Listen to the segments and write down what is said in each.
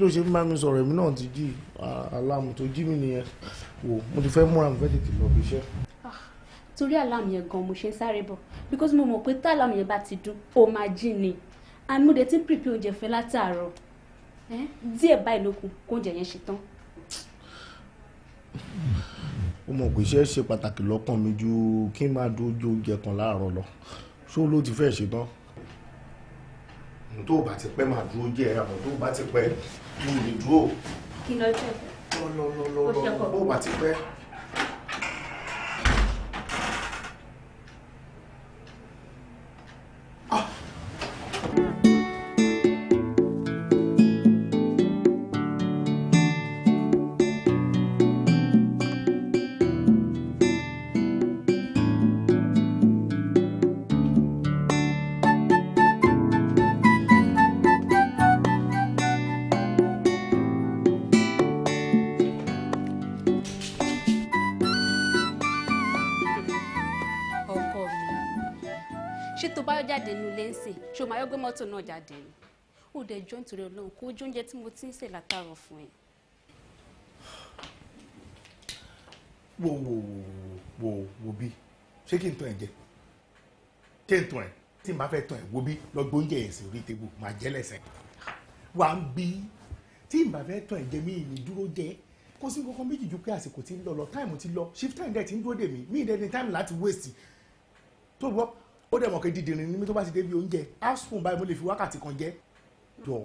ló ṣe ń bá mi sọ̀rọ̀ èmi náà ti jí aláàmù tó jí mi nìyẹn wò mo ti fẹ́ múra mo fẹ́ tètè lọ bí iṣẹ́. Ah, torí aláàmù yẹn gan mo ṣe ń sáré bọ̀ because mo mọ̀ pé tá aláàmù yẹn bá ti dún ó máa jí ni and mo dẹ̀ ti ń pèpè oúnjẹ fẹ́ látàárọ̀ eh, díẹ̀ báyìí ló kù kó oúnjẹ yẹn ṣe tán. ó mọ̀ pé iṣẹ́ ṣe pàtàkì lọ́kàn mi ju kí n máa dojú oúnjẹ kan láàárọ̀ lọ ṣó ló ti fẹ́ ṣe tán n tó bá ti pẹ́ máa dúró díẹ̀ àmọ́ tó bá ti pẹ́ mo lè dúró. kí lọ jẹ́ lọ lọ lọ lọ bó bá ti pẹ́. mọ́tò náà jáde ni ó dẹ̀ jọ́ nítorí ọlọ́run kó ojú oúnjẹ tí mo ti ń sè látàárọ̀ fún ẹ. wo wo wo wo bí ṣé kí n tán ẹ jẹ kí n tán ẹ tí n bá fẹ́ tán ẹ wo bí lọ gbóúnjẹ ẹ sí orí tébù máa jẹ lẹsẹ wà á bí tí n bá fẹ́ tán ẹ jẹ mí ìní dúró jẹ kó sí nǹkan kan méjì ju pé àsìkò ti ń lọ lọ táìmù ti lọ shift time dẹ̀ ti ń dúró dè mí mí ìdẹ́ni táìmù láti waste tó gbọ́ ó dẹ̀ mọ̀ pé dídìrín ní mi tó bá ti débi oúnjẹ half báyìí mo lè fi wákàtí kan jẹ jọ.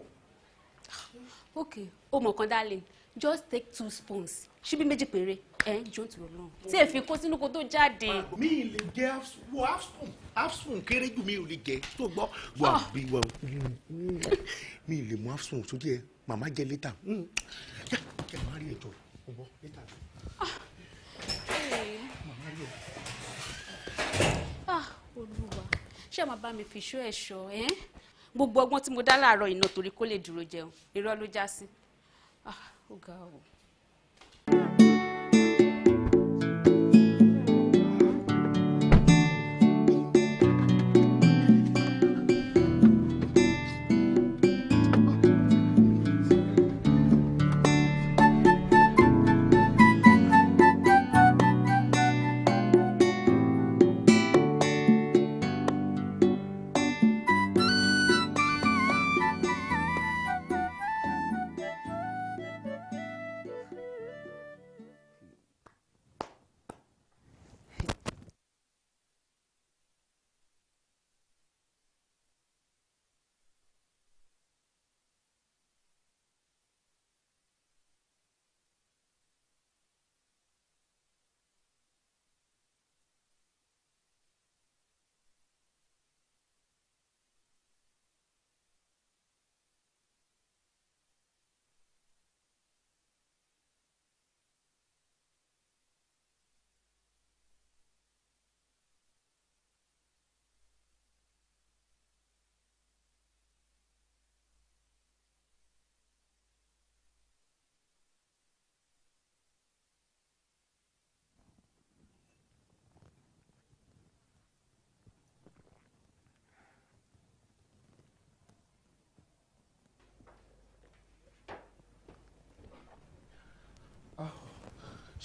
ok o mọ̀ kan dálé just take two spoons ṣíbí méjì péré ẹ ń jó tòrò náà tí èfi kó sínú kó tó jáde. Ah, mi ì lè jẹ half spoon half spoon kéré jù mi ò lè jẹ tó gbọ́ wà ah. bí wà mi ì lè mú half spoon sójú ẹ màmá jẹ létà hmm. kí ẹ má rí ẹjọ́ ọgbọ létà. ṣé máa bá mi fi ṣó ẹ̀ṣọ́ ẹ́ gbogbo ọgbọ́n tí mo dá láàárọ̀ iná torí kó lè dúró jẹun irọ́ ló já sí ah, ó ga o.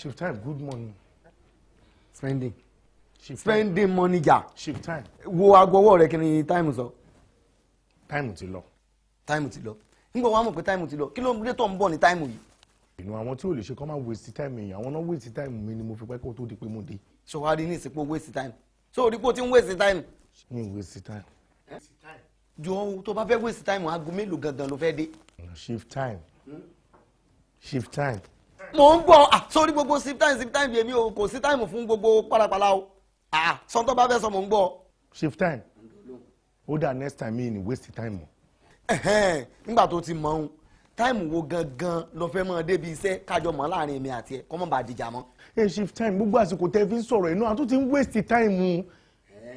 shift time good money spending shift spending time. money ja shift time wo agbowó rẹ kí ni time sọ. time ti lọ. time ti lọ nígbà wàá mọ̀ pé time ti lọ kí ló ń dé tó ń bọ̀ ní time yìí. ìnú àwọn tí ò lè ṣe kọ́ máa waste time èèyàn àwọn náà waste time mi ni mo fi pẹ́ kó tó di pé mo dé. sọ wá rí ní ìsìnkú waste time so orí pé o ti ń waste time. mi ò waste time. jọ tó bá fẹ́ waste time aago mélòó gangan ló fẹ́ dé. shift time shift time mò ń gbọ́ ah, sórí gbogbo sip time sip time yèmí o kò sí time fún gbogbo pàlàpàlà o ah, sọ tó bá fẹ́ sọ mò ń gbọ́. shift time ó that next time In waste time o. nígbà tó ti mọ̀ ọ́n táìmù wo gangan ló fẹ́ mọ́ débi iṣẹ́ kájọ mọ́ láàrin èmi àti ẹ kọ́ mọ́ bá dìjà mọ́. ẹ shift time gbogbo àsìkò tẹ fi ń sọ̀rọ̀ inú àtúntì ń waste time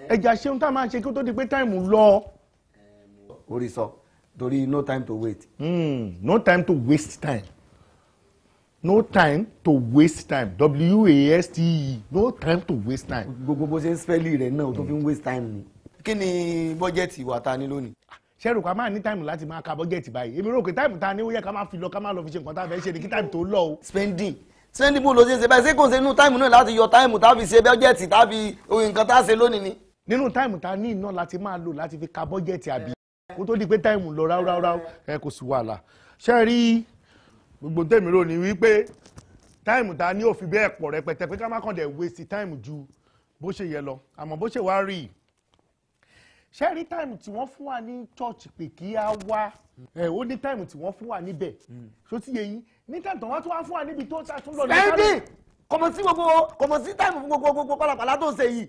ẹja ṣeun tá a máa ṣe kí ó tó di pé time lọ. orí sọ torí no time to wait. Mm, no time to waste time no time to waste time w-a-s-t-e no time to waste time. gbogbo bó ṣe ń spẹ́lì rẹ̀ náà tó fi ń waste time ni. kí ni bọ́jẹ̀tì wa ta ni lónìí. ṣẹ́rù ká máa ní táìmù láti máa ka bọ́jẹ̀tì báyìí èmi rò pé táìmù ta ni ó yẹ ká máa fi lọ ká máa lọ fi ṣe nǹkan tá a fẹ́ ṣe ni kí táìmù tó lọ o. spending spending bó ló ṣe ń ṣe báyìí ṣé kò ṣe inú táìmù náà láti yọ táìmù tá a fi ṣe bọ́jẹ̀tì tá a fi nǹkan tá a ṣe lónìí ni. nínú táìmù ta ní iná láti máa lò láti fi ka bọ́jẹ̀tì àbí kó tó di pé táìmù lọ ráúráú ẹ kò sí wàhálà ṣẹ́rí gbogbo tèmi rò ní wípé táìmù ta ní òfin bẹ́ẹ̀ pọ̀ rẹpẹtẹ pé ká má kàn dẹ̀ wéṣì táìmù ju bó ṣe yẹ lọ àmọ́ bó ṣe wá rí i ṣé rí táìmù tí wọ́n fún wa ní chọ́ọ̀chì pé kí á wá ẹ̀ ó ní táìmù tí wọ́n fún wa níbẹ̀ ṣó ti yẹ yín ní táìmù wọ́n tún wá fún wa níbi tó ṣàtún lọ lọ́dún. sẹ́yìn kọ̀mọ̀ sí gbogbo sí táìmù fún gbogbo pàlàpàlà tó ṣe yìí.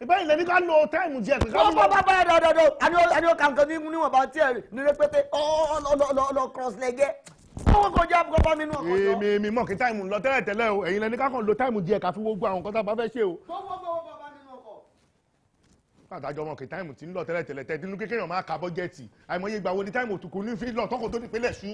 ìbá ilẹ̀ ká lo táìmù jẹ pé ká mú. wọ́n bá bá dọ̀dọ̀dọ̀ àní ó kà nǹkan níwọ̀nba tí ẹ ní rẹpẹtẹ ọ báwo kọjá kọ bá mi nú ọkọ jọ. èmi èmi mọ̀ kí táìmù lọ tẹ́lẹ̀ tẹ́lẹ̀ o ẹ̀yin lẹni kákan lo táìmù díẹ̀ káfí wógbó àwọn nǹkan bá fẹ́ ṣe o. àtàjọ mọ̀ kí táìmù ti ń lọ tẹ́lẹ̀ tẹ́lẹ̀ tẹ́ dínú kékeré ọ̀ma kà bọ́jẹ́ẹ̀tì àìmọye ìgbà wo ni táìmù òtùkù ní fi lọ tọkọ tó ti pélé ṣú.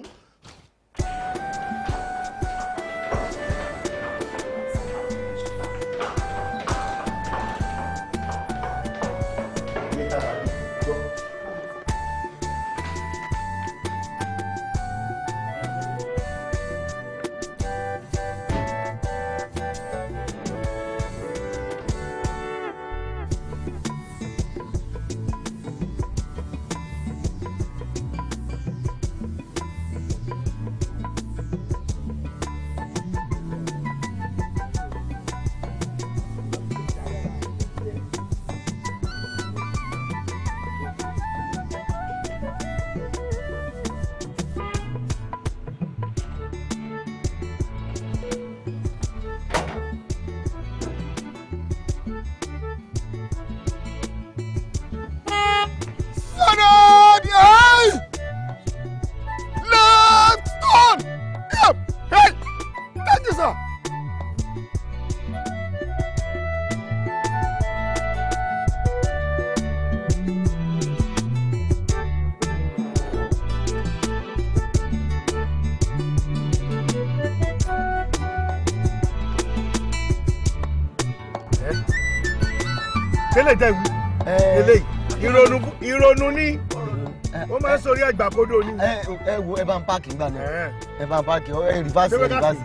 lè jẹ́ ìwí eléyìí ìrònú ìrònú ní ó máa ń sori àgbà kodo ní. ẹ wo ẹ bá ń páàkì gbà náà ẹ bá ń páàkì ẹ rìvásì ẹ rìvásì.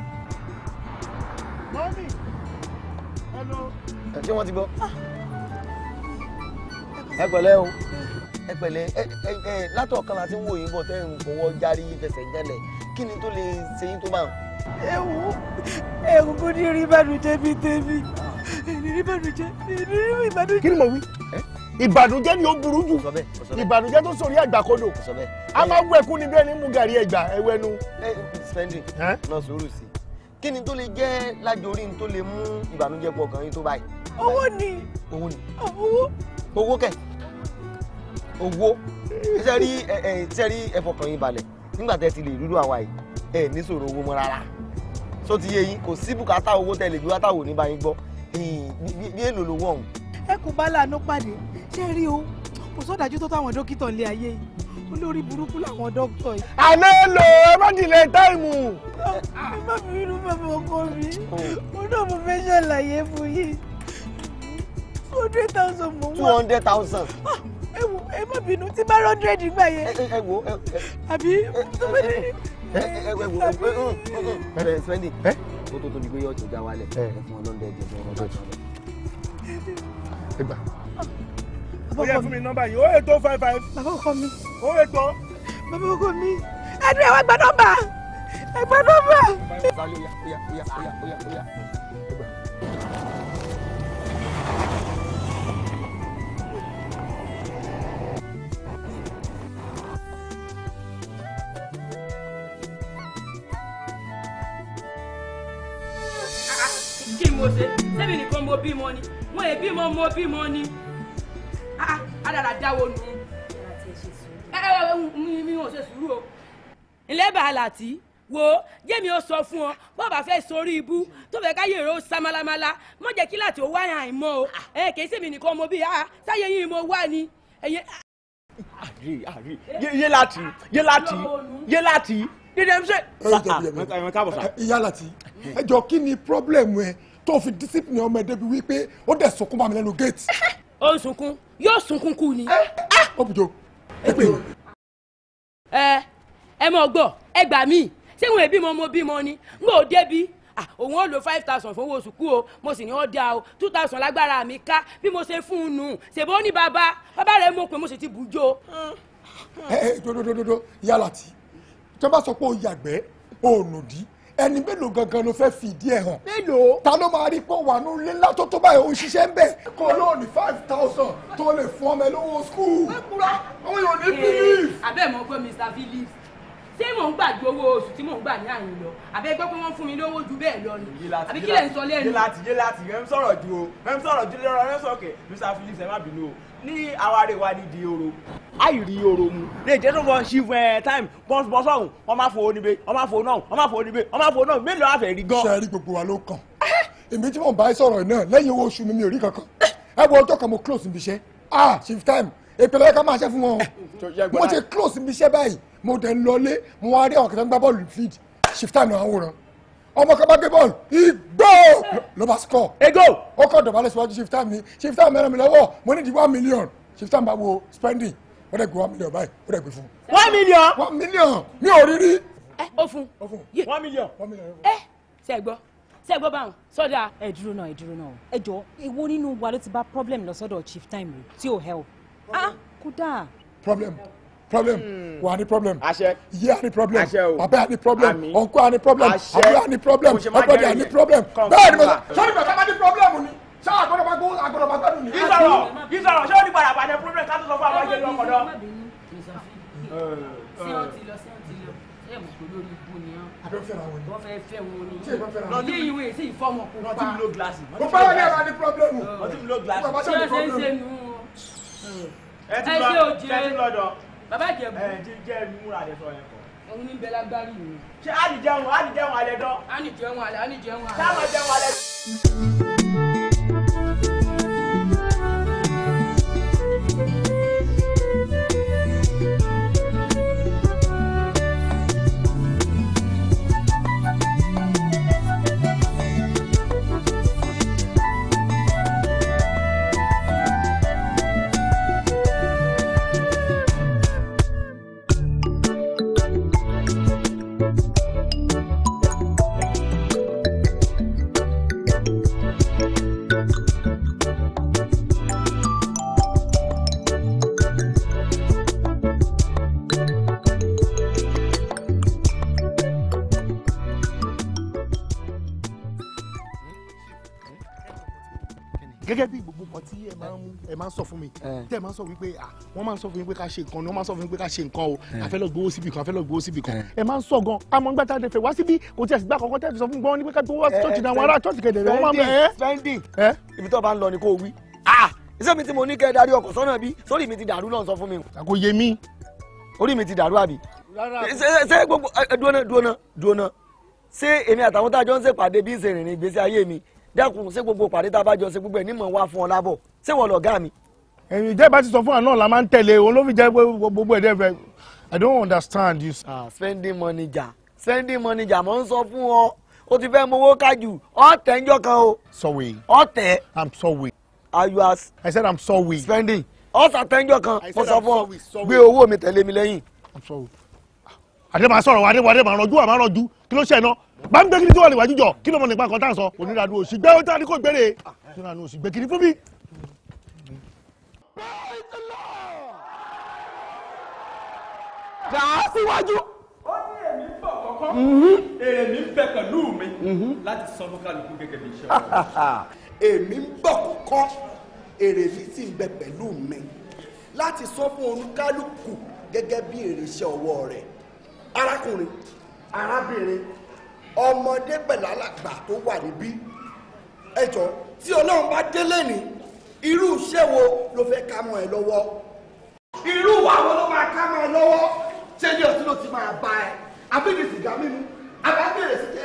ṣé wọ́n ti gbọ́? ẹ pẹ̀lẹ́ o ẹ pẹ̀lẹ́ ẹ ẹ látọ̀ kan láti wò yín bọ̀ tẹ́ ń fọwọ́ járí fẹsẹ̀ jẹ́lẹ̀ kí ni tó lè ṣe yín tó bá ń. ewu ewu kò ní rí bá nu tẹ́bí tẹ́bí ìbànújẹ́ ìrírí ìbànújẹ́. kí ni mo wí ìbànújẹ́ ni ó burú jù ìbànújẹ́ tó sórí àgbàkodò a máa wọ ẹkún níbẹ̀ ní mugari ẹgbà ẹwẹnu. spending lọ sùúrù sí i kí ni tó lè jẹ́ lájọ orí ni tó lè mú ìbànújẹ́ pọ̀ gan yín tó báyìí. owó ni owó ni owó owó kẹ owó ṣe rí ṣe rí ẹfọkàn yín balẹ̀ nígbà tẹ́ ti lè rúdú àwa yìí ẹ ní sọ̀rọ̀ owó mọ́ rárá sọ ti yé yín kò sí bùkátà owó tẹ́ lè gbé wá ní bá gbọ́ bí èlò ló wọ̀ ọ̀hún. ẹ kò bá láàánú pàdé ṣé rí o kò sọ́dájú tó táwọn dókítà ilé ayé yìí olórí burúkú làwọn dókítà yìí. àná lò ẹ má dìlẹ̀ táìmù. má bínú bàbá ọkọ mi mo náà mo fẹ́ ṣàlàyé fún yìí two hundred thousand mo wá. two hundred thousand ẹ wò ẹ má bínú tí bá hundred gbà yẹn. ẹ wò ẹ. àbí tó bá dé. ẹ wò ẹ wò ẹ bẹ̀rẹ̀ spending kó tó tó di pé yóò tó já wálẹ̀ mo fún ọlọ́dẹ ẹ̀jẹ̀ fún ọlọ́dẹ ẹ̀jẹ̀ gbà. ó yẹ fún mi nọ́mbà yìí ó ètò five five. bàbá ọkọ mi. ó ètò. bàbá ọkọ mi. ẹnu ẹ̀ wá gba nọ́mbà ẹ̀ gba nọ́mbà. bímọ ni mo è bímọ mo bímọ ni àdàrà dáwọ nù. ẹ ẹ mi mi ò ṣe sùúrù o. ilé bàálà tí wo jẹ́mi ó sọ fún ọ bó bá fẹ́ sórí ibú tó fẹ́ káyé èrò samalamala mọ jẹ́ kí láti ó wáyà àìmọ́ o ẹ kì í sèmi nìkan mo bí a sáyé yín mo wá ni. àrí àrí yé láti yé láti yé láti dídé ṣe. ẹ jọ kí ni pírọ́blẹ̀mù ẹ tó fi discipline ọmọ ẹ̀dẹ́ bi wípé ó dẹ̀ sunkún bá mi lẹ́nu gate. ó ń sunkún yóò sunkún kú ni. Eh, ah! ó bùjọ ẹ pè é. ẹ ẹ mọ gbọ́ ẹ gbà mí ṣé wọn èbí mọ mo bímọ ni n ò débi òun ó lo five thousand fún owó sùkúù o mo sì ní ó dáa o two thousand lágbára mi ká bí mo ṣe fún un nù ṣèbó ní bàbá bàbá rẹ mọ̀ pé mo sì ti bùjọ. ẹ ẹ dodododo yálà tí tí wọn bá sọ pé o yàgbẹ́ o nòdì ẹni mélòó gangan ló fẹ́ fìdí ẹ̀ hàn. mélòó. ta ló máa rí pọ̀ wà nínú ilé ńlá tó tó báyìí òun ṣiṣẹ́ ń bẹ̀. kó lóò ní five thousand tó lè fún ọmọ ẹ lówó skul. àwọn èèyàn ní belief. abẹ́ mọ̀ pé mr belief ṣé mò ń gbàgbé owó oṣù tí mò ń gbà ní àyìn lọ àbẹ gbọ́ pé wọ́n fún mi lówó ju bẹ́ẹ̀ lọ ni àbí kí lè ń sọ lẹ́nu. yé láti yé láti rẹ́m sọ̀rọ̀ ju o rẹ́m sọ̀rọ̀ ju lọ́rọ̀ rẹ́m mr phillips ẹ má bínú o ní àwárí wa nídìí oró àìrí oró mu lè jẹ́ tó wọ́n ṣí fún ẹ táìmù bọ́sọ̀ ọ̀hún wọ́n máa fò ó níbẹ̀ wọ́n máa fò ó náà wọ́n máa fò ó níbẹ̀ wọ́n máa fò ó náà mélòó àfẹ́ rí gan. sẹ́ẹ̀rí gbogbo wa ló kàn èmi tí mò ń bá sọ̀rọ̀ náà lẹ́yìn owó oṣù mi mi ò rí kankan ẹ wo ọjọ́ kan mo close níbi iṣẹ́ ah shift time ìpìlẹ̀ ká máa ṣe fún wọn mo ṣe close níbi iṣẹ́ báyìí mo dẹ̀ ń lọlé mo wá rí àwọn kẹtẹ́ ń gbá bọ́ọ̀lù field shift time náà wòran ọmọ kan bá gé bọ́ọ̀lù igbó ló bá score. ego ó kọ́ dọ̀bálẹ̀ síwájú Shiftan mi Shiftan mẹ́rin mi lọ́wọ́ mo ní di one million time bá wo spending ó dẹ̀ gbé one million báyìí ó dẹ̀ gbé fún. one million. one million mi ò rí rí. ẹ ó fún one million. ẹ ṣe gbọ́ ṣe gbọ́ báwọn sọ́dà. ẹ dúró náà ẹ dúró náà ẹ jọ èwo nínú wa ló ti bá problem lọ sọ́dọ̀ time rẹ̀ tí ò help. ah kódà. problem problem hmm. wà ní problem yé à ní problem bàbá à ní problem ọ̀nkọ́ à ní problem àbúrò à ní problem ọgbọ́dọ̀ à ní problem bẹ́ẹ̀ ni mo sọ sọ́ni bàbá bá ní problem ni sọ àgbọ̀dọ̀ bá gbọ́ àgbọ̀dọ̀ bá gbọ́dọ̀ ni. ìsọ̀rọ̀ ìsọ̀rọ̀ ṣé ó ní padà bàjẹ́ problem ká tó sọ fún àwọn ẹgbẹ́ ọkọ̀ náà. ṣé ó ti lọ sí ó ti lọ ẹ mọ̀ pé lórí ibu ni wọ́n fẹ́ fẹ́ wọn ni lọ́dí ìwé sí ìfọ́mọ̀ kó pa. ọtí mi ló gilasi. mo fẹ́ wọ́n ní ẹ̀rọ ní pírọ́blẹ́mù. ọtí mi ló gilasi. ṣé ẹ ṣe ń ṣe nù. ẹ ti lọ ẹ ti lọ dọ bàbá ìjẹ̀bú. ẹ ti jẹ́ múra àdẹ sọ yẹn kọ. òun ní bẹ́ẹ̀ lágbárí mi. ṣé á ní jẹun á ní jẹun alẹ́ dán. á ní jẹun alẹ́ á ní jẹun alẹ́. sáà jẹun alẹ́. tí ẹ máa ń sọ fún mi eh. tẹ ẹ máa ń sọ wípé à ah, wọ́n máa ń sọ fún mi pé ká ṣe nǹkan ni wọ́n máa ń sọ fún mi pé ká ṣe nǹkan o eh. a gbowó síbi kan a gbowó síbi kan eh. ẹ máa ń sọ gan àmọ́ nígbà tá a fẹ́ wá síbi kò tí ẹ sì gbà kọ́kọ́ tẹ́ fi sọ fún gbọ́n ní pé ká gbowó ṣọ́ọ̀ṣì náà wọn ará ṣọ́ọ̀ṣì kẹ̀dẹ̀ wọ́n máa mẹ́. ibi tó bá ń lọ ni kò wí ah, iṣẹ́ mi tí mo ní kẹ́ darí ọkọ̀ sọ́nà bí sórí mi ti dàrú náà sọ fún mi. àkó yé mi. orí mi ti dàrú àbí. ṣé gbogbo dúnà dúnà dúnà ṣé èmi àtàwọn tá a jọ ń ṣèpàdé bí ìṣèrìnrìn ìgbésí ayé mi dẹ́kun ṣé gbogbo pàdé tá a bá jọ ṣe gbogbo ẹ̀ nímọ̀ wá fún ọ lábọ̀ ṣé wọ́n lọ̀gá mi. ẹ̀yin ìjẹ́ ìbá ti sọ fún àná la máa ń tẹ̀lé òun ló jẹ́ gbogbo ẹ̀dẹ́ fẹ́ I don't understand you. ah spending money jà spending money jà mọ̀ ń sọ fún ọ o ti fẹ́ mowó kájú ọ̀tẹ̀ ń jọ kan o. sorry ọ̀tẹ̀. I'm sorry. are you as. I said I'm sorry. spending ọ̀sà tẹ́ńjọ́ kan mo sọ fún ọ gbé owó mi tẹ̀lé mi lẹ́yìn. I'm sorry. àdèmà sọ̀rọ̀ àdèmà àdèmà rànjú àmà rànjú kí ló ṣe náà bá ń gbẹ́kiri tí wà lè wájú jọ kí ló mọ̀ nípa nǹkan tá à ń sọ onírànú òsì gbẹ́ ó tá ní onírànú òsì gbẹ́kiri fún mi. dà síwájú. ó ní èmi bọ̀ kọ́kọ́ mhm. èrè ń bẹ pẹ̀lú mi mhm. láti sọ fún gẹ́gẹ́ bí iṣẹ́ wọn. èmi ń bọ̀ kọ́kọ́ èrè mi sì ń bẹ pẹ̀lú mi láti sọ fún oníkálukú gẹ́gẹ́ bí èrè ọwọ́ rẹ̀ arákùnrin arábìnrin ọmọdé pẹ̀lú alàgbà tó wà níbí ẹjọ́ tí ọlọ́run bá délé ní irú iṣẹ́ wo ló fẹ́ ká mọ́ ẹ lọ́wọ́ irú wa wo ló máa ká mọ́ ẹ lọ́wọ́ ṣé ní ọtí ló ti máa bá ẹ àbíbi sìgá mímu àbábẹ̀rẹ̀ sí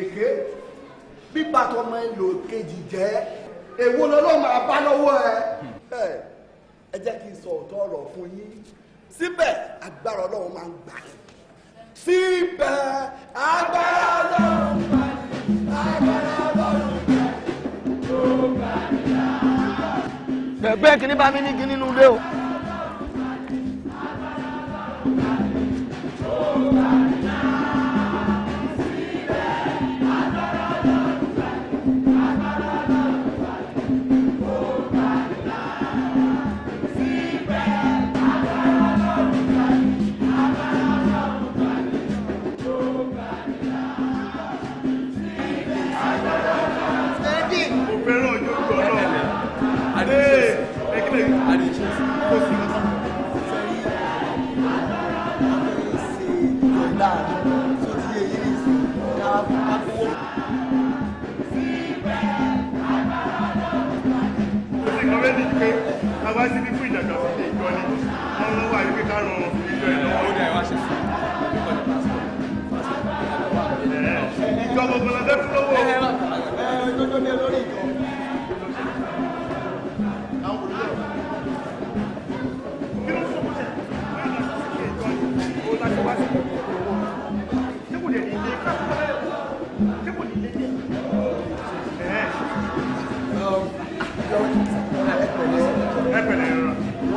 èké bíbá tó máa ń lo kejì jẹ́ èwo lọ́lọ́run máa bá lọ́wọ́ ẹ ẹ jẹ́ kí n sọ òótọ́ ọ̀rọ̀ fún yín síbẹ̀ agbára ọlọ́run máa ń gbà yín síbẹ̀ agbára lọ́rùn bá mi agbára lọ́rùn bá mi tó bá mi dá. bẹ̀gbẹ́ kìnnìbá mi ní kí nínú o. oògùn lọ́dẹ́ fún lówó. ẹ ẹ tó tó ní olórí ìjọ. kí ló fún ọmọdé láti ṣe ètò ìjọ láti wá sí ìjọ tí kò lè ní ilé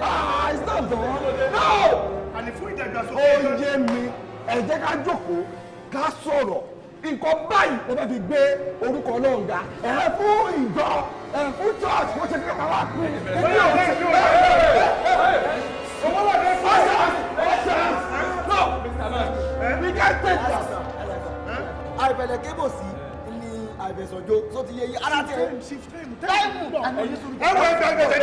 ah it's not done no. àní fún ìdàgbàsókè. ó yé mi ẹ jẹ́ ká jókòó ká sọ̀rọ̀ nǹkan báyìí lè bá fi gbé orúkọ Ọlọ́run ga ẹ fún ìjọ ẹ fún church wọ́n ṣe kíkà wá pín ní òkè ní òkè. Àìbẹ̀lẹ̀ kébò sí àbẹ̀sọ̀jọ́ tó ti yẹ yí ara tẹ̀. táìmù ẹwọ ẹgbẹ ẹgbẹ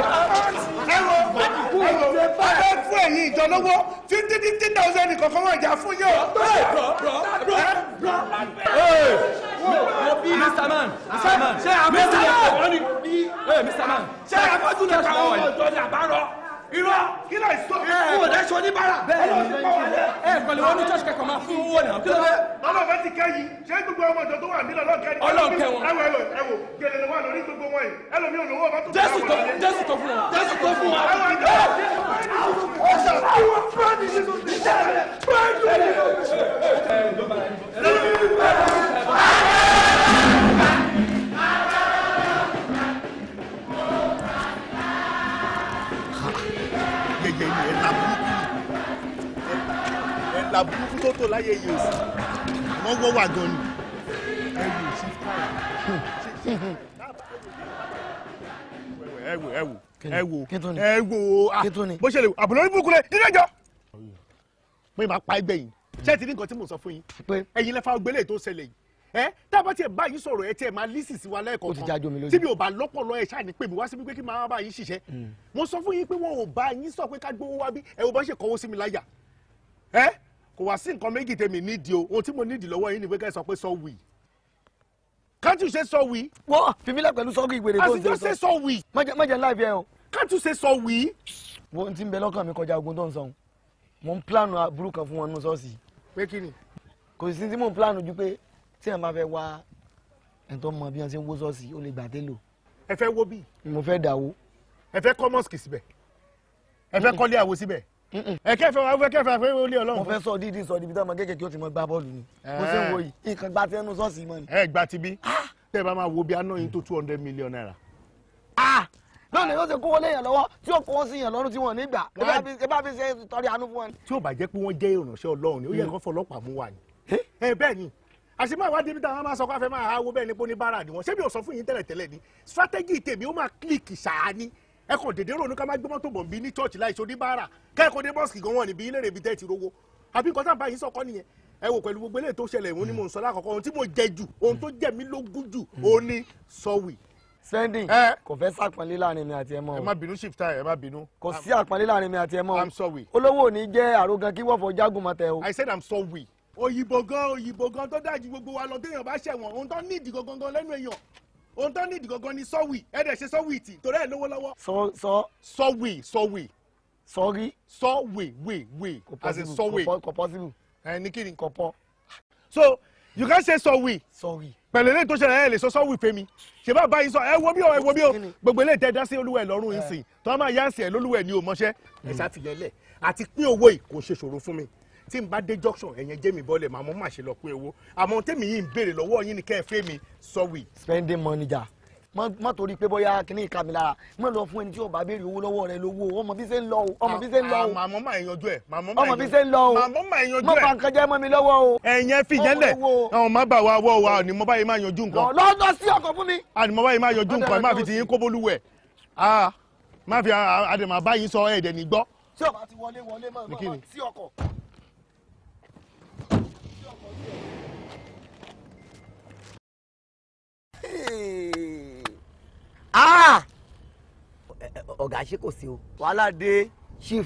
ẹwọ ẹwọ ẹgbẹ fún ẹ̀yin ìjọ tí tí tí tí thousand nìkan fún wọn ìjà fún yín o. Mr. Man, Mr. Man, ṣé àbọ̀dún lè kàwọn ọ̀jọ́ ni àbárọ̀? irọ́ kí ló sọ ẹ kó o dẹ́sọ oníbàárà bẹ́ẹ̀ ni ẹ kàn lè wọnú church kẹkọọ máa fún owó náà kí ló dé. ọlọ́fẹ́ ti kẹ́ yìí ṣé gbogbo ọmọ ìjọ tó wà nílẹ̀ ọlọ́kẹ́ ni. ọlọ́kẹ́ wọn ẹwọ ẹwọ ẹwọ gèlè lè wà lórí gbogbo wọn yìí ẹlòmí ò lówó ọmọ tó fún wa. jésù tó fún wa jésù tó fún wa. ẹwọ ẹwọ àlà burúkú tó tò láyé yìí òsì wọ́n wọ́ wà gan ni. ẹ wò ẹ wò ẹ wò ẹ wò ah, bó ṣe lè wò àbùnà orí burúkú lẹ nínú ẹjọ́ oh, mo máa pa ẹgbẹ́ yìí ṣé ti ní nǹkan tí mò ń sọ fún yín ẹ̀yin lẹ́fà ọgbẹ́lẹ̀ tó ṣẹlẹ̀ yìí ẹ tá a bá tiẹ̀ bá yín sọ̀rọ̀ ẹ tiẹ̀ máa lísì sí wa lẹ́ẹ̀kọ̀ọ̀kan ó ti jájọ mi lójú tí mi ò bá lọ́pọ̀lọ́ ẹ̀ ṣáà ní pè mí wá síbi pé kí máa bá yín ṣiṣẹ́ hmm. mo sọ fún yín pé wọn ò bá yín sọ pé ká gbowó wá bí ẹ ò bá ṣe kọ́wọ́ sí mi láyà ẹ kò wá sí nǹkan méjì tèmi nídìí o ohun tí mo nídìí lọ́wọ́ yín ni pé kẹ́ sọ pé sọ wì can't you say so we. wọ́n fìmílẹ̀ pẹ̀lú sọ́ọ́kì ìwé tó ń jẹ́ sọ. àti jọ́ say so we. má jẹ́ láì fi ẹ̀ o. can't you say so we. wo ti ń bẹ lọ́kàn mi kọjá ogun tó ń sọ mo ń plánù aburú kan fún wọn nínú ṣọ́ọ̀ṣì. pé kí ni. kò sí tí mo ń plánù ju pé tí ẹ̀ máa fẹ́ wá ẹ̀ tó mọ bí wọ́n ṣe ń wó ṣọ́ọ̀ṣì ó lè gbà dé lò. ẹ fẹ́ wó bí. mo fẹ́ dà ẹ fẹ́ kọ́ mọ́sìkì síbẹ̀ ẹ fẹ́ kọ́lé àwo síbẹ̀ ẹ kẹfẹ wa fẹ kẹfẹ pé ó lé Ọlọ́run. mo fẹ́ sọ dídí sọ níbi tí ọmọ kékeré tí ó ti mọ gbá bọ́ọ̀lù ni mo ṣe ń wo yìí nǹkan gba ti ẹnu ṣọ́ọ̀ṣì mọ́ ni. ẹ gba ti bí ah! tẹ bá máa wo bí aná yín tó two hundred million naira. Ah! náà ni yóò ṣe kówó léèyàn lọ́wọ́ tí yóò fọwọ́ sí yàn lọ́rùn tí wọ́n ní gbà ẹ bá fi ṣe tọrẹ àánú fún wọn. tí ò bá jẹ́ pé wọ́n jẹ́ ìrànṣẹ́ Ọlọ́run ni ó yẹ hmm. kó fọlọ́pàá mú wa ni. ẹ bẹ́ẹ̀ ni àṣìmọ́ ìwádìí níta wọn máa sọ pé afẹ́ máa wo bẹ́ẹ̀ ni pé oníbàárà ni wọn ṣé mi ò sọ fún yín tẹ́lẹ̀tẹ́lẹ̀ ni strategy tèmi ó máa kílìkì ṣáá ni ẹ kàn ronú ká má gbé mọ́tò bọ̀ nbí ní church láì sódì bára kẹ́kọ̀ọ́ dé mosque gan wọn níbi ilé rèébi tẹ́ ti àbí nǹkan táǹbà yìí sọ̀kọ́ nìyẹn ẹ wò pẹ̀lú gbogbo eléyìí tó ṣẹlẹ̀ ìwọ ni mò ń sọ lákọ̀ọ́kọ́ ohun tí mo jẹ jù ohun tó jẹ mí lógún jù mm. òun ni sọ̀wì. sending kò fẹ́ sàpọ́nlé láàrin mi àti ẹ mọ́ o. ẹ má bínú shift time ẹ má bínú. kò sí àpọ́nlé láàrin mi àti ẹ mọ́ o. i'm sorry. olówó ò jẹ́ àrógan kí wọ́fọ̀ jágùn mọ́tẹ o. i said i'm sorry. òyìnbó gan òyìnbó gan tó dájú gbogbo wa lọ ohun tó nídìí gangan ni sọ́wì ẹ dẹ̀ ṣe sọ́wì tì torí ẹ̀ lówó lọ́wọ́. sọ sọ. sọ́wì sọ́wì. sọ́rí. sọ́wì wì wì as in sọ́wì. kò possible. ẹ ní kí ni. kò pọ. so you can say sọ́wì. sọ́wì. pẹ̀lú eléyìí tó ṣẹlẹ̀ ẹ lè sọ sọ́wì fẹ́ mi ṣe bá báyìí sọ ẹ wo bí o ẹ wo bí o gbogbo eléyìí tẹ́ dá sí olúwa ẹ lọ́rùn yìí sìn eh. tó máa yá sí ẹ lólúwa ẹ ní o mọṣẹ́ ẹ hmm. ṣàfihàn lẹ̀ àti pín owó yìí kò ṣe ṣòro fún mi tí n bá dé junction ẹ̀yẹn jẹ́ mi bọ́lẹ̀ màmú má ṣe lọ pé owó àmọ́ tèmi yìí ń béèrè lọ́wọ́ yín ni kẹ́ ẹ fẹ́ mi spending money jà má torí pé bóyá kìnnìún ka mi lára má lọ fún ẹni tí ó bá béèrè owó lọ́wọ́ rẹ lówó ọmọ bí ṣe ń lọ o ọmọ bí ṣe ń lọ o màmú má yanjú ẹ ọmọ bí ṣe ń lọ o màmú má yanjú ẹ má bàa nǹkan jẹ́ mọ́ mi lọ́wọ́ o. ẹ̀yẹn fìyẹn lẹ̀ àwọn má bà wá wọ́ wa ni mo báyìí má yanjú nǹkan. lọ́dọ̀ sí ọkọ̀ fún mi. àni mo báyìí má yanjú nǹkan má fi tiyín kóbólúwẹ̀ má fi àdèmà báyìí sọ ẹ̀ẹ́dẹ̀ ní gbọ́. tí ọba ti wọlé wọlé má Ah! ọ̀gá ṣé kò sí o. wàhálà dé. chief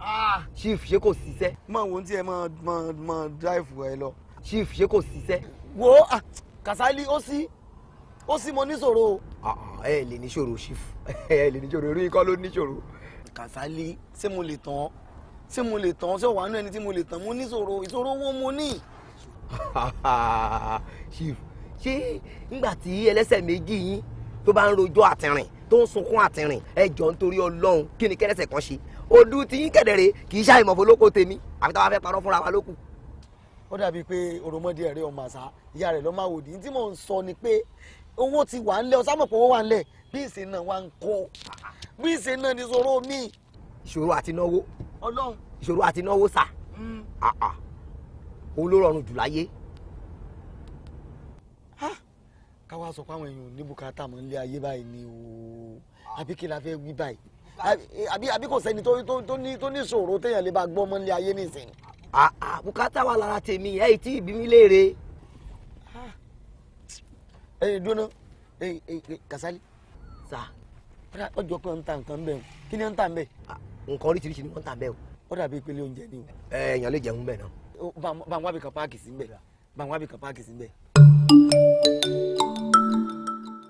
ah! chief ṣé kò ṣiṣẹ́. mọ wo tí ẹ mọ mọ mọ dráìfù ẹ lọ. chief ṣé kò ṣiṣẹ́. wo ah, Kasali ó sí ó sì mo níṣòro. ẹ lè níṣòro chief ẹ lè níṣòro eré ikọ́ ló níṣòro. Kasali ṣé mo lè tán ṣé mo lè tán ṣé wàá nú ẹni tí mo lè tán mo níṣòro ìṣòro wo mo ní. chief ṣé nígbà tí ẹlẹ́sẹ̀ méjì yín tó bá ń rojọ́ àtìrìn tó ń sunkún àtìrìn ẹ jọ̀ọ́ nítorí ọlọ́run kí ni kẹ́lẹ́sẹ̀ kan ṣe odù tí yín kẹ̀dẹ̀rẹ̀ kì í ṣe àìmọ̀fọ́ lóko tèmi àbí táwa fẹ́ parọ́ fúnra wa lókù. ó dàbíi pé òròmọdé ẹ̀rẹ́ ọmọ àṣà ìyá rẹ̀ ló máa wò dí tí mò ń sọ ni pé owó ti wà ńlẹ̀ ọ̀sámọ̀pọ̀ owó wà ńlẹ̀ bí ìṣe náà wà ń kọ́ bí ìṣe náà ní ìṣòro mi. ìṣòro àti náwó ọlọ́run ìṣòro àti náwó sà òun mm. ah, ah. ló rọrùn jù láyé káwá sọ fáwọn èèyàn ní bùkátà mọ́ nílé ayé báyìí ni o àbí kí la fẹ́ wí báyìí àbí àbí kò sẹ́ni tó ní ìṣòro téèyàn lè bá gbọ́ mọ́ nílé ayé nìsín. bùkátà wà lára tèmi ẹ̀ tí ìbí mi léèrè. Ah. ẹyìn dúró náà Kasali. sa. ọjọ́ pé ń ta nǹkan bẹ́ẹ̀ kí ni ń ta bẹ́ẹ̀. nǹkan oríṣiríṣi ni wọ́n ń ta bẹ́ẹ̀ o. ó dàbí ìpele oúnjẹ ni o. ẹ ẹ̀yàn lè jẹun bẹ́ẹ̀ náà. bá wọn wá bí kan páàkì sí bẹ́ẹ̀ bá wọn wá bí kan páàkì sí bẹ́ẹ̀.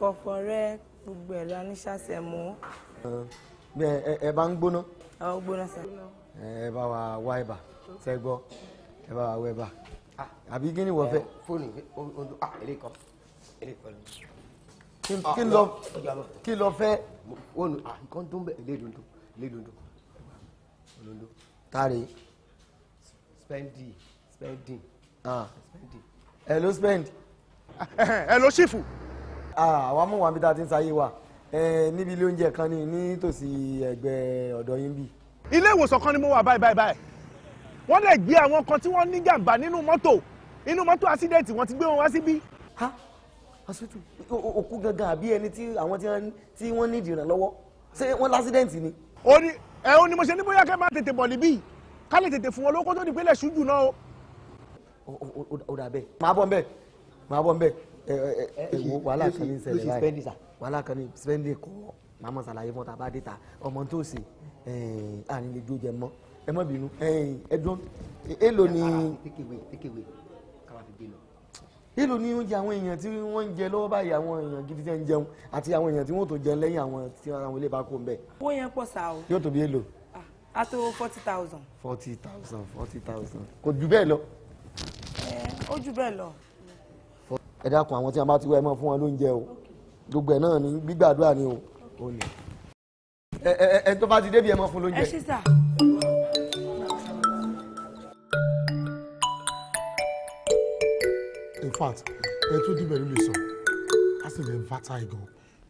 kọ̀fọ̀rẹ́ gbogbo ẹ̀ la ní ṣàṣẹ̀mọ́. ẹ ẹ bá ń gbóná. ẹ bá ń gbóná sá. ẹ bá wa wá ẹ̀bà ṣe gbọ́ ẹ bá wa wá ẹ̀bà àbí kí ni wọ́n fẹ́. fóònù ọdún ah èlé kan èlé kan kí lọ fẹ́. fóònù ah nǹkan tó ń bẹ̀ èlé dondo èlé dondo dondo. tari. spending spending. ah spending. hello spend. hello chifu àwa mú wàmí tá a ti ń sáyé wa níbi ilé oúnjẹ kan ní nítòsí ẹ̀gbẹ́ ọ̀dọ̀ yín bí. ilé ìwòsàn kan ni mo wà báyìí báyìí báyìí wọ́n lè gbé àwọn kan tí wọ́n ní jàǹbá nínú mọ́tò inú mọ́tò àṣídẹ́ẹ̀tì wọ́n ti gbé wọn wá síbí. ha asitu òkú gangan àbí ẹni tí àwọn tí wọ́n ní ìdìrànlọ́wọ́ ṣé wọ́n lásídẹ́ǹtì ni. ó ní ẹ ó ní mo ṣe ní bóyá kẹ́ máa tètè bọ̀ níbí ká lè tètè fún wọn lówó kó tó di ṣújù náà o. ó dà bẹ́ẹ̀ máa bọ̀ ń bẹ́ẹ̀ bọ̀ ń wàhálà kan ní ṣẹlẹ̀ báyìí wàhálà kan ní spending kọ màmá ṣàlàyé fún tàbá dé ta ọmọ tó ṣe eh, àárín lè jójẹ mọ ẹ má bínú eh, ẹdún eh, èlò ni ah, ah, èlò ni oúnjẹ àwọn èèyàn tí wọ́n ń jẹ lọ́wọ́ báyìí àwọn èèyàn gidi tí wọ́n ń jẹun àti àwọn èèyàn tí wọ́n tó jẹun lẹ́yìn àwọn tí àwọn ilé bá kó ń bẹ̀. owó yẹn pọ̀ sáà o. yóò tó bí èlò. Ah, a tó forty thousand. forty thousand forty thousand kò jù bẹ́ẹ̀ lọ. ó jù bẹ́ẹ̀ lọ ẹ dákun àwọn tí a bá ti wá ẹ máa fún wọn lóúnjẹ o gbogbo ẹ náà ni gbígbàdúrà ni o ò ní. ẹ ẹ ẹ tó bá ti débi ẹ máa fún lóúnjẹ. ẹ ṣe sà. in fact ẹ tún dìbẹ̀ ló lè sọ a sì lè fa ta ìgàn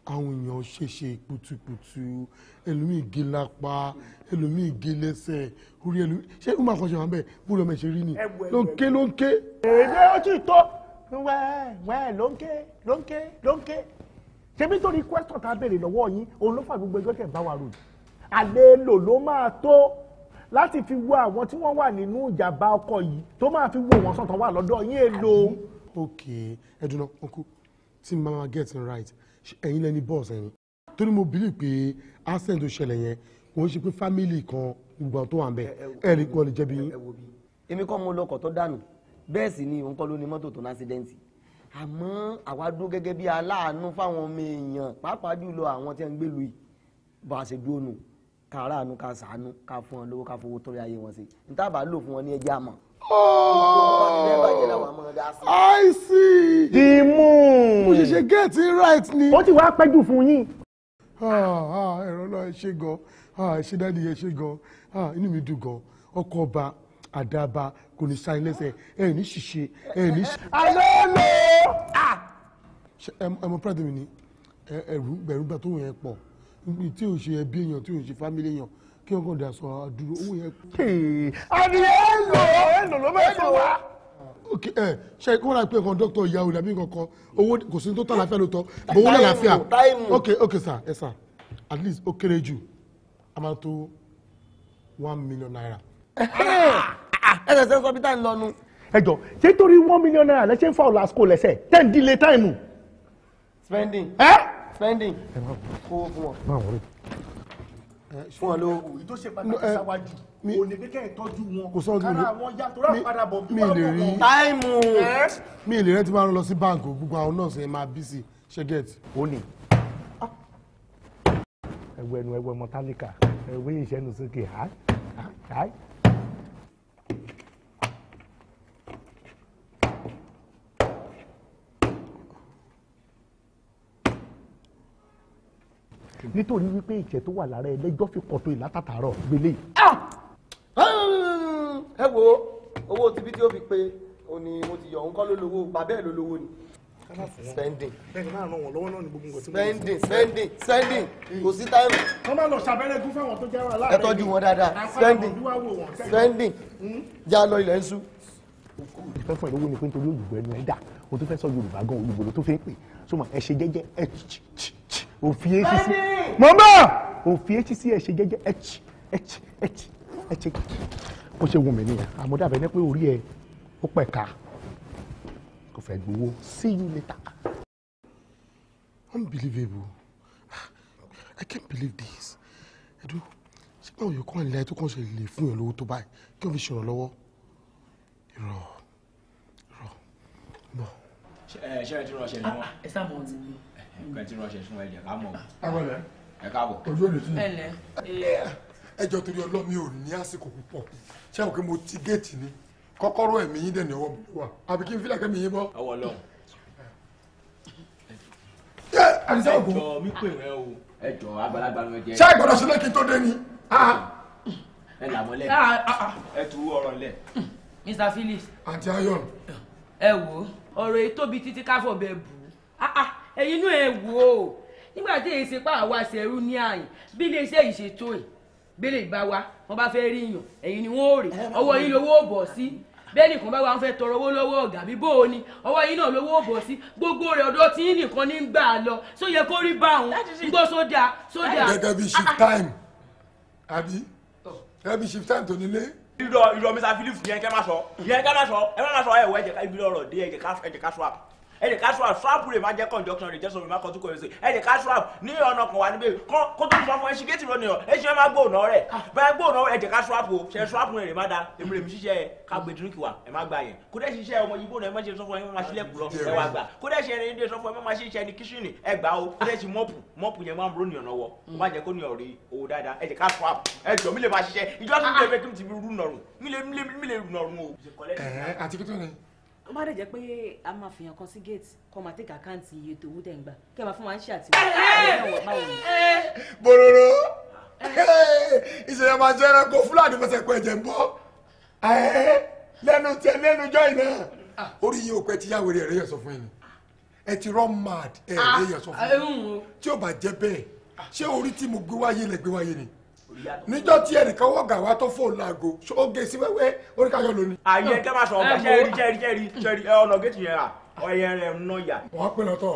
àwọn èèyàn ṣèṣe putuputu ẹlòmíì gé lápá ẹlòmíì gé lẹ́sẹ̀ orí ẹlòmíì ṣé ó máa kàn ṣe wà bẹ́ẹ̀ búrọ̀ mẹ́ṣẹ̀ rí ni ló ń èdè ó ti tọ́ wẹ́ẹ̀ wẹ́ẹ̀ ló ń ké ló ń ké ló ń ké ṣebí torí kwẹ́sítọ̀ tá a béèrè lọ́wọ́ yín òun ló fà gbogbo ẹjọ́ tẹ̀ ń bá wa rò yìí àlélò ló máa tó láti fi wo àwọn tí wọ́n wà nínú ìjàmbá ọkọ̀ yìí tó máa fi wo wọ́n sọ̀tàn wà lọ́dọ̀ yín èlò. ok ẹdùnà ọkọ tí mo get it right ẹ̀yin lẹni bọ́ọ̀sì ẹni torí mo believe pé accent tó ṣẹlẹ̀ yẹn kò ń ṣe pé family kan gbọ̀n tó wà ń bẹ̀ ẹ̀ rí kọ́ lè jẹ̀bi. èmi kọ́ mo lọkọ̀ tó dànù bẹ́ẹ̀ sì ni òun kọ́ ló ní mọ́tò tó ní ásídẹ́ǹtì àmọ́ àwa dúró gẹ́gẹ́ bí aláàánú fáwọn ọmọ èèyàn pàápàá jùlọ àwọn tí wọ́n ń gbé lu yìí bá a ṣe dúró nù ká aráàánú ká sàánú ká fún wọn lówó ká fowó tọrẹ ayé wọn sí ní tábà lò fún wọn ní ẹjẹ àmọ́. I see. Dimu. Mo ṣe ṣe get it right ni. Ó ti wá pẹ́jù fún yín ah, ah, ẹ̀rọ náà ẹ ṣe gan ah, ẹ ṣe dáàdi ẹ ṣe gan inú mi dùn gan ọkọ̀ ọba àdàbà kò ní sa ilé ẹsẹ̀ ẹ ní ṣìṣe ẹ ní ṣe. alẹ́ lò ó. ẹmọ pẹ́ẹ́tì mi ni ẹrù bẹ̀rù tó yẹn pọ̀ níbi tí ò ṣe ẹbí èèyàn tí ò ṣe fámílì èèyàn kí wọn kàn dà sọ àdúró owó yẹn. adìyẹ lò ó ló bẹ́ẹ̀ sọ wá. ok ẹ ṣe kí wọn rà pé nǹkan dókítà ìyá òde àbí nǹkan kan owó kò sí tó tà láfíà ló tọ owó láyàáfíà ok ok sir ẹ sir at least ó kéré jù a máa tó one million naira ẹsẹ̀ ṣe ń sọ bí táyì ń lọ nu. ẹ jọ ṣé torí one million naira lẹ ṣe ń fa ọ̀la àsìkò lẹ́sẹ̀ ten delay time. spending. ẹ spending. ẹ má kó fún ọ. má wọlé. fún ọ ló. ìtò ṣe pàtàkì sáwájú òní pé kẹ́ ẹ̀ tọ́jú wọn. kò sọ ọdún mi mi lè rí táìmù. mi lè rẹ́ tí wọ́n lọ sí báńkì gbogbo àwọn nọ́ọ̀sì ẹ̀ máa bí sí ṣẹ́gẹ̀tì. ó ní ẹwọ ẹnu ẹwọ ọmọ tálíkà ẹwọ ìṣẹ́nu sókè á á á. nítorí wípé ìjẹ́ tó wà lára ẹlẹ́jọ́ fi pọ̀ tó ìlátàtàrọ̀ gbélé. Ah! Ah! ẹ wo owó tibí tí ó fi pé o ni mo ti yọ òun kọ́ ló lówó bàbá ẹ̀ ló lówó ni. spending bẹ́ẹ̀ náà ràn wọ́n lọ́wọ́ náà ní gbogbo nǹkan tí mo ń sọ. spending spending spending kò sí táìmù. wọ́n máa lọ ṣàbẹ̀rẹ̀ gún fáwọn tó jẹ́ wà láàrin. ẹ tọ́jú wọn dáadáa spending spending hmm? já lọ ilẹ̀ ń sú ìfẹ́ fún ìlówó ni pé nítorí olùgbọ́ ẹnu ẹ̀dá o tó fẹ́ sọ Yorùbá gan olùgbòlò tó fẹ́ pè so mà ẹ ṣe jẹ́jẹ́ ẹ tì tì tì òfi èsì sí mọ̀ ń bọ̀ òfi èsì sí ẹ̀ṣẹ̀ jẹ́jẹ́ ẹ̀chì ẹ̀chì kò ṣe wù mí nìyà àmọ́dé ní pé orí ẹ̀ ó pẹ̀ ká kò fẹ́ gbowó see you later. unbelievable i can't believe this ẹ̀dú ṣé báwo yóò kọ́ àlẹ́ láyé tó kàn ṣe lè fún yàn lówó tó báyìí kí wọ́n fi ṣèrànlọ́wọ́ lọ́wọ́ irọ́ irọ́ náà. ṣe ẹ ṣe ẹ ti rọ ṣe ni wọn. Ah, ẹ sáà mọ ọtí mi. Mm. kẹntì ránṣẹ́ fún ẹ ká mọ̀ o ẹ káàbọ̀. ojú òde tún ẹ jọ torí ọlọ́mi ò ní àsìkò púpọ̀ ṣé àwọn kí mo ti géètì ni kọ́kọ́rọ́ ẹ̀mí yín dẹ̀ ní mi wà àbí kí n fílẹ̀ kẹ́mi yín bọ́. ọwọ́ lọ. ẹjọ mi pè rẹ o ẹjọ àgbàlagbà ló jẹ. ṣé ìgbọ́dọ̀ sílẹ̀ kí n tó dé ni. Ah. Ah. ẹ làmọ́lẹ̀ ah, ẹ tu ọ̀rọ̀ lẹ̀. Mr Phillips. àti ayon. ẹ wo ọ̀rọ̀ èyí tóbi títí káfọ̀ bẹ́ẹ̀ bù ú ẹ̀yin inú ẹ̀ wò ó nígbà tí èyí ṣe pa àwa ṣẹ̀rú ní àyìn bí iléeṣẹ́ yìí ṣe tó ẹ̀ gbélé ìbá wa wọn bá fẹ́ rí yàn ẹ̀yin ni wọ́n ò rè ọwọ́ yín lówó bọ̀ sí bẹ́ẹ̀ nìkan bá wa ń fẹ́ tọrọ owó lọ́wọ́ ọ̀gá bí bóò ni ọwọ́ yín náà lówó bọ̀ sí gbogbo rẹ̀ ọ̀dọ̀ tí yín nìkan ní gbà lọ só yẹ kó rí báwọn gbọ́ sódà sódà. gẹ́gẹ́ bí ah, shift ah. time oh. àbí gẹ́gẹ́ bí shift time tó nílé irọ́ irọ́ mr phillips yẹn kẹ́ máa sọ yẹn kẹ́ máa sọ ẹ máa sọ ẹ wọ ẹ̀jẹ̀ ká ibi lọ́rọ̀ dé ẹ̀jẹ̀ ká swap ẹnì ká ṣọ́ra ṣọ́ọ̀bù rẹ̀ máa jẹ́ conjunction rẹ̀ jẹ́sọ̀rọ̀ máa kọ́ tó kọ́ ẹ̀ sí ẹnì ká ṣọ́ọ̀bù ní ọ̀nà kan wà níbi kó tó fún ọmọ ẹṣin géètì lónìí ọ̀ ẹṣin máa gbóònà rẹ̀ báyà ah. gbóònà rẹ̀ ẹ̀jẹ̀ ká ṣọ́ọ̀bù ṣe ṣọ́ọ̀bù rẹ̀ má da èmi rèmi ṣiṣẹ́ ká gbé díríkì wa ẹ̀ má gba yẹn kó dẹ́ ṣiṣẹ́ ọmọ yìí bóònà ẹ̀ má ṣe sọ́fún ẹ̀ má ṣílẹ̀kùn lọ ẹ̀ wá gbà kó dẹ́ ṣe ẹni ilé sọ́fún ẹ̀ má ṣe ṣe ní kíṣìnì ẹ̀ gbà o kó dẹ́ ṣe mọ́pù mọ́pù yẹn má ń rónìyàn lọ́wọ́ kó má jẹ́ kó ní ọ̀rí owó dáadáa ẹ̀jẹ̀ ká ṣọ́ọ̀bù ẹ̀ jọ mi lè má ṣiṣẹ́ ìjọ́sìn mi lè ah, ah. fẹ́ kí mi ti rú nọ̀rùn mi lè rú nọ̀rùn o. àti kí tó ní ó má dẹ̀ jẹ́ pé a máa fìyàn kan sí gate kọ́ máa tẹ̀ka àkáǹtì iye tó wú tẹ̀ ń gbà kí ẹ máa fún wa ń ṣàtìwọ́ bororo ìṣẹ̀lẹ̀ máa jẹ́ ẹranko fúlàní fẹsẹ̀ pẹ̀ jẹ̀ ń bọ́ eh, lẹ́nu tẹ lẹ́nu jọ́ì náà ah, orí yìí ò pẹ́ tí yàwó rẹ̀ yẹ̀ sọ fún yín ẹ ti rọ́ mad ẹ̀ rẹ̀ yẹ̀ sọ fún yín ah, eh, tí ó bá jẹ́ bẹ́ẹ̀ ṣé orí tí mo gbé wáyé lẹ gbé wáyé ni níjọ́ tí ẹnìkan wọ gàwá tó fóònù láago ó sí wẹ́wẹ́ oríkàyọ lónìí. àyè kẹ́ máa sọ ọgbà jẹ́rìí jẹ́rìí jẹ́rìí ọ̀nà gẹ̀ẹ́tì yẹn rà ọyẹ rẹ ń nọyà. wọ́n pè lọ́tọ̀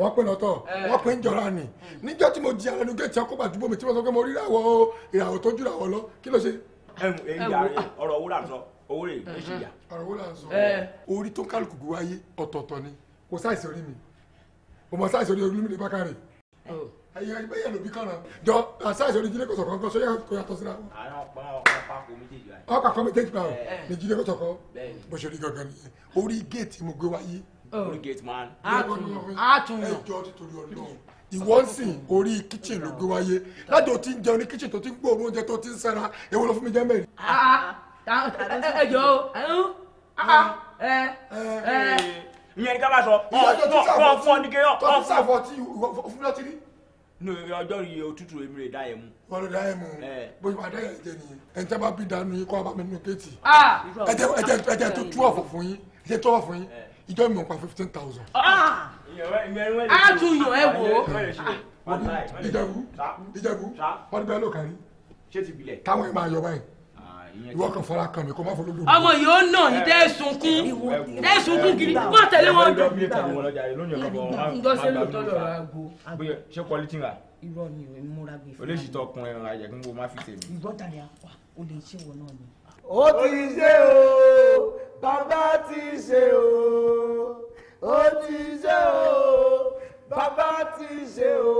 wọ́n pè lọ́tọ̀ wọ́n pè ń jọra nì níjọ́ tí mo di ara nu gẹ̀ẹ́tì ọkọ̀ àdúgbò mi tí mo sọ pé mo rí ìràwọ̀ ìràwọ̀ tó jùlọ wọ̀ lọ kí ló ṣe. ẹ ẹ ìyá rẹ ọ̀rọ̀ ẹyẹ ẹgbẹ yẹn lòbí kan náà jọ orí géètì mo gbé wáyé. Oh. ìwọ ń sìn orí kíchìn ló gbé wáyé láti o ti ń jẹun ní kíchìn tó ti ń gbóòórùn oúnjẹ tó ti ń sẹ́ra èwo ló fún mi jẹ́ mẹ́rin. ẹ jọ ẹ ẹ ìyẹn ní ká bá sọ ọ fún ọ ní kéèyàn. fún mi ọjọ́ yìí òtútù èmi rè dá yẹn mu. wọ́n lè dá yẹn mu bó ṣe máa dá yẹn jẹ nìyẹn ẹni tí a bá bí dànù yín kọ́ ọ bá mi nínú kéètì ah! ah! ẹ̀jẹ̀ tó tú ọ̀fọ̀ fún yín ẹ̀jẹ̀ tó ọ̀fọ̀ fún yín ìjọ mi ò pa fifteen thousand. a ah! tún yàn ẹ wò ó. ìjẹ̀bú ìjẹ̀bú wọ́n ti bẹ́ẹ̀ lò kárí. táwọn ẹ̀ máa yọ báyìí ìwọ kan fara kan mi kó má fọ lójú. ọmọ yìí ó nà ní tẹ́ sunkún tẹ́ sunkún kiri má tẹ̀lé wọn jọ. ǹjọ́ ṣe ló tọ́lọ̀ aago. ṣé kọ́lítì rà. irọ́ ni o múra gbé fún mi. olóṣìṣẹ́ ọkùnrin ọ̀rọ̀ ajẹ́ kí n bò má fi tèmi. ìgbọ́tàrí àpà o lè ṣe wọ náà ni. ó ti ṣe o bàbá ti ṣe o ó ti ṣe o bàbá ti ṣe o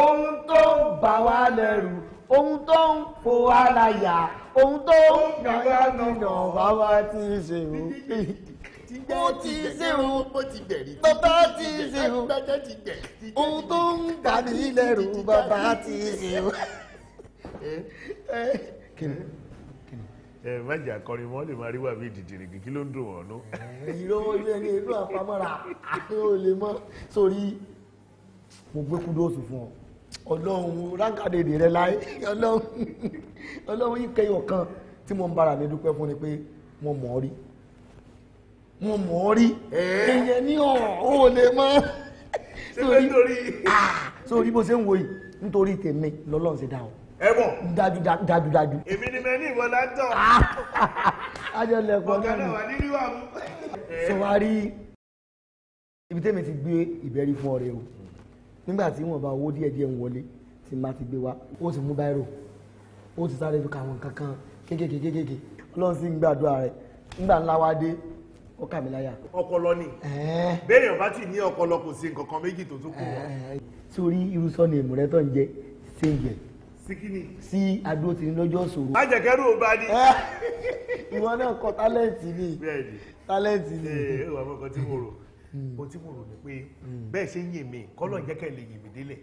ohun tó ń bà wá lẹ́rù ohun tó ń fò aláyà ohun tó ń gbàgbọ́nà bàbá ti ṣe o. ó ti ṣe o bàbá ti ṣe o ohun tó ń dàbí lẹ́rù bàbá ti ṣe o. ẹ eh, eh, eh, má jà kọrin wọn lè máa rí wà bíi dìdìrì kí ló ń dùn wọn nú. ilé ẹni ìlú àpamọ́ra àti olè mọ́ sórí mo gbé kúndóòsù fún ọ ọlọ́run rákàdèdè rẹ láyé ọlọ́run ọlọ́run yìí kẹyọ kan tí mo ń bára mi dúpẹ́ fún ni pé mo mọ̀ ọ́ rí mo mọ̀ ọ́ rí èèyàn ní ọ̀hún ó lè mọ́ sórí bó ṣe ń wo yìí nítorí tèmi lọ́lọ́run ṣe dá o ẹ̀wọ̀n dájúdájú dájúdájú. èmi ni mẹ́ni ìwọ látọ̀. ajọ ah, lẹ́kọ̀ọ́ náà ni ọ̀gá náà wà nínú ìwà mú. sọ wa rí ibi tẹ́mi ti gbé ìbẹ́rí fún ọ̀rẹ́ o nígbà tí wọn bá owó díẹ̀ díẹ̀ ń wọlé tí má ti gbé wa ó ti mú báírò ó ti sáré fi kàwọn nǹkan kan kéékèèké kéékèèké ọlọ́run sì ń gbàdúrà rẹ̀ nígbà ńlá wa dé ó kà mí láyà. ọpọlọ ni bẹ́ẹ̀ ọba tí ní ọpọlọ kò sí nǹkan kan méjì tó tún kù wọn. sórí irú sọ́ni èmù rẹ tó ń jẹ ṣé ń jẹ. sí kíni. sí ní lọ́jọ́ ìṣòro. má jẹ kẹrù bá ní. ìwọ náà kọ tálẹ̀ǹtì ni tálẹ̀ǹtì ni. ẹ ẹ wà á mọ̀ tí mo rò ohun tí mo rò ní pé mm. bẹ́ẹ̀ ṣe ń yè mí kọ́lọ̀ ń mm. jẹ́ kẹ́ ẹ lè yè mí délẹ̀.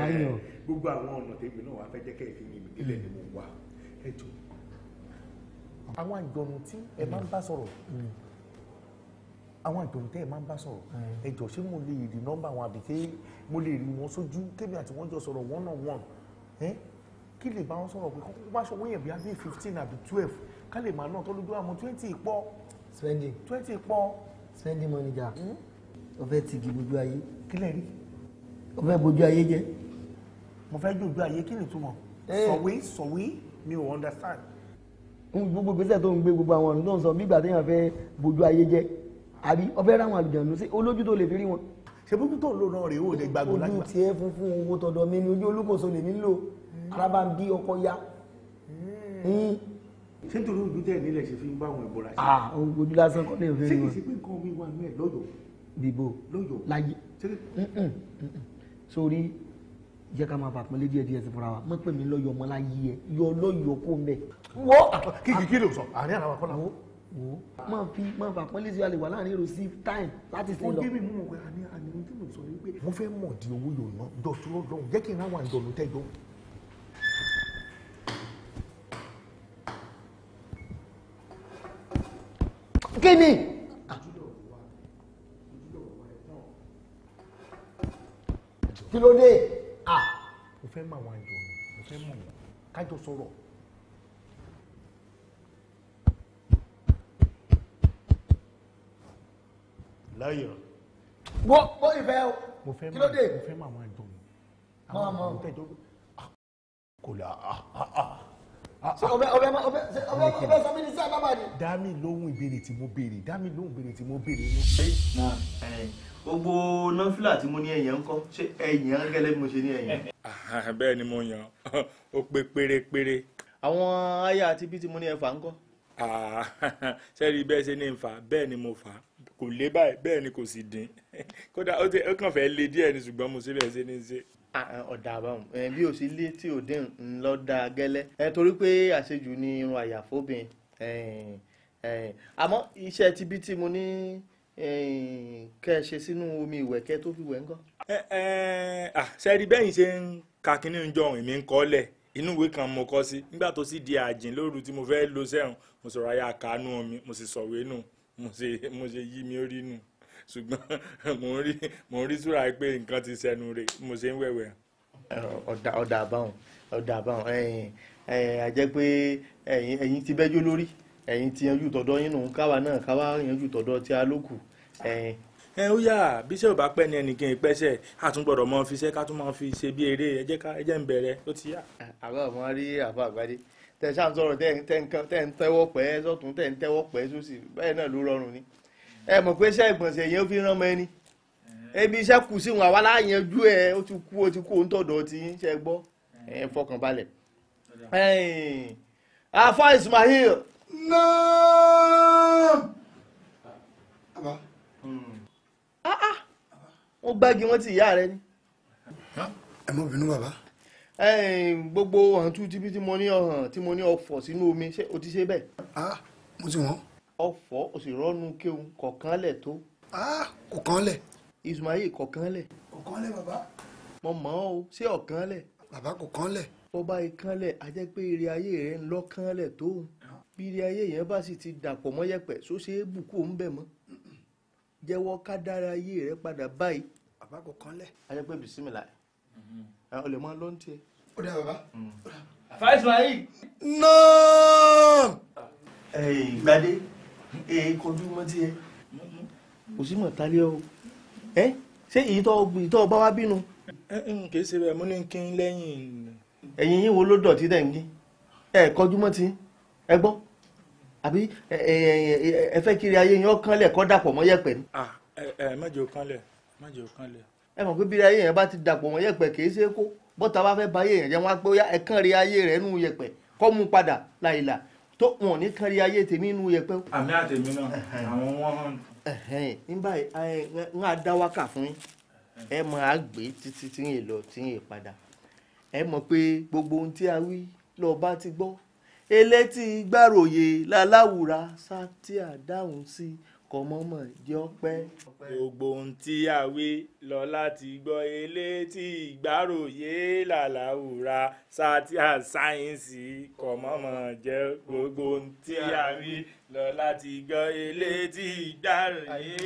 ayọ̀ eh, gbogbo àwọn ọ̀nà tèmi náà wàá fẹ́ jẹ́ kẹ́ ẹ fi yè mí délẹ̀ ni mo wà ẹ jọ. àwọn àjọ̀nù tí ẹ máa ń bá sọ̀rọ̀ mm. àwọn àjọ̀nù tẹ́ ẹ máa ń bá sọ̀rọ̀ ẹ ṣé mo lè rí nọ́mbà wọn àbí ṣé mo lè rí wọn sójú kébì àti wọ́n jọ sọ̀rọ̀ one on one kí lè bá wọn sọ̀rọ̀ pé kókó bá ṣọwọ́ yẹn bí fifteen àbí twelve ká lè máa ná tọ́lójú àwọn twenty pọ̀ spending twenty pọ̀ sẹ́ndí mọ́nìjà hmm? ó fẹ́ tìgì bójú ayé kí lè rí ó fẹ́ bójú ayé jẹ́. mo fẹ́ gbójú ayé kí ni túmọ̀ eh. sọ̀wé sọ̀wé mi ò understand. gbogbo gbèsè tó ń gbé gbogbo àwọn ọ̀nà tó ń sọ bí ìgbà téèyàn fẹ́ bójú ayé jẹ́ àbí ó fẹ́ ráwọn àlùjànnú sí olójú tó lè fi rí wọn. ṣe bójú tó ń lò náà rèé ó lè gbàgbọ́ lágbà. ojú tiẹ̀ funfun owó tọ̀dọ̀ mi ni ojú olúkòso lèmi ń lò arábàndí ọkọ̀ ya. Hmm. Hmm ṣé nítorí ojú tẹ̀ nílẹ̀ ṣe fi ń bá àwọn ìbora ṣe. ah ojú lásán kọ́ lè fẹ́ wọn. ṣé kìí ṣe pé nǹkan mi wà ní ẹ̀ lọ́yọ̀ọ́. bíbo lọ́yọ̀ọ́ láyé sórí jẹ́ ká máa bàpọ̀ lédi ẹ̀dí ẹ̀sìn fúnra wa mọ́ pè mí lọ́yọ̀ ọmọ láyé ẹ̀ yọ lọ́yọ̀ kó mẹ́. wọ́ kìkì kí ló sọ àárín àràwà kọ́lá. wo wo máa fi máa bàpọ̀ lédi alẹ́ wà láàrin receive time láti sí lọ. ó dé mi mú un pé àní àní tí mo sọ yìí pé. mo fẹ́ mọ̀ di owó yòó ná kí ni kí ló dé à mo fẹ́ mọ àwọn àjọ mi mo fẹ́ mọ wọn kájọ sọ̀rọ̀ láyọ̀ bọ́ bọ́ ìfẹ́ o kí ló dé mo fẹ́ mọ àwọn àjọ mi àwọn àwọn ah, kò lè àà ah, àà. Ah, ọbẹ̀ ọbẹ̀ ọbẹ̀ ọbẹ̀ sọmi ní sí àbábà ni. dá mi lóhùn ìbéèrè tí mo béèrè dá mi lóhùn ìbéèrè tí mo béèrè ní. Eh, gbogbo nọ́fìlà tí mo ní ẹ̀yàn ń kọ́ ṣé ẹ̀yàn gẹ́lẹ́ bí mo ṣe ní ẹ̀yàn. bẹ́ẹ̀ ni mo yàn ó pé pérépéré. àwọn aya àti ibi tí mo ní ẹ̀fà ń kọ́. sẹ́ẹ̀rì bẹ́ẹ̀ ṣe ní n fà bẹ́ẹ̀ ni mo fà kò lé báyìí bẹ́ẹ̀ ni kò sì dín kódà ó kàn fẹ́ lé díẹ̀ ni ṣùgbọ́n mo ṣe bẹ́ẹ̀ ṣe ní ṣe. Ah. Ah, ọ̀dà àbáwọn eh, bí o sì lé tí o dín ńlọ da gẹ́lẹ́ eh, torí pé àṣejù ni irun àyàfó bìn eh, àmọ́ iṣẹ́ tibí tí mo ní kẹ́ ẹ ṣe sínú omi ìwẹ̀kẹ́ tó fi wẹ̀ ń kọ́. sẹ́ẹ̀rì ah, bẹ́yìn ṣe ń ka kínní jọ ohun èmi ń kọ́ lẹ̀ inú ìwé kan mo kọ́ sí nígbà tó sì di àjìn lóru tí mo fẹ́ lọ sẹ́hùn mo sọ̀rọ̀ ayé àkànú omi mo sì sọ̀wé nù mo sì yí mi ó nù ṣùgbọ́n mò ń rí mò ń rí túra pé nǹkan ti sẹnu rè mo ṣe ń wẹ̀wẹ̀. ọ̀dà ọ̀dà àbáwọn ọ̀dà àbáwọn àjẹ́ pé ẹ̀yin ti bẹ́jọ́ lórí ẹ̀yin ti yanjú tọ̀dọ̀ yín nù káwa náà káwa yanjú tọ̀dọ̀ tí a lókù. ẹ ó yà bí iṣẹ́ ò bá pẹ́ ni ẹnìkan ìpẹ́sẹ̀ a tún gbọ́dọ̀ mọ fi iṣẹ́ ká tún mọ fi ṣe bí eré ẹ jẹ́ ká ẹ jẹ́ ń bẹ̀rẹ̀ ó ti yá. àbá àwọn arí àbá àgbádé tẹ̀ ṣáà ń sọ̀rọ̀ tẹ̀ ń tẹ́wọ́ pẹ́ sọ́tún tẹ̀ ń ẹ mọ̀ pé iṣẹ́ ìgbọ̀nsẹ̀ yẹn ó fi rán ọmọ ẹni ebi iṣẹ́ kù sí wọn àwa láàyànjú ẹ ó ti kú ó ti kú òun tọ̀dọ̀ ti ń ṣe gbọ́ ẹ fọkànbalẹ̀. afa Ismail. náà. wọ́n ah, ah. gbági wọ́n ti ìyá rẹ ni. ẹ mọ bínú bàbá. gbogbo ọ̀hún tú tí mo ní ọ̀hún tí mo ní ọ̀fọ̀ sínú omi o ti ṣe bẹ́ẹ̀. Ah, mo ti wọ́n. Ọfọ o sì rọ́nu kéwù kọ̀ọ̀kanlẹ̀ tó. Ah, kọ̀ọ̀kanlẹ̀. Ismail kọ̀ọ̀kanlẹ̀. kọ̀ọ̀kanlẹ̀ bàbá. mo mọ̀ ọ́ ṣé ọ̀kanlẹ̀. bàbá kọ̀ọ̀kanlẹ̀. bọ́ba ìkanlẹ̀ a jẹ́ pé eré ayé rẹ̀ ń lọ́kanlẹ̀ tó bí eré ayé yẹn bá sì ti dàpọ̀ mọ́ yẹ̀pẹ̀ só ṣe é bù kó ń bẹ̀ mọ́ jẹ́wọ́ ká dára ayé rẹ padà báyìí. bàbá kọ̀ọ̀kanlẹ̀. a jẹ́ pé bisimilá ẹ̀ ọ lè máa lọ́ọ́ tiẹ̀. ó dà bàbá. Mm. àfáà Ismail. náà. ẹ̀yìn gbadé. èyí eh, kọjú mọ́ tiẹ̀ kò sí mọ̀ tálẹ́ o ẹ ṣé ìtọ́ ìtọ́ bá wá bínú. kì í ṣe bẹ́ẹ̀ mo ní kí n lẹ́yìn. ẹ̀yin yín wo ló dọ̀tí dẹ̀ ń gí ẹ kọjú mọ́ ti ẹ gbọ́ àbí ẹ fẹ́ kiri ayé yẹn kánlẹ̀ kọ́ dàpọ̀ mọ́ yẹ̀pẹ̀ ni. Ah, ẹ mẹ́jọ kánlẹ̀ mẹ́jọ kánlẹ̀. ẹ mọ̀ pé bí ayé yẹn bá ti dàpọ̀ mọ́ yẹ̀pẹ̀ kì í ṣe é kó bọ́tà bá fẹ́ ba ayé yẹn jẹ́ wọn á pé ó yá ẹ̀kan rí ayé rẹ̀ nù yẹ̀pẹ̀ kọ́ mú padà láìláà tó wọn ní kárí ayé tèmi nínú yẹpẹ. àmì àtẹ̀mí náà àwọn wọn hàn. nígbà ń á dá wákà fún yín ẹ títí tí yín lọ tí yín padà ẹ pé gbogbo ohun tí a wí lọ bá ti gbọ́ elétí gbàròyè làláwùrà kọmọmọ jẹ ọpẹ́. gbogbo ohun tí a wí lọ láti gbọ́ elétí ìgbàròyé làlàwùrà sátíà sáyẹ́ǹsì kọmọmọ jẹ gbogbo ohun tí a wí lọ láti gbọ́ elétí ìgbàròyé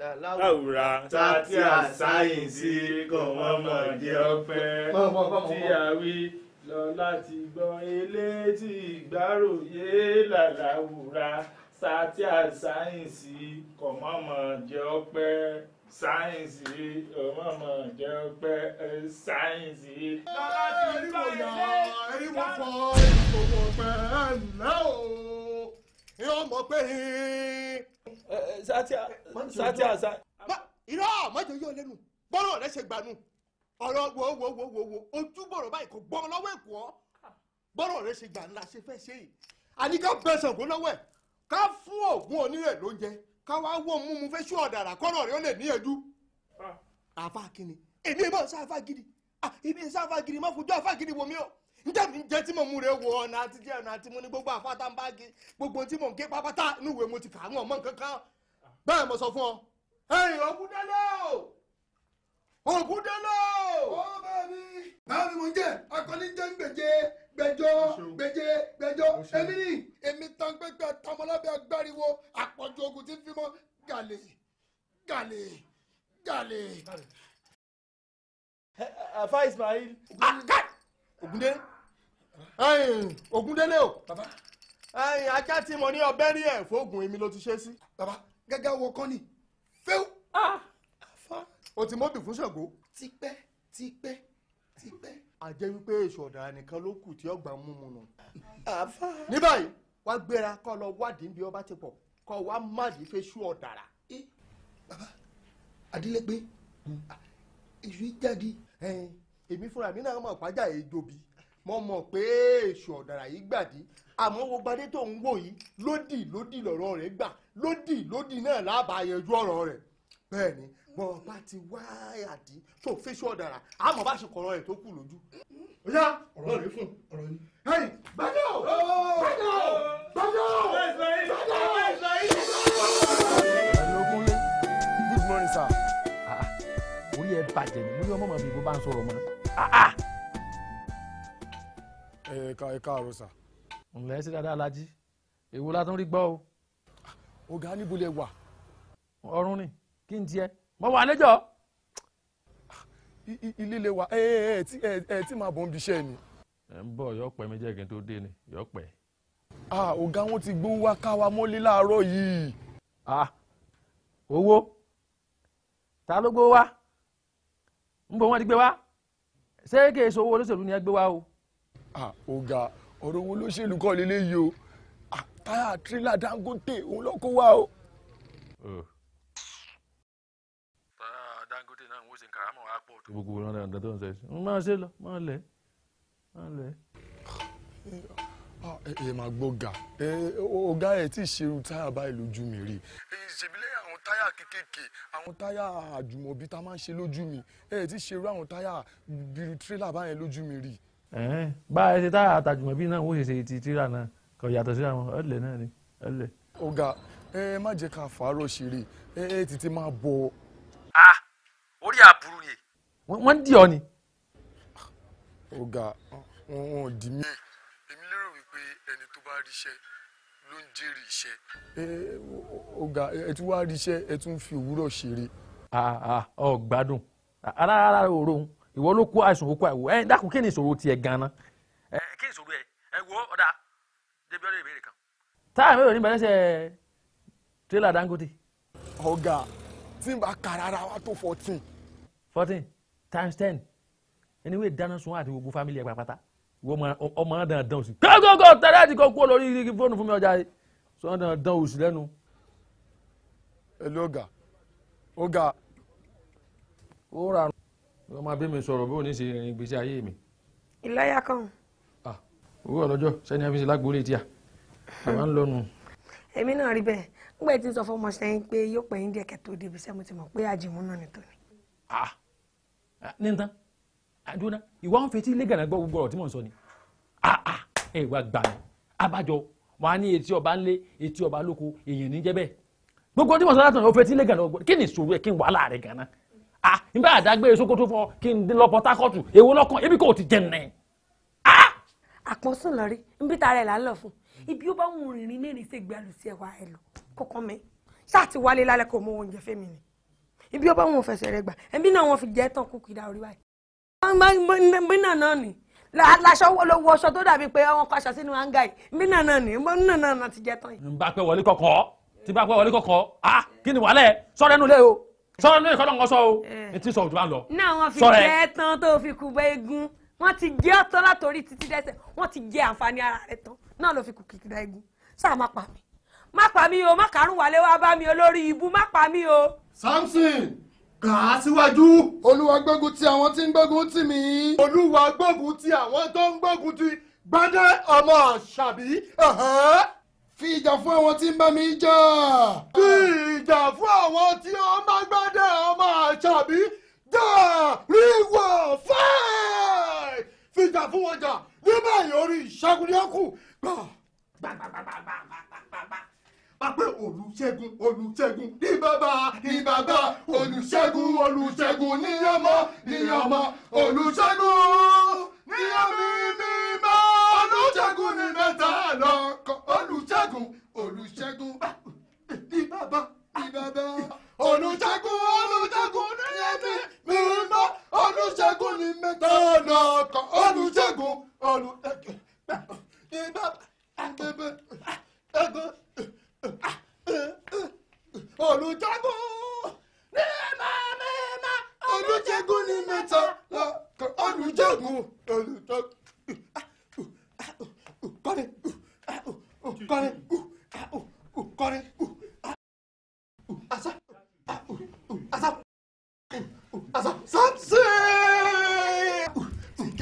làlàwùrà sátíà sáyẹ́ǹsì kọmọmọ jẹ ọpẹ́ tí a wí lọ láti gbọ́ elétí ìgbàròyé làlàwùrà sáà tí a sáyẹ̀nsì kò mọ̀mọ̀ jẹ́ ọpẹ́ sáyẹ̀nsì kò mọ̀mọ̀ jẹ́ ọpẹ́ sáyẹ̀nsì. lọ́lá ti ń bá ilé ẹ̀rí wọ́n ìfowó pẹ́ ńlẹ́ o yóò mọ̀ pé. sátíà sátíà sá. irọ́ mọ́jọ yóò lẹ́nu bọ́rọ̀ rẹ ṣe gbanú ọ̀rọ̀ wo wo wo wo wo ojúbọ̀rọ̀ báyìí kò gbọ́ lọ́wọ́ ẹ̀kọ́ bọ́rọ̀ rẹ ṣe gbà ńlá ṣe fẹ́ ṣe yìí àníkà bẹ́sẹ̀ kó lọ́wọ́ ẹ̀ ká fún oògùn onírè lóúnjẹ ká wá wọ́n mú mu fẹ́ ṣú ọ̀dàrà kọrọ rẹ̀ ó lè níyànjú. Ah. àfa kìíní èmi ẹ̀ máa sáfà gidi ah, èmi ẹ̀ sáfà gidi má fojú àfa gidi wò mí o njẹ́ mi jẹ́ tí mo mú rẹ̀ wọ ọ̀nà àti jẹ́ ọ̀nà àti mo ní gbogbo àfa tá n bá gé gbogbo tí mo ń inú ìwé mo ti kà á nǹkan ah. mo sọ fún ọ. o o. ó bẹ́ẹ̀ ni. báwo ni mo ń jẹ́ akọni ń gbẹjọ gbẹjẹ gbẹjọ èmi ni èmi tan gbẹgbẹ tamọlábẹ agbáriwo àpọ̀jù ogun tí ń fi mọ́ gàlè gàlè gàlè. afa Ismail. Ah, ogunde ogunde le o. ajá tí mo ní ọbẹ̀ rí ẹ̀ fóògùn èmi ló ti ṣe sí. baba gẹ́gẹ́ wo kán ni fẹ́ù. Ah! o ti mọ́bì fún ṣàgó. tipẹ́ tipẹ́ tipẹ́ àjẹ́ wípé èso ọ̀daràn nìkan ló kù tí ọgbà mú mu nù. ní báyìí wàá gbéra kọ́ lọ wádìí bí ọba ti pọ̀ kọ́ wàá máàlì fẹ́ sú ọ̀dàrà. bàbá adélẹ́gbẹ́ èso jáde. èmi fúnra mi náà mọ̀ pàjá èjòbi mo mọ̀ pé èso ọ̀dàrà yìí gbàdí àmọ́ wo gbadé tó ń wò yìí lódì lódì lọ̀rọ̀ rẹ̀ gbà lódì lódì náà lábàá yanjú ọ̀rọ̀ rẹ̀ bẹ́ẹ̀ ni bọ̀ bá ti wá àdín tó fẹ́ṣọ́ ọ̀dàrà àmọ́ bá ṣe kọ̀rọ̀ rẹ̀ tó kù lójú. ọ̀yá ọ̀rọ̀ rẹ̀ fún ọ̀rọ̀ ni. ẹ̀yìn gbẹ́dọ̀ gbẹ́dọ̀ gbẹ́dọ̀ gbẹ́dọ̀. ẹ̀yin ogunlé good morning sir. Ah, ah, orí ẹ bàjẹ́ ni mo ní ọmọ mi ìbò bá ń sọ̀rọ̀ mọ́. ẹ̀ka ẹ̀ka àròsà. ǹlẹ́ sí dáadáa Alhaji èwo la tún rí gbọ́ o. ọ̀gá níbo lẹ wà. ọ̀run ni kí n tiẹ̀ mo wà níjọ. ilé lè wà ẹ ẹ tí màá bọ̀ ń bíṣẹ́ ni. ẹ ń bọ̀ yọ pẹ́ mi jẹ́ kí n tó dé ni yọ pẹ́. ọ̀gá wọn ti gbó wá káwa mọ́lé láàárọ̀ yìí. owó ta ló gbó wá ń bọ̀ wọ́n ti gbé wá ṣé kí èso owó olóṣèlú ni ẹ gbé wá o. ọ̀gá ọ̀rọ̀ owó olóṣèlú kọ́ lélẹ́yìí o táyà tírélà Dangote òun ló wá o. Uh. kàrámù wa pọ̀ tó gbogbo rán dáadáa tó ń sẹ́ sí máa ṣe lọ máa lẹ̀ máa lẹ̀. ẹ máa gbọ́gà ọ̀gá ẹ̀ tí ì ṣerú táyà báyìí lójú mi rí eh, ṣèbílẹ̀ àwọn táyà kékèké àwọn táyà àjùmọ̀bí tá a máa ń ṣe lójú mi ẹ̀ tí ì ṣerú àwọn táyà bíru tírélà báyẹn lójú mi rí. báyìí ṣe táyà àtàjùmọ̀bí náà wọ́n ṣe ṣe ti tírélà náà kò yàtọ̀ sí àwọn ọ̀lẹ̀ náà ni ọ̀lẹ̀. ọ̀gá ẹ má jẹ́ ká fàárọ̀ ṣeré ẹ tètè máa bọ̀. ah wọ́n dì ọ́ ni. ọ̀gá wọn ò dì mí. èmi lérò wípé ẹni tó bá ríṣẹ́ ló ń jèrè iṣẹ́. ọ̀gá ẹ tún wá ríṣẹ́ ẹ tún fi òwúrọ̀ ṣeré. ọ gbádùn ara ìwọ ló kó àìsàn òkú àìwò ẹ dákun kí ni ìṣòro tiẹ̀ ganan. kí ni ìṣòro ẹ ẹ wo ọ̀dà débi ọ̀dọ̀ ìbéèrè kan. táà mi bẹ̀rẹ̀ sẹ́ tírélà Dangote. ọ̀gá tí n bá kà rárá wa tó fourteen. fourteen times ten ẹni wíì dáná sun àti gbogbo family ẹ̀ pàpàtà ọmọ náà dandan òsì gbọ́gbọ́gbọ́ tẹ́lẹ̀ àti kọ́ kúrò lórí fóònù fún mi ọjà yìí sọ náà dandan òsì lẹ́nu. ẹlẹ́ ọ̀gá ọ̀gá. ó rà ọmọ abẹ́mi sọ̀rọ̀ bó ní ṣe ìgbésí ayé mi. ìlọ́yà kan òwúrọ̀ lọ́jọ́ sẹ́ni àfihàn lágbóolé tíà àwa ń lọ́nu. èmi náà rí bẹ́ẹ̀ nígbà tí n sọ fún ọmọ sẹ́yìn pé yóò pẹ̀yìn díẹ̀ kẹ́tó débi sẹ́mu ti mọ̀ pé àjìmú náà ni tòní. Ah, ní n tán àdúrà ìwà ń fetí ilé gànà gbọ́ gbogbo ọ̀rọ̀ tí mò ń sọ ni ah, ah, ẹ wá gbà mí abájọ wọn á ní etí ọba ńlé etí ọba lóko èèyàn ní jẹ́ bẹ́ẹ̀ gbogbo tí mò ń sọ látàn ó fetí ilé gànà gbọ́ kí ni ìṣòro ẹ kí n wàhálà rẹ gànà ah nígbà àdágbére Sókótó fọ kí n lọ Port Harcourt èwo lọ́kàn ebi kò ti jẹun ah. àpọ́nsùn lọ rí nbí ta rẹ̀ là ń lọ fún ibi ó bá wù rìnrìn ní ìrìnsẹ̀ gbé àlùsí ẹ̀wà ẹ̀ lọ kọ́kọ́ mi ṣáà ti wálé lálẹ́ ibi ọba wọn ò fẹsẹ̀ rẹ gbà ẹbí náà wọn fi jẹ́ tán kú kìdá orí báyìí. bí náà náà nì laṣọ ló wọ ọṣọ tó dàbí pé wọn kọ aṣọ sínú hanga yìí bí náà náà nì bí náà náà ti jẹ́ tán yìí. n bá pẹ́ wọlé kọ̀kọ́ tí bá pẹ́ wọlé kọ̀kọ́ ah kí ni wàhálẹ̀ sọ́rẹ́ nulẹ̀ o sọ́rẹ́ nulẹ̀ kọ́ lọ́ngọ́ sọ o eh. etí sọ òjò bá ń lọ. náà wọn fi jẹ́ tán tó fi kú bẹ́ egun wọn ti jẹ́ ọ̀tọ́ látòrí títí dẹ́sẹ̀ wọn ti jẹ́ àǹfààní ara rẹ̀ tán náà ló fi kú kìkìdá egun sáà má pa mí má pa mí o má kàrún wálé wá bá mi olórí ibú má pa mí o. Samson gbà á síwájú. olúwa gbógun ti àwọn tí ń gbógun tì mí. olúwa gbógun ti àwọn tó ń gbógun ti gbádẹ́ ọmọ ṣàbí. fi ìjà fún àwọn tí ń bá mi jà. fi ìjà fún àwọn tí ó ń bá gbádẹ́ ọmọ ṣàbí jà ríwọ̀ fáì. fi ìjà fún wọn jà nígbà yìí orí ìṣẹ́gun ní ọkù gbà gbàgbàgbàgbàgbàgbà apẹ́ olùṣègùn olùṣègùn ní bàbá ní bàbá olùṣègùn olùṣègùn ní ọmọ ní ọmọ olùṣègùn ní ọmọ mi mọ́ olùṣègùn ní mẹ́ta lọ́kọ̀ olùṣègùn olùṣègùn ní bàbá ní bàbá olùṣègùn olùṣègùn ní ẹbí mi mọ́ olùṣègùn ní mẹ́ta lọ́kọ̀ olùṣègùn olùṣègùn ní bàbá ní bàbá olùjọ́gùn ní màmímà olùjẹ́gùn ní mẹ́ta olùjọ́gùn olùjọ́gùn kọ́ni kọ́ni kọ́ni asa asa asa samson.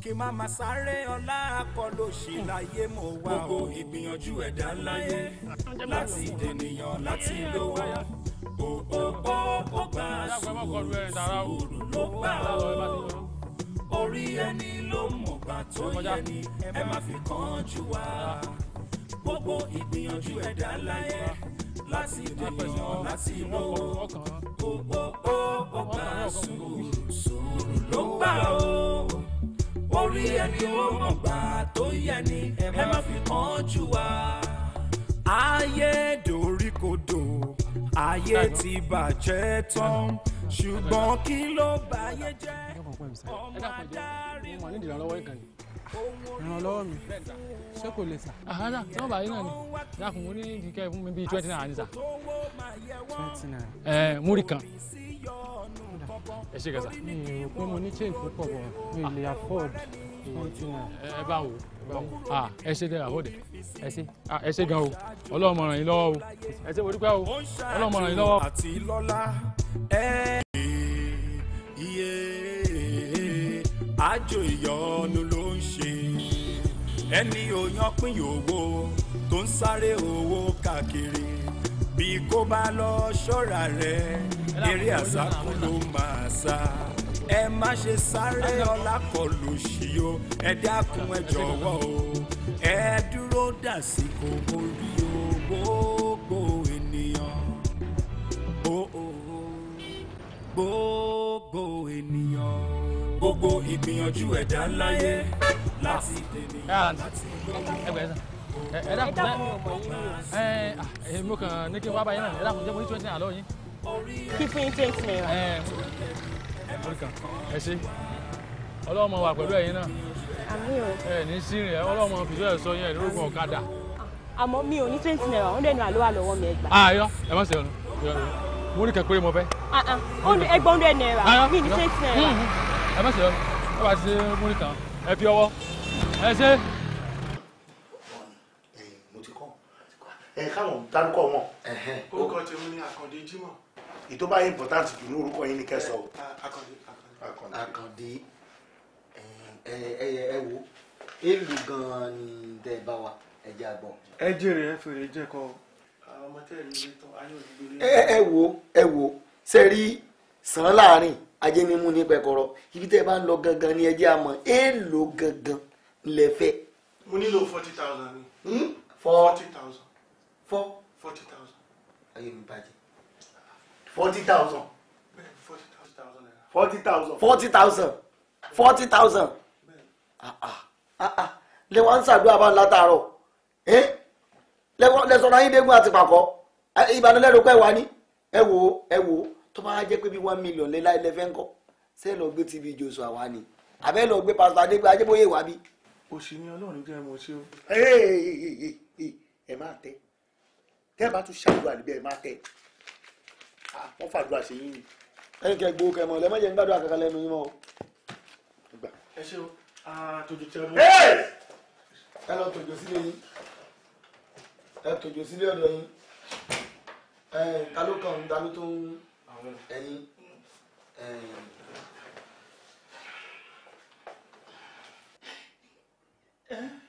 kí má má sáré ọlá akọlò ṣì láyé mo wá o. gbogbo ìgbìyànjú ẹ̀dá láyé láti dènìyàn láti lówó o o o ó gbà sùúrù ló gbà o orí ẹni ló mọ̀gbà tó yẹ ni ẹ má fi kánjú wá gbogbo ìgbìyànjú ẹ̀dá láyé láti dènìyàn láti lówó o o o ó gbà sùúrù sùúrù ló gbà o orí ẹni ó mọ̀ gbà tó yẹ ni ẹ má fi kàn jù wá. ayé doríkodò ayé ti bàjẹ́ tán ṣùgbọ́n kí ló báyé jẹ́ ọmọ adarí wọn ìrànlọ́wọ́ mi ṣé kò lè sà. àhánà tí wọ́n bá yín náà ni dákun mo ní ìdíkẹ́ fún mi bíi twenty naira ní sà. twenty naira. ẹ múrí kan ẹ ṣe kẹta. mi ò pé mo ní change púpọ̀ bọ̀ mi lè afford twenty naira. ẹ bá wo ẹ ah, ṣe tẹ́lẹ̀ àhóde ẹ ṣe ah, gan o ọlọ́run mọ̀ràn yín lọ́wọ́ o ẹ ṣe wòlípẹ́ o ọlọ́run mọ̀ràn yín lọ́wọ́. àti lọ́lá ẹ iye àjò ìyọnu ló ń ṣe ẹni òyàn pín yòówó tó ń sáré owó káàkiri bí kò bá lọ ṣọ́ra rẹ̀ eré àsákùn ló máa sá ẹ má ṣe sáré ọlákọlù sí o ẹ dákun ẹ jọ̀wọ́ o ẹ dúró dàsìkò orí o gbogbo ènìyàn gbogbo ènìyàn gbogbo ìgbìyànjú ẹ̀dá láyé láti dènìyàn láti ah, lóyún ẹ dákun ẹ ẹ mo kàn ní kí n wá báyìí náà ẹ dákun jẹ́ mo ní twenty naira yín. fifteen twenty naira. ẹ mo kàn ẹ ṣe ọlọ́mọ wà pẹ̀lú ẹ̀yin náà. àmì o. ẹ ní sírìn ẹ ọlọ́mọ fìjọ́ ẹ̀ sọ yẹn ẹ̀ lórúkọ ọ̀kadà. àmọ́ mi ò ní twenty naira hundred naira ló wà lọ́wọ́ mi ẹ ayọ ah, ẹ má ṣe ọ̀nà mo ní kàn pé mo fẹ́. Ah, ah, ẹgbọ́n hundred naira mi ní twenty naira. Hmm, hmm. ẹ má ṣe ọ̀nà ẹ bá ṣe mo ní kàn ẹ fi ọwọ́ ẹ ṣe. ẹ káwọn dárúkọ wọn. orúkọ tèmi ni àkàndé jimoh. ìtò bá important jù ní orúkọ yín ni kẹsàn o. àkàndé àkàndé ẹ ẹ ẹ wo èlù gan-an ni tẹ bá wa ẹ jẹ àgbọn. ẹ jèrè ẹ fèrè jẹ kọ. ọmọ tẹ ẹ lè tán ayé òdìgbò lè. ẹ wo ẹ wo ṣe rí sàn láàrin ajẹnimu ní pẹkọrọ ibi tẹ bá ń lọ gangan ni ẹ jẹ èèlò gangan lẹfẹ. mo nílò forty thousand ni. Hmm? forty thousand four forty thousand. ayé mi bàjẹ́. forty thousand. forty thousand naira. forty thousand. forty thousand. forty thousand. Ah, ah, ah, lè wá ń ṣàdúrà bá ń látàárọ̀ lẹ́sọ̀rọ̀ ayíndégún àti pàkọ́ ìbánilẹ́rù pẹ́ wá ní ẹ wò ó ẹ wò ó tó bá jẹ́ pé bí one million lé láìlẹ́ fẹ́ ń kọ́ sẹ́ẹ̀ lọ gbé tv joshua wá ni àbẹ́ lọ gbé pásítọ̀ adégbé ajébóyè wá bí. òṣì ni ọlọ́run jẹ́ mo ṣe o. ẹ máa tẹ́ tẹ́ ẹ bá tún ṣàdúrà níbẹ̀ ẹ má tẹ̀ ah, wọ́n fàdúrà ṣe yín ni. ẹnì kẹ gbowó kẹ mọ lẹ mọjẹ ń gbàdúrà kankan lẹ́nu yín mọ́. ẹ ṣe o àtòjò tí a mú. ẹ lọ tòjò sílé yín ẹ tòjò sílé ọ̀dọ̀ yín ẹ ta ló kàn ń ta ló tó ń ẹyin. Yeah.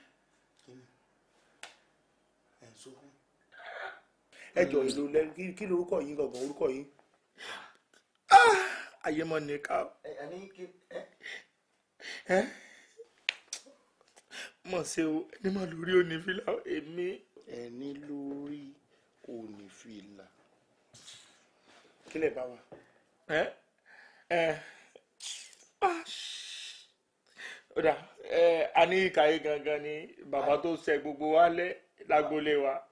ẹ jọ ìlú mm. lẹ kí lorúkọ yín gangan orúkọ yín ah, ayé mọ nìka ẹ mọ ṣe o ẹni mọ lórí onífìlà èmi. ẹni lórí onífìlà. kílẹ̀ bá wa. ẹ ẹ ah, ó dà ẹ a ní ìkàyé gangan ni bàbá tó ṣe gbogbo wa lẹ. lágbolé wa.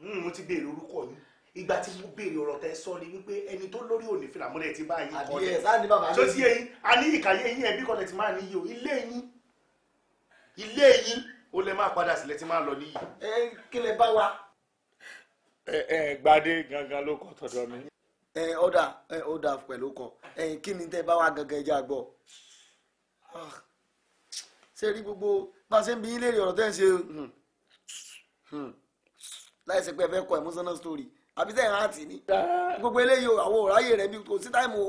Hmm, mo ti béèrè orúkọ mi ìgbà tí mo béèrè ọ̀rọ̀ tẹ sọ ni wípé ẹni tó lórí òní fìlà mọ́lẹ̀ ti bá yín kọ́lẹ̀ tó ti yẹ yín a ní ìkàyé yín ẹbí kọ́lẹ̀ ti máa níyì o ilé yín ilé yín ó lè máa padà sílẹ̀ tí máa lọ níyì. ẹ kí lè bá wa. ẹ ẹ gbadé gangan ló kọ tọdọ mi. ẹ ọ̀dà ẹ ọ̀dà pẹ̀lú kọ ẹ kí ni tẹ bá wa gangan ẹja gbọ́. Ah, ṣé rí gbogbo bá a ṣe ń bí yín léèrè ọ̀rọ̀ Hmm. láì ṣe pé ẹ fẹ́ kọ emotional story àbí sẹ́yìn rántí ni gbogbo eléyìí àwọn òráyè rẹ bí kò sí táìmù o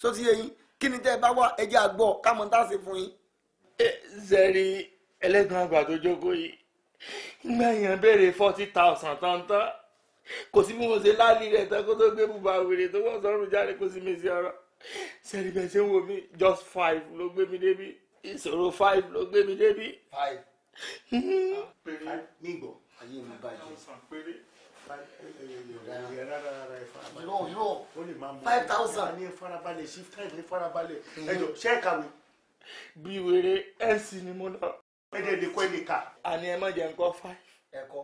tó ti yẹ yín kí ni tẹ́ ẹ bá wà ẹ àgbọ̀ káwọn tá a ṣe fún yín. zẹ́rí ẹlẹ́gbọ̀n àgbà tó jókòó yìí ìgbà yẹn béèrè forty thousand tọ́ntọ́n kò sí bí mo ṣe láàlì rẹ̀ tán kó tó gbé bùbá wèrè tó wọ́n sọ́run jáde kó sì mí sí ọ̀rọ̀ zẹ́rí bẹ́ẹ̀ ṣe ń wo mi just five ló gbé mi débi ìṣòro five ló gbé mi débi. five mi gbọ́ ayé mi bàjẹ́ yúrò yúrò five thousand. ní farabalẹ̀ shift time ní farabalẹ̀ ẹjọ ṣẹ́ẹ̀ka mi. bí wèrè ẹ̀sì ni mo lọ. ẹ̀jẹ̀ lè kọ́ ẹ̀ lè kà. àní ẹ má jẹ́ nǹkan five. ẹ̀kọ́.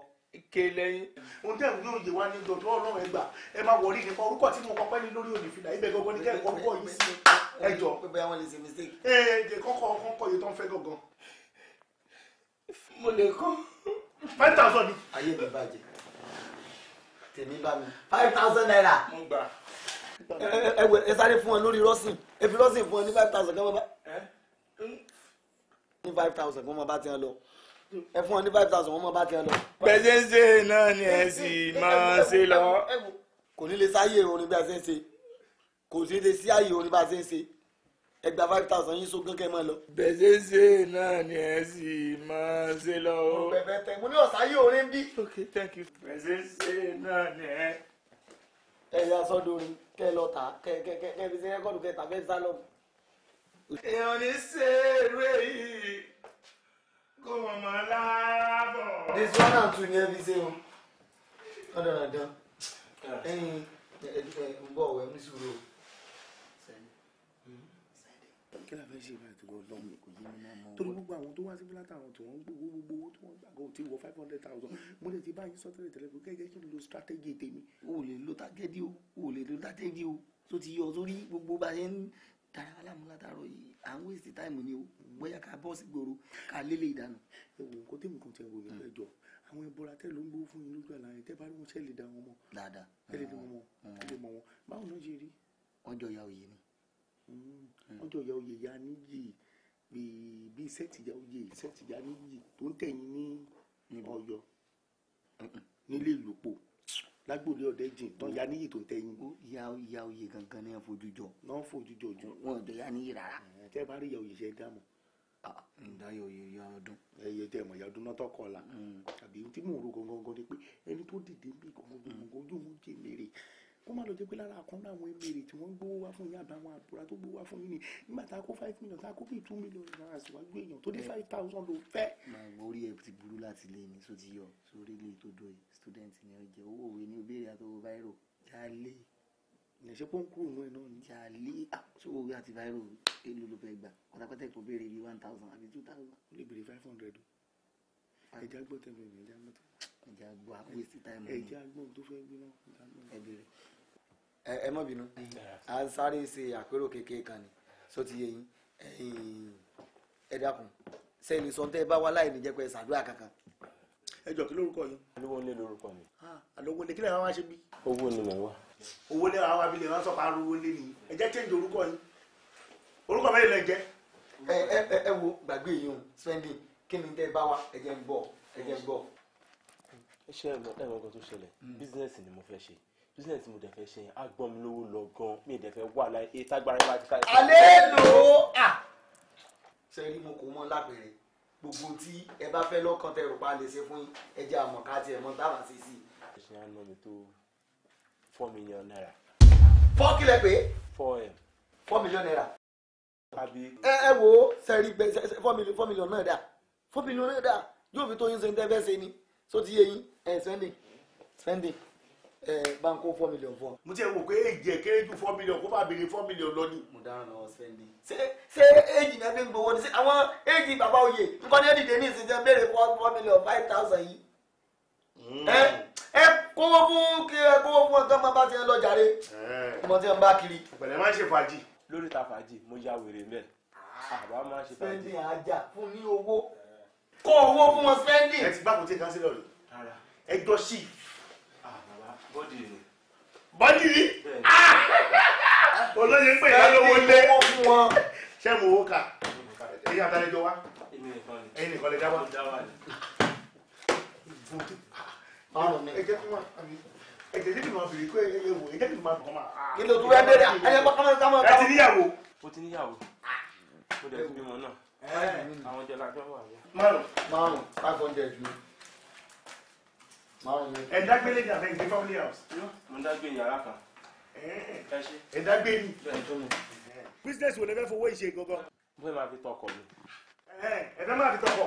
ké lẹ́yìn. ohun tẹ́ ìwé òye wa ní dọ̀tọ́ ọlọ́run ẹgbà ẹ máa wọrí nípa orúkọ tí mo kọ pẹ́ ní lórí òní fìlà ibẹ̀ gọ́gọ́ ní kẹ́kọ̀ọ́ kọ́ yìí sí ẹjọ. pé bẹ́ẹ̀ wọ́n lè ṣe mistake. ẹ ẹ kọ́kọ́ kọ́kọ́ yìí tó ń fẹ́ gọ́gọ́ mo lè kọ́ five thousand. ayé mi bàjẹ́ tèmi bá mi five thousand naira. mo gbà. ẹ wẹ ẹ sáré fún wọn lórí rọ́sìn ẹ fi rọ́sìn fún wọn ní five thousand kọ́mọ bá. ní five thousand kọ́mọ bá ti hàn lọ ẹ fún wọn ní five thousand kọ́mọ bá ti hàn lọ. pẹ̀sẹ̀nsẹ̀ náà ni ẹ sì máa ṣe lọ. kò ní lè sáyé orin bí a ṣe ń ṣe kò sí lè sí àyè orin bá a ṣe ń ṣe ẹ gba five thousand yín sógún kẹ́ lọ. bẹ̀sẹ̀ ṣe náà ni ẹ sì máa ṣe lọ. mo bẹ̀bẹ̀ tẹ̀ mo ní ọ̀sá yìí orin bí. ok thank you. bẹ̀sẹ̀ ṣe náà ni ẹ. ẹ yà sọ́dọ̀ orin kẹ́ lọ tà kẹ́ kẹ́ kẹ́ kẹ́ fi ṣe rẹ́kọ̀dù kẹ́ tàbí ẹ lọ. èèyàn ní ṣerú èyí kó wọn mọ lára this one and two ni fi ṣe o. ọ̀dọ̀ ọ̀dọ̀ ẹ̀yin ẹ̀ ẹ̀ ń bọ̀ ọ̀wẹ́ ń sùúrù o kí la fẹ́ ṣe báyìí tó lọ lọ́wọ́ kò yé mi mọ́. torí gbogbo àwọn tó wá sí fúlátà àwọn tí wọ́n ń gbowó gbogbo owó tí wọ́n gbà ti wọ five hundred thousand mo lè ti bá sọ tẹ́lẹ̀ tẹ́lẹ̀ pé kẹ́kẹ́ kí n lo strategy tèmi. o ò lè lo tágẹ́dì o o ò lè lo tágẹ́dì o tó ti yọ sórí gbogbo bá ṣe ń dára wa láàmú yìí à ń wéèsì táìmù ni o bóyá ká bọ́ gbòòrò ká lélẹ̀ ìdáná. ẹ wo nǹkan tèmi kan ti ẹ wò ní ẹjọ àwọn ẹbọra tẹ ló ń gbó fún yín lójú àlá yẹn bá rí wọn ṣe lè dá wọn mọ̀. dáadáa ẹ lè dá wọn mọ̀ ẹ lè mọ̀ wọn báwo náà ṣe rí. ọjọ́ ìyá òye ni wọ́n ya oyè ya níyì bí sẹ́ẹ̀tì ya oyè sẹ́ẹ̀tì ya níyì tó ń tẹ̀yìn ní ọ̀yọ́ nílé ìlòpọ̀ lágbòde ọ̀dẹ́jìn tó ń ya níyì tó ń tẹ̀yìn. ya ya oyè gangan ni wọ́n fojú jọ. náà fojú jọ jù. wọn ò jọ ya níyì rárá. tẹ́ bá rí ya oyè ṣe dá ah, ah, mọ̀ ndayọ yẹyẹ ọdún. ẹyẹ tẹ mọ yàdún náà tọkọ la mm. àbí tí mò ń ro gangan ni pé ẹni tó dìde bí gangan mm. ojú òun jẹ mèrè kó má lọ jẹ́ pé lára àkànlò àwọn emèrè tí wọ́n gbówó wá fún yín àbáwọn àbúrà tó gbówó wá fún yín ni nígbà tá a kó five million tá a kó bíi two million naira síwájú èèyàn tó dé five thousand ló fẹ́. màmú orí ẹ ti burú láti lé mi só ti yọ sórí ilé tó dọ̀ yìí student ni ó jẹ owó òwe ni ó béèrè àtọwọ báírò jálè ìyànṣẹ́ pọ́ńkù òun ẹ̀ náà ni. jálè ah, sówó orí àti báírò èlò ló fẹ́ gbà pátápátá ìkó béèrè bíi one thousand àbí two thousand. ó lè béèrè five hundred ah. ẹ̀ ẹ mọ́ bínú à ń sáré ṣe àpérò kékeré kan ni sọ ti yẹ yín ẹ dákun sẹ́ni sọ tẹ́ ẹ bá wá láì ní jẹ́ pé ṣàdúrà kankan. ẹ jọ kí lórúkọ yín. alówólé lórúkọ mi. alówólé kí lè wá wá ṣe bí. owó ni mò ń wá. owó lè wá wá bí lè wá sọ parọ́ owó lé nìyí ẹ jẹ́ change orúkọ yín orúkọ mẹ́rin lẹ́ jẹ́. ẹ ẹ ẹ wo gbàgbé yìí o spending kí ni tẹ́ ẹ bá wá ẹ jẹ́ ń bọ̀ ẹ jẹ́ ń bọ̀. ẹ ṣe ẹ̀rọ ẹ̀rọ kan tó ṣẹlẹ̀ hmm. bísíǹsì ni mo fẹ́ ṣe business mo dẹ̀ fẹ́ ṣe á gbọ́n mi lówó lọ gan mi dẹ̀ fẹ́ wà láì èyí tágbára bá ti ká. alẹ́ lò ó à. sẹ́rí mo kò mọ lágbèrè gbogbo tí ẹ bá fẹ́ lọ́kàn tẹ̀rù pa lè ṣe fún ẹjẹ́ àmọ̀ká tiẹ̀ mọ́ táwọn ṣe sí i. ẹ ṣe àná mi tó four million naira. four kílẹ̀ pé. four m. four million naira. ẹ ẹ wo sẹ́rí gbẹ four million náà dà four million náà dà yóò fi tó yín ṣe fẹ́ ṣe ni só ti yé yín ẹ̀ sẹ́ndì sẹ́ndì ẹ bá kó four million fún ọ. mo ti ẹ wò pé èjì ẹ kéré ju four million kó bá béèrè four million lọ ni. mo dáhùn náà sẹ́ndì. ṣé ṣé èjì náà fi ń gbowó ni ṣé àwọn èjì bàbá oyè nǹkan ní ẹ̀dìdẹ́ ní ìsinsìnyí ẹ four million five thousand yìí. Hmm. ẹ ẹ kówó fún kí ẹ kówó fún ọgá máa bá ti ẹ lọ jàre. ọmọ tí wọn bá kiri. pẹ̀lẹ́ máa ń ṣe fàájì. lórí ta fàájì mo ya wèrè mẹ àbá máa ń ṣe fàájì. sẹ́ndì àjà fún ní owó kó owó fún wọn sẹ́ndì. ẹ ti gbàgbọ́ tí ẹ bọ́dì ni ah! olóye pé ìyá lówó lé ṣé mo wó kà èyí àtàlejò wa èyí nìkan lè dá wa. Ah, ẹ jẹ́ fún wa kó ẹ wò ẹ jẹ́ kí n ma. Ah. kí ló dúró ẹgbẹ́ rẹ̀ ẹ jẹ́ kó kámẹ́rẹ́ ẹ ti níyàwó. mo ti níyàwó mo dẹ̀ ti bímọ náà àwọn jẹ́ lájọ́ wà. márùn-ún márùn-ún five hundred ẹ dágbé lè dàbẹ gbé family house. mo dágbé yàrá kan. ẹ dágbé ni. business wo lè fẹ́ fowó ìṣe gangan. mo fẹ́ máa fi tọkọ mi. ẹ fẹ́ máa fi tọkọ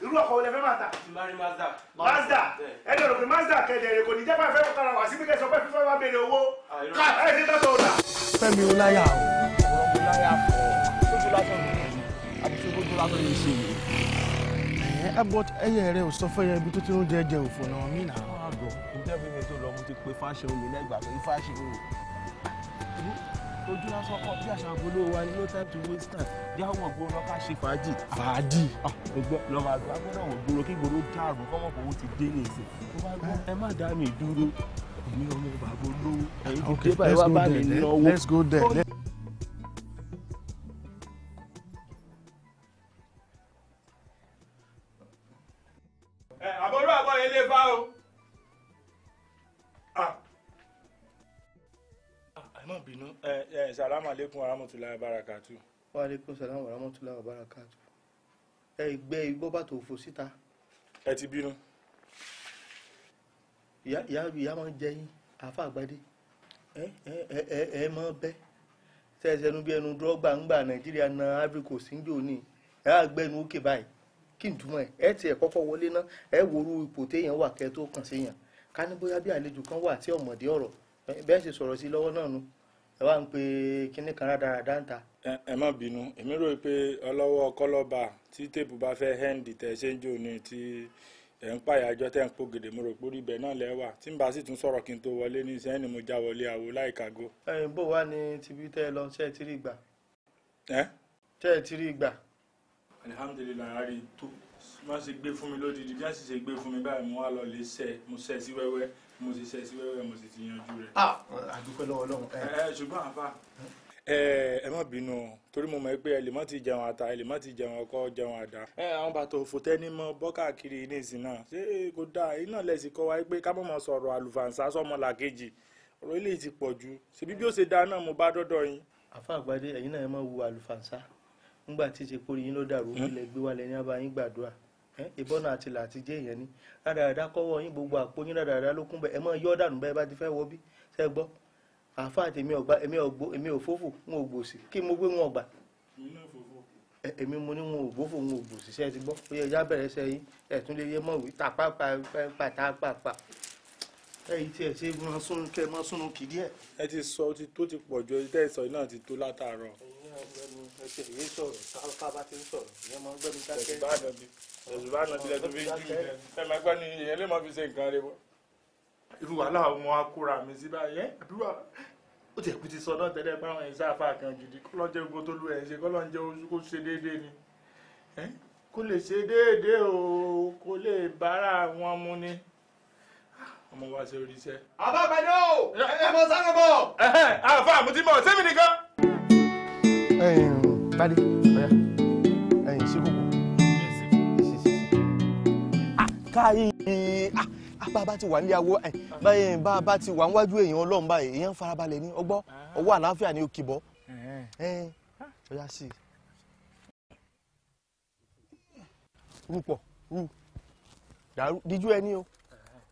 irú ọkọ̀ wo lè fẹ́ máa ta. mari mazda. mazda ẹ dọ̀rọ̀ pé mazda kẹ̀dẹ̀rẹ̀ kò ní jẹ́ máa fẹ́ kára wá sí bíkẹ́ sọ pé fífẹ́ máa béèrè owó ah, ká ẹ ti tọ́tọ̀ ọ̀la. fẹ́mi oláyà o ọ̀rọ̀ mi láyà fún ọ sójú lásán ni àti sójú lásán ni ìṣe yìí ẹ eh, eh, but ẹyẹ rẹ ò sọ fẹyẹ ibi tó ti ń jẹ jẹ òfò náà mí nà. wọn á gọ ìjẹ́bi mi tó lọ mo ti pe fashion mi lẹ́gbàá pé fashion o. ojú lásán kọ bí àṣà àbúlé wa ni no time to waste time yá wọn gbóró ká ṣe fàájì. fàájì. ẹgbẹ́ àgbà gbọ́dọ̀ wọ̀ gbóró kí gbóró dàrú kọ́mọ̀ kò ti dé ní ìsìn. ẹ má dá mi dúró èmi ọmọ bàbá olówó ẹ̀yin ti dé báyìí wá bá mi náwó. let's go there. Oh, ẹ eh, ẹ eh, salamu aleykum warahmatulahi wabarakatu. wa aleikum, salamu warahmatulahi wabarakatu. ẹ gbé igbó bàtò òfò síta. ẹ ti bínú. ìyá ìyá máa ń jẹ yín àfa àgbàdé ẹ ẹ ẹ ẹ máa bẹ sẹsẹnu bí ẹnu dúrọgbà ń nàìjíríà na ivory coast ń jò ní ẹ á gbẹnu òkè báyìí kí n túmọ̀ ẹ ẹ tiẹ̀ kọ́kọ́ wọlé ná ẹ wòru ipò téèyàn wà kẹ́ tó kàn séèyàn ká ní bóyá bí àlejò kan wà tí ọ̀mọ̀dé ọ̀rọ̀ bẹ́ẹ̀ sì sọ̀rọ̀ sí lọ́wọ́ náà nu ẹ wá ń pe kinní kan rádaràdá ń ta. ẹ má bínú èmi rò pé ọlọ́wọ́ kọ́lọ́ba tí téèpù bá fẹ́ hẹ́ǹdì tẹ̀ ṣe ń jò ní ti ẹ̀ ń pàyàjọ tẹ̀ ń pò gèdè mo rò pé orí ibẹ̀ náà lẹ́ wà tí n bá sì tún sọ̀rọ̀ kí n tó wọlé ní sẹ́yìn ni mo já wọlé àwo láìkago. ẹyin bó wá ní tibí tẹ́ ẹ lọ ṣe é tírí ìgbà. ẹ. tẹ́ ẹ tírí ìgbà. alihamudulilayi ari tó má ṣe gbé fún mi lódìdí bí a sì ṣe gbé fún mi báyìí mo wá lọ lè ṣe mo ṣe sí wẹ́wẹ́ mo si se si mo si ti yanju re. Ah, a dúpẹ́ lọ́wọ́ Ọlọ́run. ẹ ṣùgbọ́n àfa. ẹ ẹ má bínú torí mo mọ pé ẹ lè má ti jẹun ata ẹ lè má ti jẹun ọkọ jẹun ada. ẹ àwọn bàtà òfò tẹ́ni bọ́kàkiri náà ṣé kò dáa iná lẹ́sìn kọ́ wa pé ká mọ̀ sọ̀rọ̀ àlùfàǹsá sọ́mọ làkejì ọ̀rọ̀ ti pọ̀ jù ṣèbí bí ó ṣe mo bá dọ́dọ̀ yín. àfa àgbàdé ẹ̀yin náà ẹ wu tí yín ló dàrú hmm? gbé wa lẹ́ni ìbọnà àti làtí jẹ́ ìyẹn ni rádaràdá kọ́wọ́ yín gbogbo àpò yín rádaràdá ló kún bẹ́ẹ̀ ẹ mọ́ yọ́ dànù bẹ́ẹ̀ bá ti fẹ́ wọ bí ṣẹ́ gbọ́ àfa àti èmi ọ̀gbà èmi ògbó èmi òfófò ń ò gbòsì kí mo gbé wọn ọ̀gbà èmi mo ní wọn ò gbófò wọn ò gbòsì ṣẹ́ ti gbọ́ ó yẹ ẹja bẹ̀rẹ̀ ṣẹ́ yín ẹ̀tún lè yẹ mọ̀wé tàpá pàtàpàpà ẹyí tí ẹ ṣe máa sún kẹ máa súnú kìdí ẹ. ẹ ti sọ ó ti tó ti pọ̀ ju ẹ ẹsẹ̀ yìí sọ̀rọ̀ káfá bá ti ń sọ̀rọ̀ ìyẹn máa ń gbẹ́nu dákẹ́. ẹ̀sùn bá nà bí ẹ̀sùn bá nà bí lẹ́tọ́ fi jù yẹn ẹ̀ máa gbá ni ìyẹn lè máa fi ṣe nǹkan rẹ bọ́. irú wàhálà ọmọ akóra mi sí báyẹn àbí wà ó ti ẹ̀kú ti sọ náà tẹ́lẹ̀ báwọn ẹ̀ sáfà kan gidi kọ́ lọ́jọ́ gbogbo tó lù ẹ̀ ṣe kọ́ lọ́jọ́ oṣù kó ṣe déédéé ni kó lè ṣe déédéé o kó lè bára àwọn ọmọ ni ọmọ wa ṣe oríṣẹ́. àbábẹ́dọ́ ẹ mọ sáré bọ̀. àfa àmútímọ̀ sẹ́mi nìkan. Bade, ọ̀yà, ẹ̀yìn sí kòkó. Ah, káyé bàbá ah, ah, ti wà nílé awo eh, báyẹn bàbá ti wà níwájú èèyàn ọlọ́run báyìí èèyàn farabalẹ̀ ní ọgbọ́n ọwọ́ àlàáfíà ni ó kì bọ́. Ọ̀yà sí i. Rúpọ̀ rú díjú ẹni o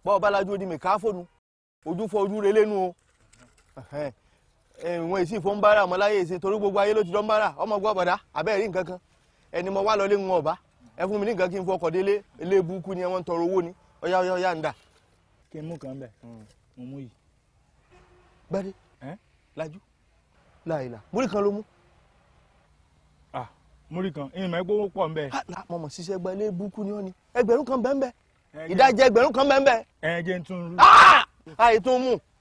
bá ọba lajú odi mẹ̀ká fóònù ojú fọ ojú relé nu o. ìwọ̀n eh, èsì ìfọ̀ ń bára ọmọ láyé èsì torí gbogbo ayé ló ti dán bára ọmọ gbọ́ bàdá abẹ́rẹ́ nǹkan kan ẹni mo wá lọlé ń wọn ẹ fún mi ní nǹkan kí n fọkọ̀ délé ilé burúkú ni wọ́n owó ni ọ̀yá ọ̀yá ń dà. kí hmm. gbadé lajú láìla múrí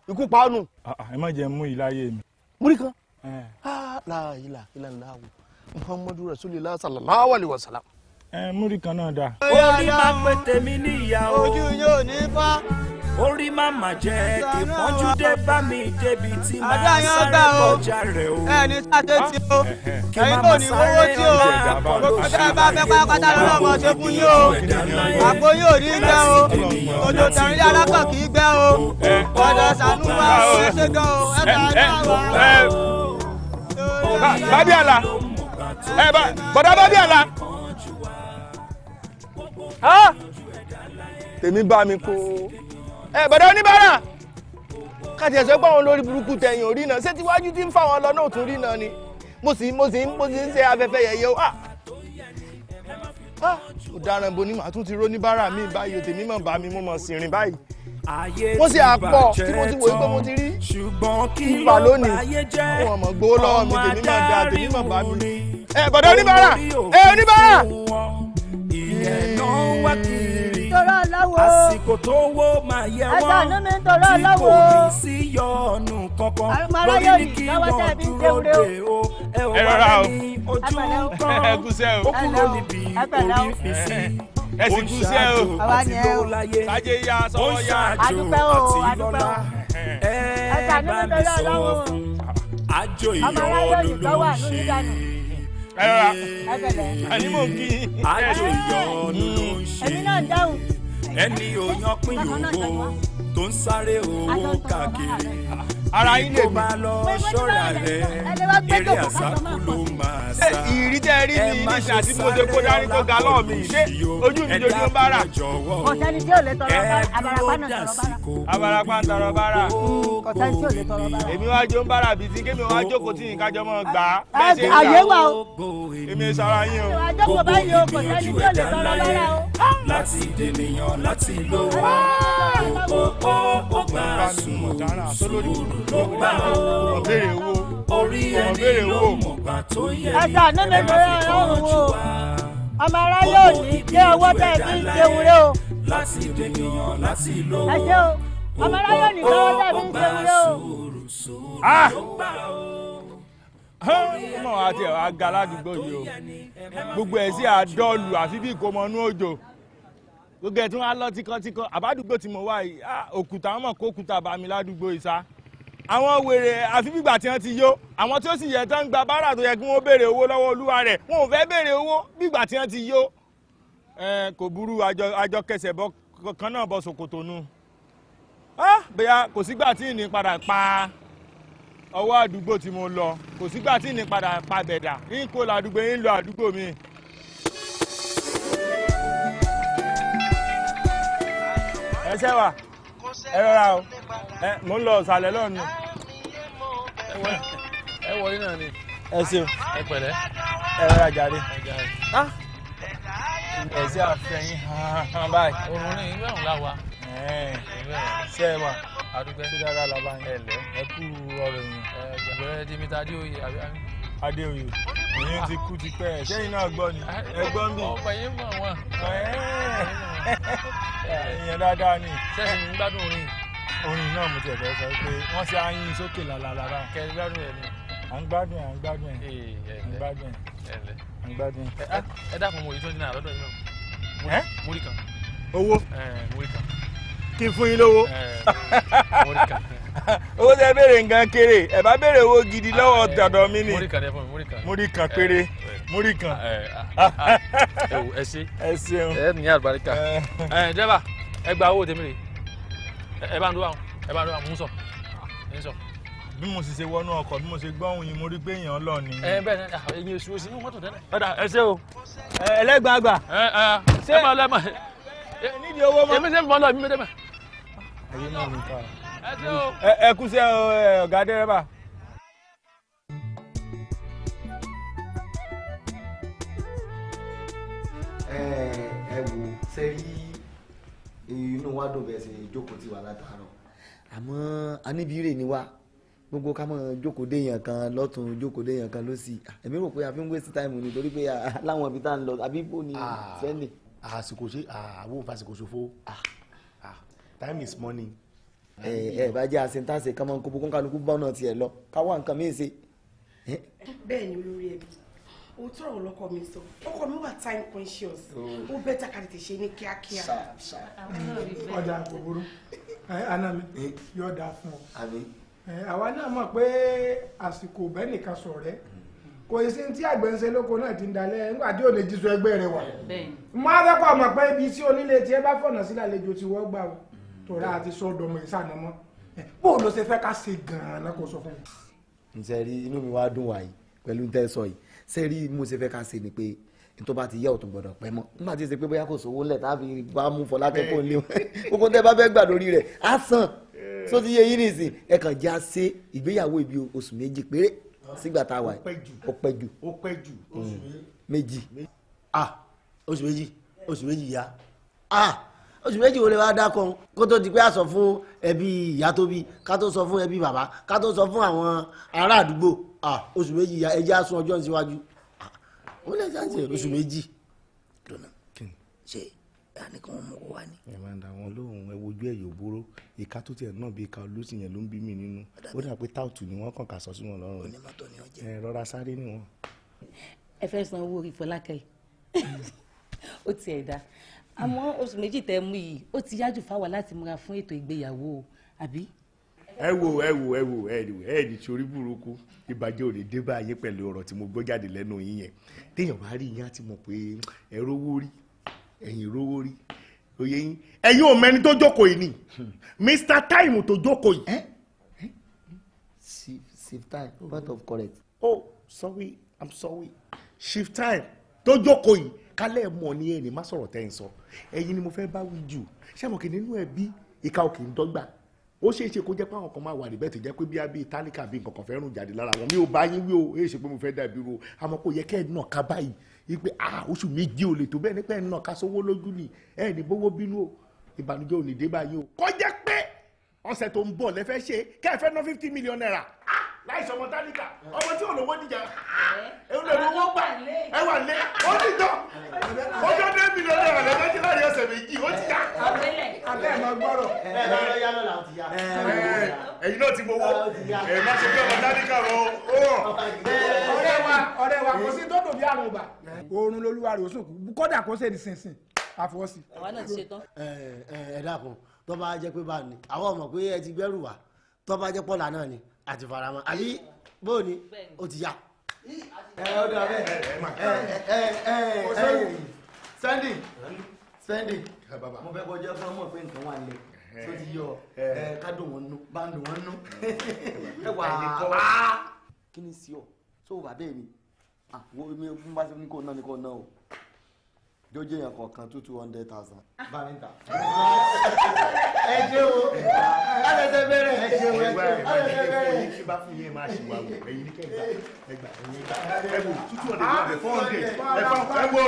ikú pa ọ́nù. Ah, ah, ẹ má jẹ́ mú ìláyé mi. múrí kan láàyè ìlànà àwọn muhammadu rasulillah sallallahu alaihi wa sallam. ẹ múrí kan náà dà. ó ní bá pẹ́ ní ìyàwó. ojú yóò ní bá orí màmá jẹ́ ìpọ́njú dé bá mi débi tí màá sáré kọjá rẹ̀ o. ẹni tá a ṣe ti o ẹyin tó ní owó tí o ọjọ́ bá fẹ́ pátápátá lọ́wọ́ ṣe fún yín o àpò yín ò ní gbẹ o òjò tẹ̀rín yàrá kan kì í gbẹ o ọ̀dọ̀ sànú wa o ṣe gan o ẹ tà á lọ ọ̀rọ̀. ẹ bá bọ̀dá bábíàlà. tèmi bá mi kó ẹ bọ̀dọ̀ oníbàárà káti ẹ̀sọ́ pé àwọn olórí burúkú tẹ̀yìn orí náà ṣé tíwájú ti ń fà wọn lọ náà tún rí náà ni mo sì mo sì mo sì ń ṣe afẹ́fẹ́ yẹ̀yẹ́ o ah! Ah! ọ̀daràn ibo ni màá tún ti ró níbàárà mi báyìí tèmi mọ̀ bá mi mo mọ̀ sí rìn báyìí mo sì àpọ̀ tí mo ti wò pé mo ti rí ìfà lónìí àwọn ọmọ gbowó lọ́wọ́ mi tèmi mọ̀ dá tèmi mọ̀ bá mi ẹ bọ̀dọ̀ oníbàárà ẹ oníbàárà. àsìkò tó wó máa yẹ wọ́n tí kò ní sí yọ̀ọ̀nù kankan lórí ní kí wọ́n dúró dé o ẹ ò wá ní ojú kan ó kúrò níbi orí fèsì oníṣàjò àti lóláyé oníṣàjò àti lọ́lá ẹ bá mi sọ fún àjò ìyọ́nù ló ń ṣe ẹ̀rọ ànímọ̀ kí. àjò ìyọ̀nù ló ń ṣe. èmi náà ń dáhùn ẹni ò yan pín yòówó tó ń sáré owó káàkiri ara yín lè mi. eré àsákú ló máa sá. ìrì tẹ rí mi ní ìṣà tí mo ṣe kó dání tó ga lọ́ọ̀ mi ṣé ojú mi dojú ń bára. ọ̀sẹ́ni tí ò lè tọrọ bára abarapá ń tọrọ bára. ọ̀sẹ́ni tí ò lè tọrọ bára. èmi wá jó ń bára bìí sí kémi wá jókòó tí nǹkan jọ mọ́ gbà á. àyè wà o. èmi sara yín o. àjọpọ̀ báyìí o kò láti dènìyàn láti lówó ó ó ó gbà sùn sùn ló gbà ó. ọ̀bẹ̀rẹ̀ wo orí ẹni ló mọ̀gbà tó yẹ ní ẹ̀ka fi kọ́ ojú wa. ọmọ aráyé ò ní dé ọwọ́ bẹ́ẹ̀ fi ń jẹun rẹ o. láti dènìyàn láti lówó. ẹ ṣe o ọmọ aráyé ò ní dé ọwọ́ bẹ́ẹ̀ fi ń jẹun rẹ o. ló ah! gbà ó mọ àti àga ládùúgbò yìí o gbogbo ẹ̀ sí àdọ́ọ̀lù àfi bí ìkómọ inú òjò gbogbo ẹ̀ tí wọ́n á lọ tíkọ́tíkọ́ àbádùúgbò tí mo wà yìí ah, òkúta wọn mọ̀ kó òkúta bá mi ládùúgbò yìí sá àwọn wèrè àfi gbígbà tí wọ́n ti yó àwọn tí ó sì yẹ tán gba bárà tó yẹ kí wọ́n béèrè owó lọ́wọ́ olúwa rẹ̀ wọn ò fẹ́ béèrè owó gbígbà tí wọ́n ti yó kò burú àjọ kẹsẹ̀ bọ́ kan náà bọ́ ṣòkòtò nu bóyá kò sígbà tí ìní padà pa ọwọ́ àdúgbò tí mo lọ kò sígbà tí ìní padà pa bẹ̀dà ń kó làdúgbò ń lọ àdúgbò mi. ẹ ṣẹ́ wà ẹ rọra o ẹ mò ń lọ ọ̀sàlẹ̀ lọ́nà. ẹ wọlé náà ni. ẹ ṣeun. ẹ pẹ̀lẹ́. ẹ rọra jàre. ẹ ṣe àfẹ́yìn hàn báyìí. òrùn ní ìwé ọ̀hún la wa. ṣé ẹ wà adúgbò ṣé dáadáa la bá yín. ẹ lẹ ẹ kú ọ̀rọ̀ yìí. ẹ jẹ́ bẹ́ẹ̀ di oyè àbí adéoyè òye ti kú ti pẹ́ ẹ̀ sẹ́yìn náà gbọ́ ni ẹ gbọ́ mi. ọmọ yìí mọ̀ wọn. ìyẹn dáadáa ni. sẹ́sìn mi ń gbádùn orin. orin náà mo tiẹ̀ fẹ́ sọ pé wọ́n ṣe ayin sókè làlàlà. kẹ́ ẹ gbádùn ẹ̀ ni. à ń gbádùn ẹ̀ à ń gbádùn ẹ̀. à ń gbádùn ẹ̀. à ń gbádùn ẹ̀. ẹ dákun mo yìí tó dín náà lọ́dọ̀ yìí náà. ẹ mórí kan. owó. ẹ mórí kan kí n fún yín lówó. Eh, owó tẹ béèrè nǹkan kéré ẹ bá béèrè owó gidi ah, lọ́wọ́ eh, dàdọ̀ mi ni múrí kan péré eh, múrí kan. Ah, ẹ ṣe ẹ ṣeun ẹ ní àlùbáríkà ẹ dẹ́bà ẹ gba owó tèmi rè ẹ bá ń dúwà ẹ bá ń dúwà mú sọ ẹ ń sọ. bí mo sì ṣe wọnú ọkọ̀ bí mo ṣe gbọ́hùn yìí mo rí pé èèyàn lọ ni. ẹ bẹ́ẹ̀ ni ẹyin ah, oṣù oṣù ní mọ́tò tẹ́lẹ̀. ẹ ṣe o. ẹlẹ́gbàgbà. ẹ ẹ ẹ máa lẹ́mọ̀ èmi ṣe ń bọ́ lọ ẹ wo ṣe rí inú wa dùn bẹ́ẹ̀ ṣe ìjókòó tiwa látàárọ̀ àmọ́ aníbírè ni wa gbogbo ká mọ̀ jókòó déèyàn kan lọ́tún jókòó déèyàn kan lọ́sì èmi rò pé a fi ń waste ni nítorí pé láwọn ibi tá à ń lọ àbí bò ní sẹ́ndì àsìkò ṣe àwọn òun fàsìkò ṣòfò ah. time is money. ẹ ẹ bá jẹ́ àṣetánṣe kan máa ń kóbó kónkálukú bá ọ̀nà tiẹ̀ lọ káwá nǹkan mi ṣe. Eh? bẹ́ẹ̀ ni olórí ẹbí o tọrọ lọkọ mi sọ ọkọ mi wà time conscious oh. ó bẹ́tà ká tètè ṣe ní kíákíá. ọjà òwúrò àná mi yóò dáa fún ọ àwa náà mọ̀ pé àsìkò bẹ́ẹ̀ nìkan sọ̀rẹ́ kò sí tí àgbẹ̀ ń ṣe lóko náà ti ń dalẹ̀ nígbà tí ò lè jí so ẹgbẹ́ rẹ wà. mo á fẹ́ kọ́ ọmọ pé ibi tí onílé tiẹ̀ bá fọ̀nà sí lálejò tí wọ́n gbà ó tòrá àti sọ́dọ̀ ọmọ ìsànà mọ́ bó ló ṣe fẹ́ ká ṣe gan-an kó sọ fún mi. ǹṣẹ́ rí inú mi wá dùn wáyé pẹ̀lú tẹ́ sọ yìí ṣé rí mo ṣe fẹ́ ká ṣe ni pé tó bá ti yẹ ọ̀tún gbọ́dọ̀ pẹ́ mọ́ nígbà tí ó ṣe pé bóyá kò sówó lẹ̀ tàbí bá mú fọlákẹ́ kò lé kókó tẹ́ bá fẹ́ gbà lórí rẹ̀ á sàn tó ti yẹ yín nìsín ẹ já ṣe ìgbéyàwó ibi oṣù méjì péré sígbà tá a wà yìí ó pẹ́ jù ó pẹ́ jù mm. oṣù méjì. ah oṣù méjì oṣù méjì ya ah oṣù méjì wo lè wá dá kan kó tó di pé a sọ fún ẹbí ìyá tó bí ká tó sọ fún ẹbí bàbá ká tó sọ fún àwọn ará àdúgbò ah oṣù méjì ya ẹjẹ á sún ọjọ́ síwájú ah ó lè ṣàǹtì oṣù méjì àníkan ọmọ kó wá ní. ẹ máa ń da wọn lóhùn ẹ wojú ẹ yòbóró ìka tó tiẹ̀ náà bíi ìka olóṣì yẹn ló ń bí mi nínú ó dà pé táùtù ni wọ́n kàn kà sọ sí wọn lọ́rùn ẹ rọra sáré ni wọn. ẹ fẹ́ san owó orí Fọlákẹ́ ó tiẹ̀ dá àmọ́ oṣù méjì tẹ́ mú yìí ó ti yájú fáwa láti múra fún ètò ìgbéyàwó àbí ẹ wo ẹ wo ẹ wo ẹ wo ẹ ní sori burúkú ìbàjẹ́ ò lè dé báyé pẹ̀lú ọ̀rọ̀ tí mo gbọ́ jáde lẹ́nu yín yẹn téèyàn bá rí yín á ti mọ̀ pé ẹ̀rọ owó rí ẹ̀yin rówó rí oyè yín ẹ̀yin ò mẹ́ni tó jókòó yìí ni mr time tó jókòó yìí. shift time part of correct. oh sorry i'm sorry shift time tó jókòó yìí kálẹ̀ mọ̀ ní ẹ̀ní má sọ̀rọ̀ tẹ́ ń sọ ẹ̀yin ni mo fẹ́ bá wí jù ṣàmọ̀ kì nínú ẹbí ìka ò kì í dọ́gba ó ṣeé ṣe kó jẹ́ pé àwọn kan máa wà níbẹ̀ tó jẹ́ pé bí abí tálíkà bí nǹkan kan fẹ́ jáde lára wọn mi ò bá yín wí o èyí ṣe pé mo fẹ́ dàbí ro àmọ́ kò yẹ kẹ́ ẹ̀ náà ká báyìí wípé oṣù méje ò lè tó bẹ́ẹ̀ nípa ẹ̀ ń nà ká sówó lójú ni ẹ̀ ní bówó bínú o ìbànújẹ́ ò ní dé báyìí o kọjá pé ọ̀sẹ̀ tó ń bọ̀ lẹ́fẹ́ ṣe kẹ́ẹ̀fẹ́ ná fifty million naira láì sọmọ tálíkà ọmọ tí olówó dìjà ewu lè lówó gbà ẹ wà lé ó ti tọ ọjọ́ dé mílíọ̀nù náírà lẹ́gbẹ́ tí láàrin ọ̀sẹ̀ méjì ó ti yá. abẹ́ ẹ̀ máa gbọ́rọ̀ ẹ̀ lọ́rọ̀ yá lọ́la ti yá. ẹ̀yin náà ti gbowó ẹ̀ má ṣe fẹ́ ọmọ tálíkà rọ ó. ọ̀rẹ́ wa ọ̀rẹ́ wa kò sí tó dùn bí àrùn bà. oorun lolúwa rè ó sùn kódà kó ṣe ní sínsìn àfọwọ́sí. àwa náà ti ṣe tán. ẹ ẹ ẹ dákun tó bá jẹ pé bá ní àwọn ọmọ pé ẹ ti gbẹrù wa tó bá jẹ pọ́lá náà ni àti faramọ́ àbí bó ni ó ti yá. ẹ ọ dọ ẹ ẹ ẹ sẹ́ndì sẹ́ndì mo fẹ́ kọjá fún ọmọ pé nǹkan wà nílẹ̀ tó ti yọ kádùn wọn nú bá wọn nú ẹ wà á kí ni sí ọ tó wà bẹ́ẹ̀ ni bá ti ń kó náà ni kò náà o jójé yẹn kọ̀ọ̀kan tó two hundred thousand. bá mi ta. ẹ jẹ́ o alẹ́sẹ̀ bẹ̀rẹ̀ ẹ jẹ́ o ẹ jẹ́ o alẹ́sẹ̀ bẹ̀rẹ̀. ẹ̀yin tí bá fún yẹn máa ṣe wà wò ẹ̀yin kẹta ẹgbà ẹ̀yin ta ẹ wò two hundred thousand four hundred ẹ fà ẹ wò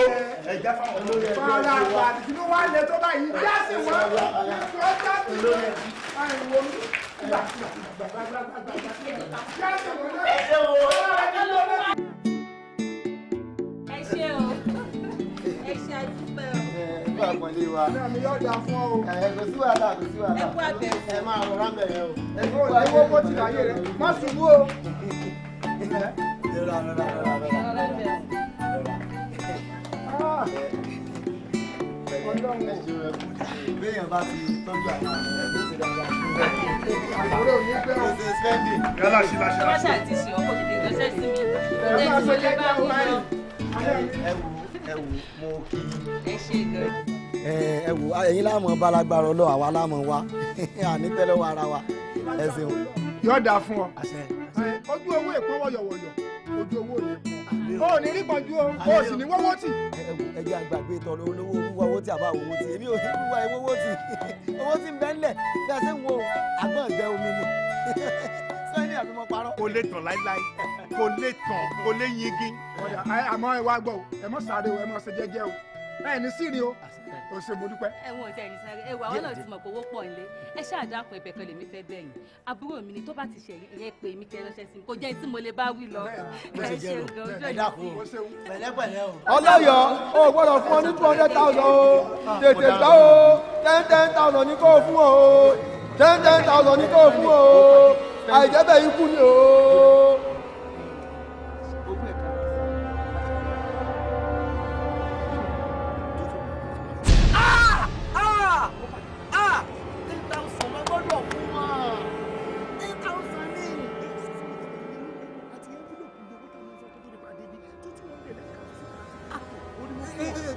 ẹja fáwọn olóyè ẹjọ́ ìjọba. fàlà fàlà tí wọ́n á lè tó báyìí bí a sì wọ́n ní ọjà tó lóye àìwò gbàgbàgbàgbàgbà bí a sì wọ́n náà. ẹ jẹ́ o ẹ jẹ́ o ọmọdé wa. náà yóò dà fún ọ. ẹ kò sí wàhálà kò sí wàhálà. ẹ kú àtẹ̀wò. ẹ máa rọ rábẹ̀ o. ẹ kú àtẹ̀wò. ìwọ kò tí láyé rẹ má ṣubú o. rọra rọra rọra rọra. béèyàn bá ti tọ́jú àwọn àwọn ẹgbẹ́ ti dáadáa. àkórè ò ní pẹ́ o. ṣe spẹ́ndì. yálà ṣe láṣẹ. wọ́n ṣàtìṣe ọkọ̀ tètè lọ́sẹ̀ sí mi. ẹ máa ṣe kékeré báyìí. ẹ wò ó ẹ wò mo kí i. ẹ ṣe gan. ẹ wò ẹ̀yin láàmú balagbara ọlọ àwa láàmú wa àní tẹ́lẹ̀ wa ara wa ẹ ṣeun. yóò dáa fún ọ ojú owó èkó wọ̀yọ̀wọ̀yọ̀ ojú owó yẹn o ní rí pọ̀jù o o sì ní wọ́wọ́ tì. ẹ jẹ́ àgbàgbé tọ́ olówó wíwá owó tí a bá wọ́wọ́ tì èmi ò sí wíwá owó tì owó tì ń bẹ́ńlẹ̀ bí a ṣe ń wo àgbọ̀ǹgbẹ́ omi ni. tán ní àbí mo parọ́. kò lè tàn láíláí kò lè tàn kò lè yingin. àmọ́ ẹ wá gbọ́ ẹ mọ̀ sáré o ẹ mọ̀ ṣe o ẹ ní sí ni o o ṣe mo dúpẹ́. ẹ wọn ẹni sáré ẹ wà ọlọ́ọ̀ tí mo kò wọ́pọ̀ nílé ẹ ṣáàdákun ẹ̀bẹ̀ kan lèmi fẹ́ bẹ̀yìn àbúrò mi ni tó bá ti ṣe ìyẹn pé mi tẹ ránṣẹ́ sí mi kò jẹ́ tí mo lè bá wí lọ. ọlọ́yọ̀ o gbọ́dọ̀ fún ọ ní two hundred thousand o ah, tètè gbọ́ o ten ten thousand ní kò fún o ten ten thousand ní kò fún o àìjẹ́bẹ̀ ikú ni o.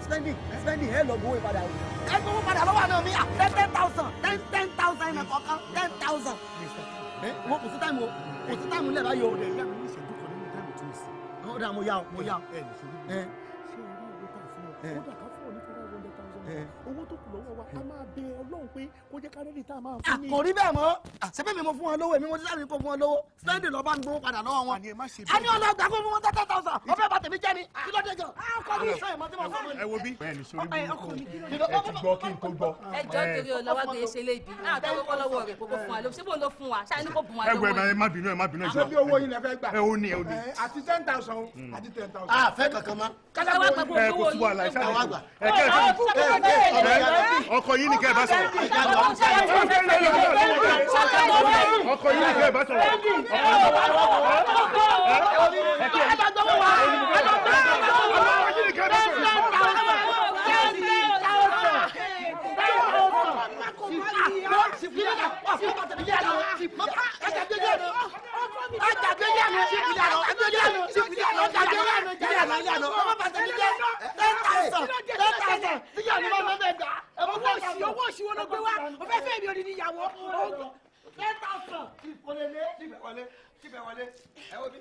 spending spending ẹ lọ gbowó ìpadà o ẹ gbowó padà lọ́wọ́ àná mi ten ten thousand ten ten thousand ẹnì kọ̀ọ̀kan ten thousand. mo kò sí táìmù o kò sí táìmù lẹ́ẹ̀ báyìí o. ọ̀dà mo yá o mo yá o. ẹ ẹ ṣe orí ìwé kan fún ọ Eh, owó tó kù lọ́wọ́ wa a máa bẹ ọlọ́run pé kó jẹ́ ká rẹ́dí tá a máa fún ní. àkòrí bẹ́ẹ̀ mọ́ sẹ́fẹ̀ mi mo fún wọn lówó èmi mo ti sáré kó fún wọn lówó sẹ́ndì lọ́ọ́ bá ń gbowó padà lọ́wọ́ wọn. a ní ọlọ́gbà kó fún wọn tẹ́tẹ́ tọ́sà ọbẹ̀ bá tèmi jẹ́ ni kí ló dé jọ. ẹ wo bí bẹ́ẹ̀ ni sori bí gbọ́ kí n tó gbọ́. ẹ jọ torí ọlọ́wọ́ tó ṣe lé ibi náà tó kọ́ lọ́wọ́ rẹ̀ kókó fún wa ló ṣé bó ló fún wa ṣáà ní kó bùn wa lọ́wọ́ rẹ̀. ẹ má bínú ẹ má bínú ẹ jọ. àti owó yín lẹ fẹ́ gbà. ẹ ó ní ẹ ó ní. Eh, àti ten thousand àti ten thousand. a ah, fẹ́ kankan mọ́. kálá wo ẹ kò tún wà láì sáré. ẹ kẹ́ ẹ ọkọ yìí ni kẹ́ bá sọ̀rọ̀. ọkọ yìí ni kẹ́ bá sọ̀rọ̀. ọkọ yìí ni kẹ́ bá sọ̀rọ̀. sífúlẹ̀ lọ ọ̀sán àtẹ̀lẹ́yà lọ àtẹ̀lẹ́yà lọ àtẹ̀lẹ́yà lọ sífúlẹ̀ lọ àtẹ̀lẹ́yà lọ sífúlẹ̀ lọ àtẹ̀lẹ́yà lọ sífúlẹ̀ lọ àtẹ̀lẹ́yà lọ ọmọ bàtẹ̀lẹ́yà ten thousand ten thousand síyà ni wọ́n mẹ́mẹ́ gbà. owó òṣì owó òṣì wo ló gbé wá o fẹ́ fẹ́ mi ò ní ní ìyàwó ten thousand. sífúlẹ̀ lé sífẹ̀ wọlé sífẹ̀ wọlé ẹ wo bí.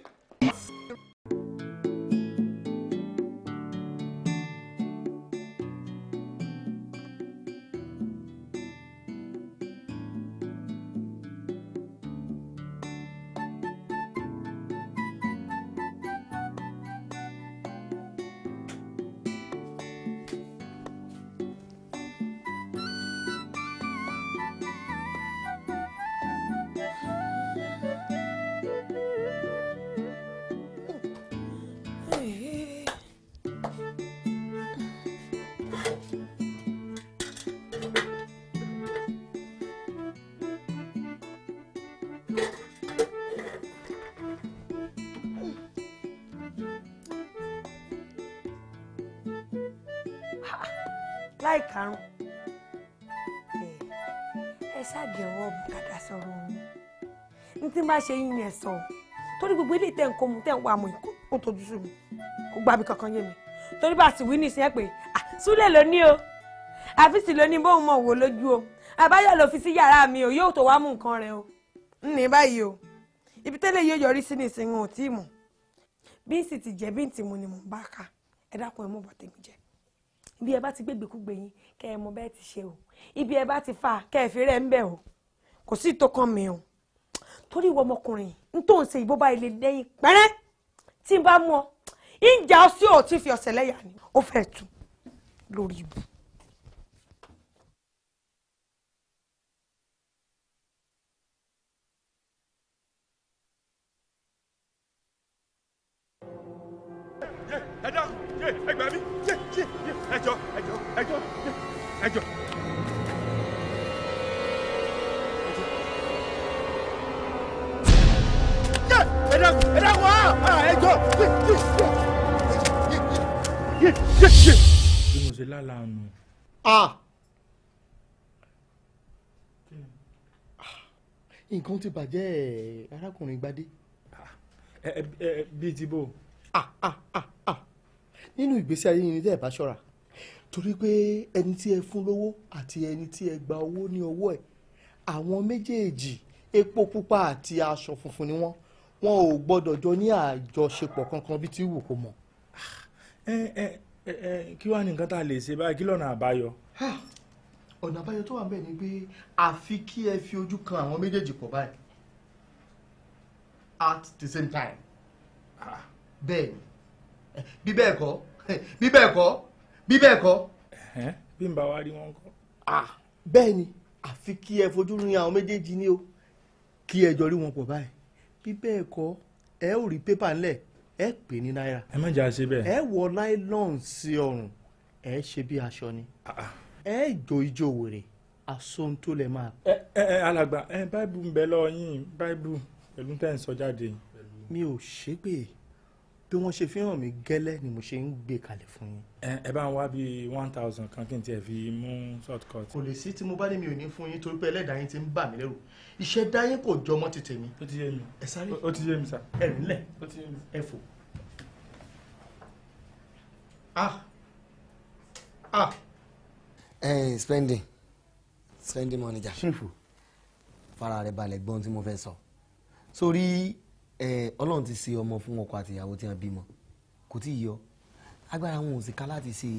wá ṣe yín ni ẹ̀sán o torí gbogbo ilé tẹ̀ ń kó mu tẹ̀ ń wà mọ̀ ìkó kó tójú sùn mi kó gbàbí kankan yé mi torí bá a sì wí nìsín ẹ pé ah, súlẹ̀ ló o àfíìsì ló ní bóun mọ̀ wò lójú o àbáyọ ló fi sí yàrá mi o yóò tó wá mú nǹkan rẹ o ń ní báyìí o ibi tẹ́lẹ̀ yóò yọrí sí nìsín wọn ò tí ì mọ̀ bí n sì ti jẹ́ bí n ti mu ni mò ń bá ka ẹ dákun ẹ mú bọ̀ tèmi jẹ ibi ẹ bá ti gbégbèkúgbè yín kẹ ẹ mọ bẹ́ẹ̀ ti ṣe o ibi ẹ bá ti fà kẹ ẹ fi rẹ ń bẹ o kò sí ìtókan mi o torí ìwọ ọmọkùnrin n tó ń ṣe ìbò bá ilé lẹ́yìn pẹ́rẹ́ tí n bá mú ọ ìjà ọ sí tí fi ọ̀sẹ̀ lẹ́yà ni ó fẹ́ tu lórí ibu. ẹ dáhùn ẹ gbà mí ẹ jọ ẹ jọ ẹ jọ ẹ jọ. bí mo ṣe lálàá nù. nǹkan ti bàjẹ́ arákùnrin gbadé. Ah. Eh, eh, eh, bíi ti bò. Ah, ah, nínú ìgbésí ayé yìí ni tẹ́ ẹ̀ bá ṣọ́ra torí pé ẹni tí ẹ fún lówó àti ẹni tí ẹ gba owó ní ọwọ́ ẹ̀ àwọn méjèèjì epo pupa àti aṣọ funfun ni wọ́n wọn ò gbọ́dọ̀ jọ ní àjọṣepọ̀ kankan bí tí wù kó mọ̀. Ah, eh, eh, eh, kí wàá ní nǹkan tá a lè ṣe báyìí kí lọ́nà àbáyọ. ọ̀nà àbáyọ tó wà ń bẹ̀ ni pé àfi kí ẹ fi ojú kan àwọn méjèèjì pọ̀ báyìí at the same time ah, bẹ́ẹ̀ ni bí bẹ́ẹ̀ kọ́ bí bẹ́ẹ̀ kọ́ bí bẹ́ẹ̀ kọ́. bí n bá wa rí wọn kọ́. Ah, bẹ́ẹ̀ ni àfi kí ẹ fojú rin àwọn méjèèjì ní o kí ẹ jọ rí wọn pọ̀ báyìí bí bẹ́ẹ̀ kọ́ ẹ ò rí pépà ńlẹ̀ ẹ pè ní náírà. ẹ má jà ṣe bẹ́ẹ̀. ẹ wọ nylon sí ọrùn ẹ ṣe bí aṣọ ni. Ah, ah. ẹ jọ ijó wèrè aṣọ lè máa. ẹ ẹ alàgbà ẹ báìbù ń bẹ lọ yín báìbù pẹ̀lú tẹ̀ ń sọ jáde. mi ò ṣépè bí wọ́n ṣe fi hàn mí gẹ́lẹ́ ni mo ṣe ń gbé kalẹ̀ fún yín. ẹ bá ń wá bíi one thousand kan kí n tiẹ̀ fi mú short cut. kò lè sí tí mo bá ní mi ò ní fún yín torí pé ẹlẹ́dàá yín ti ń bà mí lẹ́rù iṣẹ́ dáyín kò jọ mọ́ ti tèmi. ó ti yé mi ẹ sáré ó ti yé mi sá. ẹ ńlẹ̀ ẹ fò. ah ah. ẹ spending spending manager. ṣé fò. fara rẹ balẹ̀ gbọ́n tí mo fẹ́ sọ sórí. So, ọlọ́run ti se ọmọ fún ọkọ àti ìyàwó tí wọ́n bímọ kò tí ì yọ agbára wọn ò sì ká láti ṣe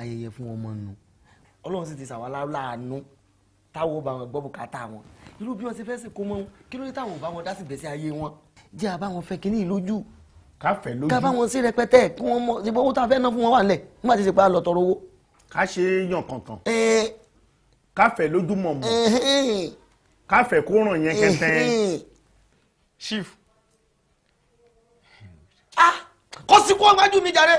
ayẹyẹ fún ọmọ nù ọlọ́run sì ti ṣàwálá láàánú táwọn bá wọn gbọ́ bùkátà wọn irú bí wọ́n ṣe fẹ́ sì kó mọ́ wọn kí ló dé táwọn bá wọn dá sí gbèsè ayé wọn jẹ́ àbá wọn fẹ́ kínní lójú ká fẹ́ lójú ká bá wọn sí rẹpẹtẹ kí wọ́n mọ ṣe owó tá a fẹ́ ná fún wọn wà lẹ̀ nígbà tí ṣe pa lọ tọrọ owó. ká ṣe yàn kankan ká lójú mọ̀mọ́ ká kó ràn yẹn kẹtẹ. chief kó sì kó wájú mi jàre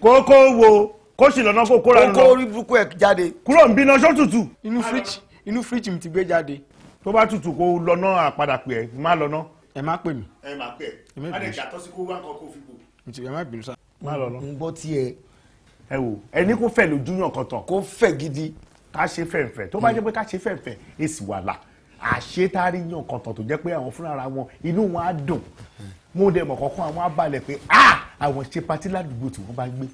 kókó wo kó sì lọ́nà kó kóra lọ. kókó orí burúkú ẹ̀ jáde. kúrò ń bínú ọṣọ tútù. inú fíríjì inú fíríjì mi ti gbé jáde. tó bá tutù kó lọ́nà àpadà pè ẹ́ má lọ́nà. ẹ má pè mí. ẹ má pè ẹ ẹ má bínú sá. n gbọ́ tiẹ̀. ẹ wò ẹni kó fẹ́ lójú yàn kan kó fẹ́ gidi. ká ṣe fẹ̀fẹ̀ tó bá hmm. jẹ́ pé ká ṣe fẹ̀fẹ̀ èsì wàhálà àṣetárí yàn kọ̀tàn tó jẹ́ pé àwọn fúnra ara wọn inú wọn á dùn mo dẹ̀ mọ̀ kọ́kọ́ àwọn á balẹ̀ pé ah àwọn ṣe patí ládùúgbò tí wọ́n bá gbé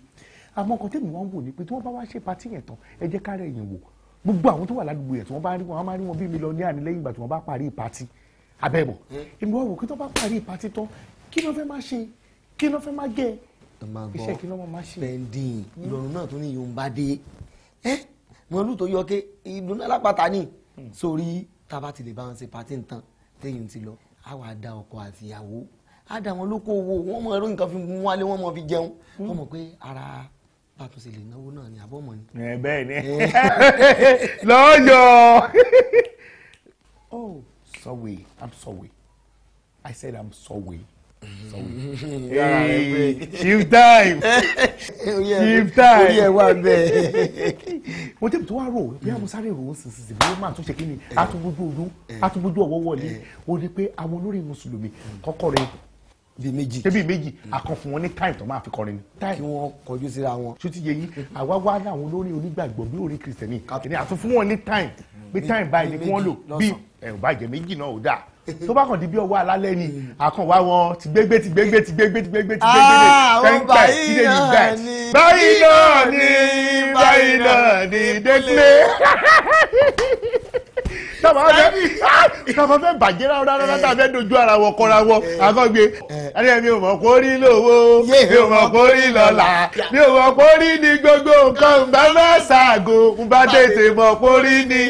àmọ́ kan tèmi wọ́n ń wò ní pé tí wọ́n bá wá ṣe patí yẹn tán ẹ jẹ́ ká rẹ̀ yìn wò gbogbo àwọn tó wà ládùúgbò yẹn tí wọ́n bá rí wọn á máa rí wọn bí mílíọ̀nù àní lẹ́yìn ìgbà tí wọ́n bá parí patí abẹ́bọ̀ hmm. èmi wọ́n wò kí tó bá parí patí tán kí ló fẹ́ máa ṣe kí ló fẹ́ máa gẹ iṣẹ́ kí ló máa ṣe. pending hmm. ìrọ̀rùn náà tó ní yorùbá dé ẹ́ mo lù tó yọ ké ìdùnnú alápàtà ni hmm. sórí tá ti lè bá wọn ṣe pàtí nǹkan téyìn ti lọ á wàá da ọkọ àti ìyàwó á da wọn lóko owó wọn mọ ẹrú nǹkan fi mú wálé wọn mọ fi jẹun hmm. wọn mọ pé ara bàtúnṣe lè náwó náà ni àbọ̀ mọ̀ ni. ẹ bẹ́ẹ̀ ni eh. lọ́yọ̀. oh sorry i'm sorry i said i'm sorry chief time chief time orí ẹ wà bẹ́ẹ̀. mo tẹ́bi tó wá rò bí àwọn sáré rò ó sìnsìn sí bóyá máa tún ṣe kí ni atúgbójú ọdún atúgbójú ọwọ́ wọlé eh. ó ní pé àwọn olórí mùsùlùmí kọ́kọ́ rẹ bí méjì tẹ́bí méjì àkàn hmm. fún wọn ní time tó máa fi kọrin ni. kí wọ́n kọjú síra wọn. ṣó ti yẹ yín hmm. àwa wá láwọn olórin onígbàgbọ́ bí orin kìrìsìtẹ́nì àti fún wọn ní time bí time báyìí ni kí wọ́n lò bí ẹ̀ bàjẹ́ méjì náà ò dáa tó bá kàn di bí ọwọ́ alálẹ́ ni àkànwá wọn ti gbégbé ti gbégbé ti gbégbé ti gbégbé ti gbégbé ah, kẹ́ńkà sílẹ̀ ní bẹ́ẹ̀. báyìí náà ni báyìí náà ni délé. tàbá ah! fẹ́ bàjẹ́ rárá rárá tàbá fẹ́ dojú ara wọ kọ́ra wọ akọ́gbé eh, eh. ẹni mi ò mọ̀ kó rí lówó mi ò mọ̀ kó rí lọ́la mi ò mọ̀ kó rí ní gbogbo nǹkan nbà má ṣàgò nbà tètè mọ̀ kó rí ní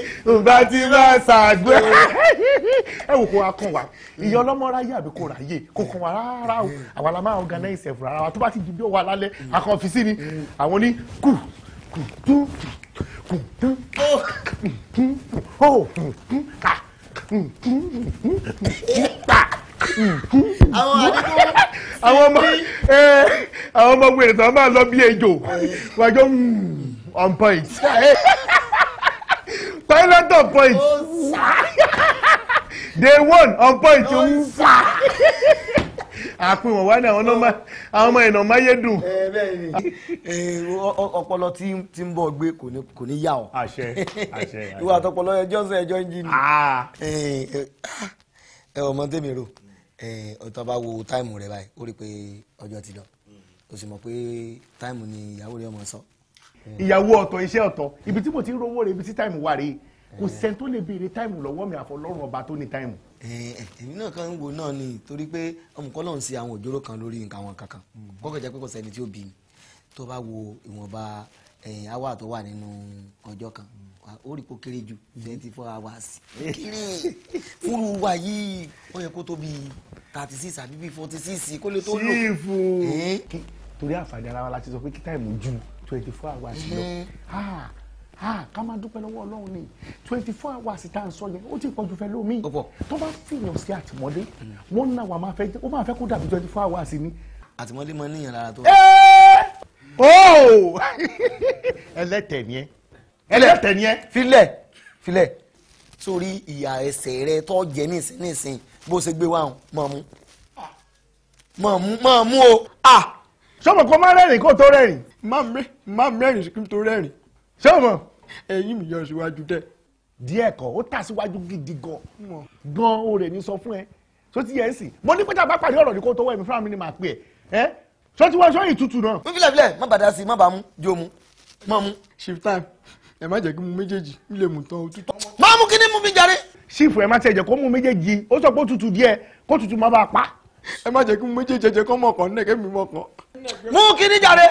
nbà tí má ṣàgò. Eh. ẹ wò kó wa kàn wá ìyá ọlọ́mọ ráyè àbí kò ráyè kò kàn wá rárá o mm. àwa la máa organize ẹ̀fọ́ rárá wa tó bá ti di bí ó wà lálẹ́ àkànfìsí ni àwọn ní kù kù tún kù àwọn àdìgún àwọn ọmọ àwọn ọmọ wèrè tó máa lọ bí ejò wájú hmm, on point pilot on point day one on point àpín wọn wá ní àwọn ọmọ àwọn ọmọ ìnà máyédùn. ọpọlọ tí ń bọ̀ gbé kò ní yà ọ́ ìwà àtọpọlọ ẹjọ́ sọ ẹjọ́ ń jí ni ẹ ọmọ tèmi rò ọtọ bá wo táìmù rẹ báyìí ó rí i pé ọjọ́ ti lọ o sì mọ̀ pé táìmù ni ìyàwó rẹ ọmọ sọ. ìyàwó ọ̀tọ̀ iṣẹ́ ọ̀tọ̀ ibi tí mo ti ń rówó rẹ ibi tí táìmù wà rèé kò sẹ́ni tó lè béèrè táìmù lọ́wọ́ mi àfọlọ́run ọba tó ní táìmù. Eh, eh, èmi náà kàn ń wo náà ni torí pé ọmọkọ́ náà ń ṣe àwọn òjòrò kan lórí nǹkan àwọn kankan kọ́kọ́ jẹ́ pé kò sẹ́ni tí ó bí mi tó bá wo ìwọ̀nba awa eh, tó wà nínú ọjọ́ kan ó rí kó kéré ju twenty four hours kéré fúru wa yìí ó yẹ kó tó bí thirty six àbí bí forty six kó lè tó lò. sífù torí àǹfààní ara wa la ti sọ pé kí táìmù ju twenty four hours lọ. Ah, ká máa dúpẹ́ lọ́wọ́ ọlọ́run ni twenty four hours tá à ń sọ yẹn ó ti pọ̀jù fẹ́ lómi tó bá fìyàn sí àtìmọ́lé wọ́n náà wà máa fẹ́ ó máa fẹ́ kó dàbí twenty four hours ni. àtìmọ́lé máa ń níyàn lára tó. ẹlẹ́tẹ̀ ni ẹ ẹlẹ́tẹ̀ ni ẹ. filẹ̀ filẹ̀ sórí ìyà ẹsẹ̀ rẹ tó jẹ nísìn nísìn bó ṣe gbé wàhùn máa mú máa mú máa mú o. sọ́mọ̀ kó má rẹ́rìn kó tó rẹ́rìn má mẹ́rìn kí n tó rẹ́rìn sọ́mọ̀ ẹ̀yìn mi yọ síwájú tẹ. díẹ̀ kọ́ ó tà síwájú gidi gan gan o rẹ̀ ní sọ fún ẹ tó ti sì mo ní pété àbápàdé ọ̀rọ̀ ní kó tó wẹ̀ mí fúnra mi ni màá pè ẹ́ sọ ti wá sọ ìtutù náà. wí filẹ̀ filẹ̀ má bàdá sí má bàá mú jó mu má mú. shift time ẹ má jẹ́ kí mu méjèèjì mi lè mú tán òtútù. má mú kí ni mú mi jàre. sífù ẹ má tẹ̀ jẹ́ kó mu méjèèjì ó sọ pé ó tutù díẹ̀ kó tutù má bàa pa. ẹ má jẹ́ kí mu méjèèjì jẹ́ kó mọ̀kàn ní ẹ̀kẹ́ mi mọ̀kàn. mú kí ni jàre.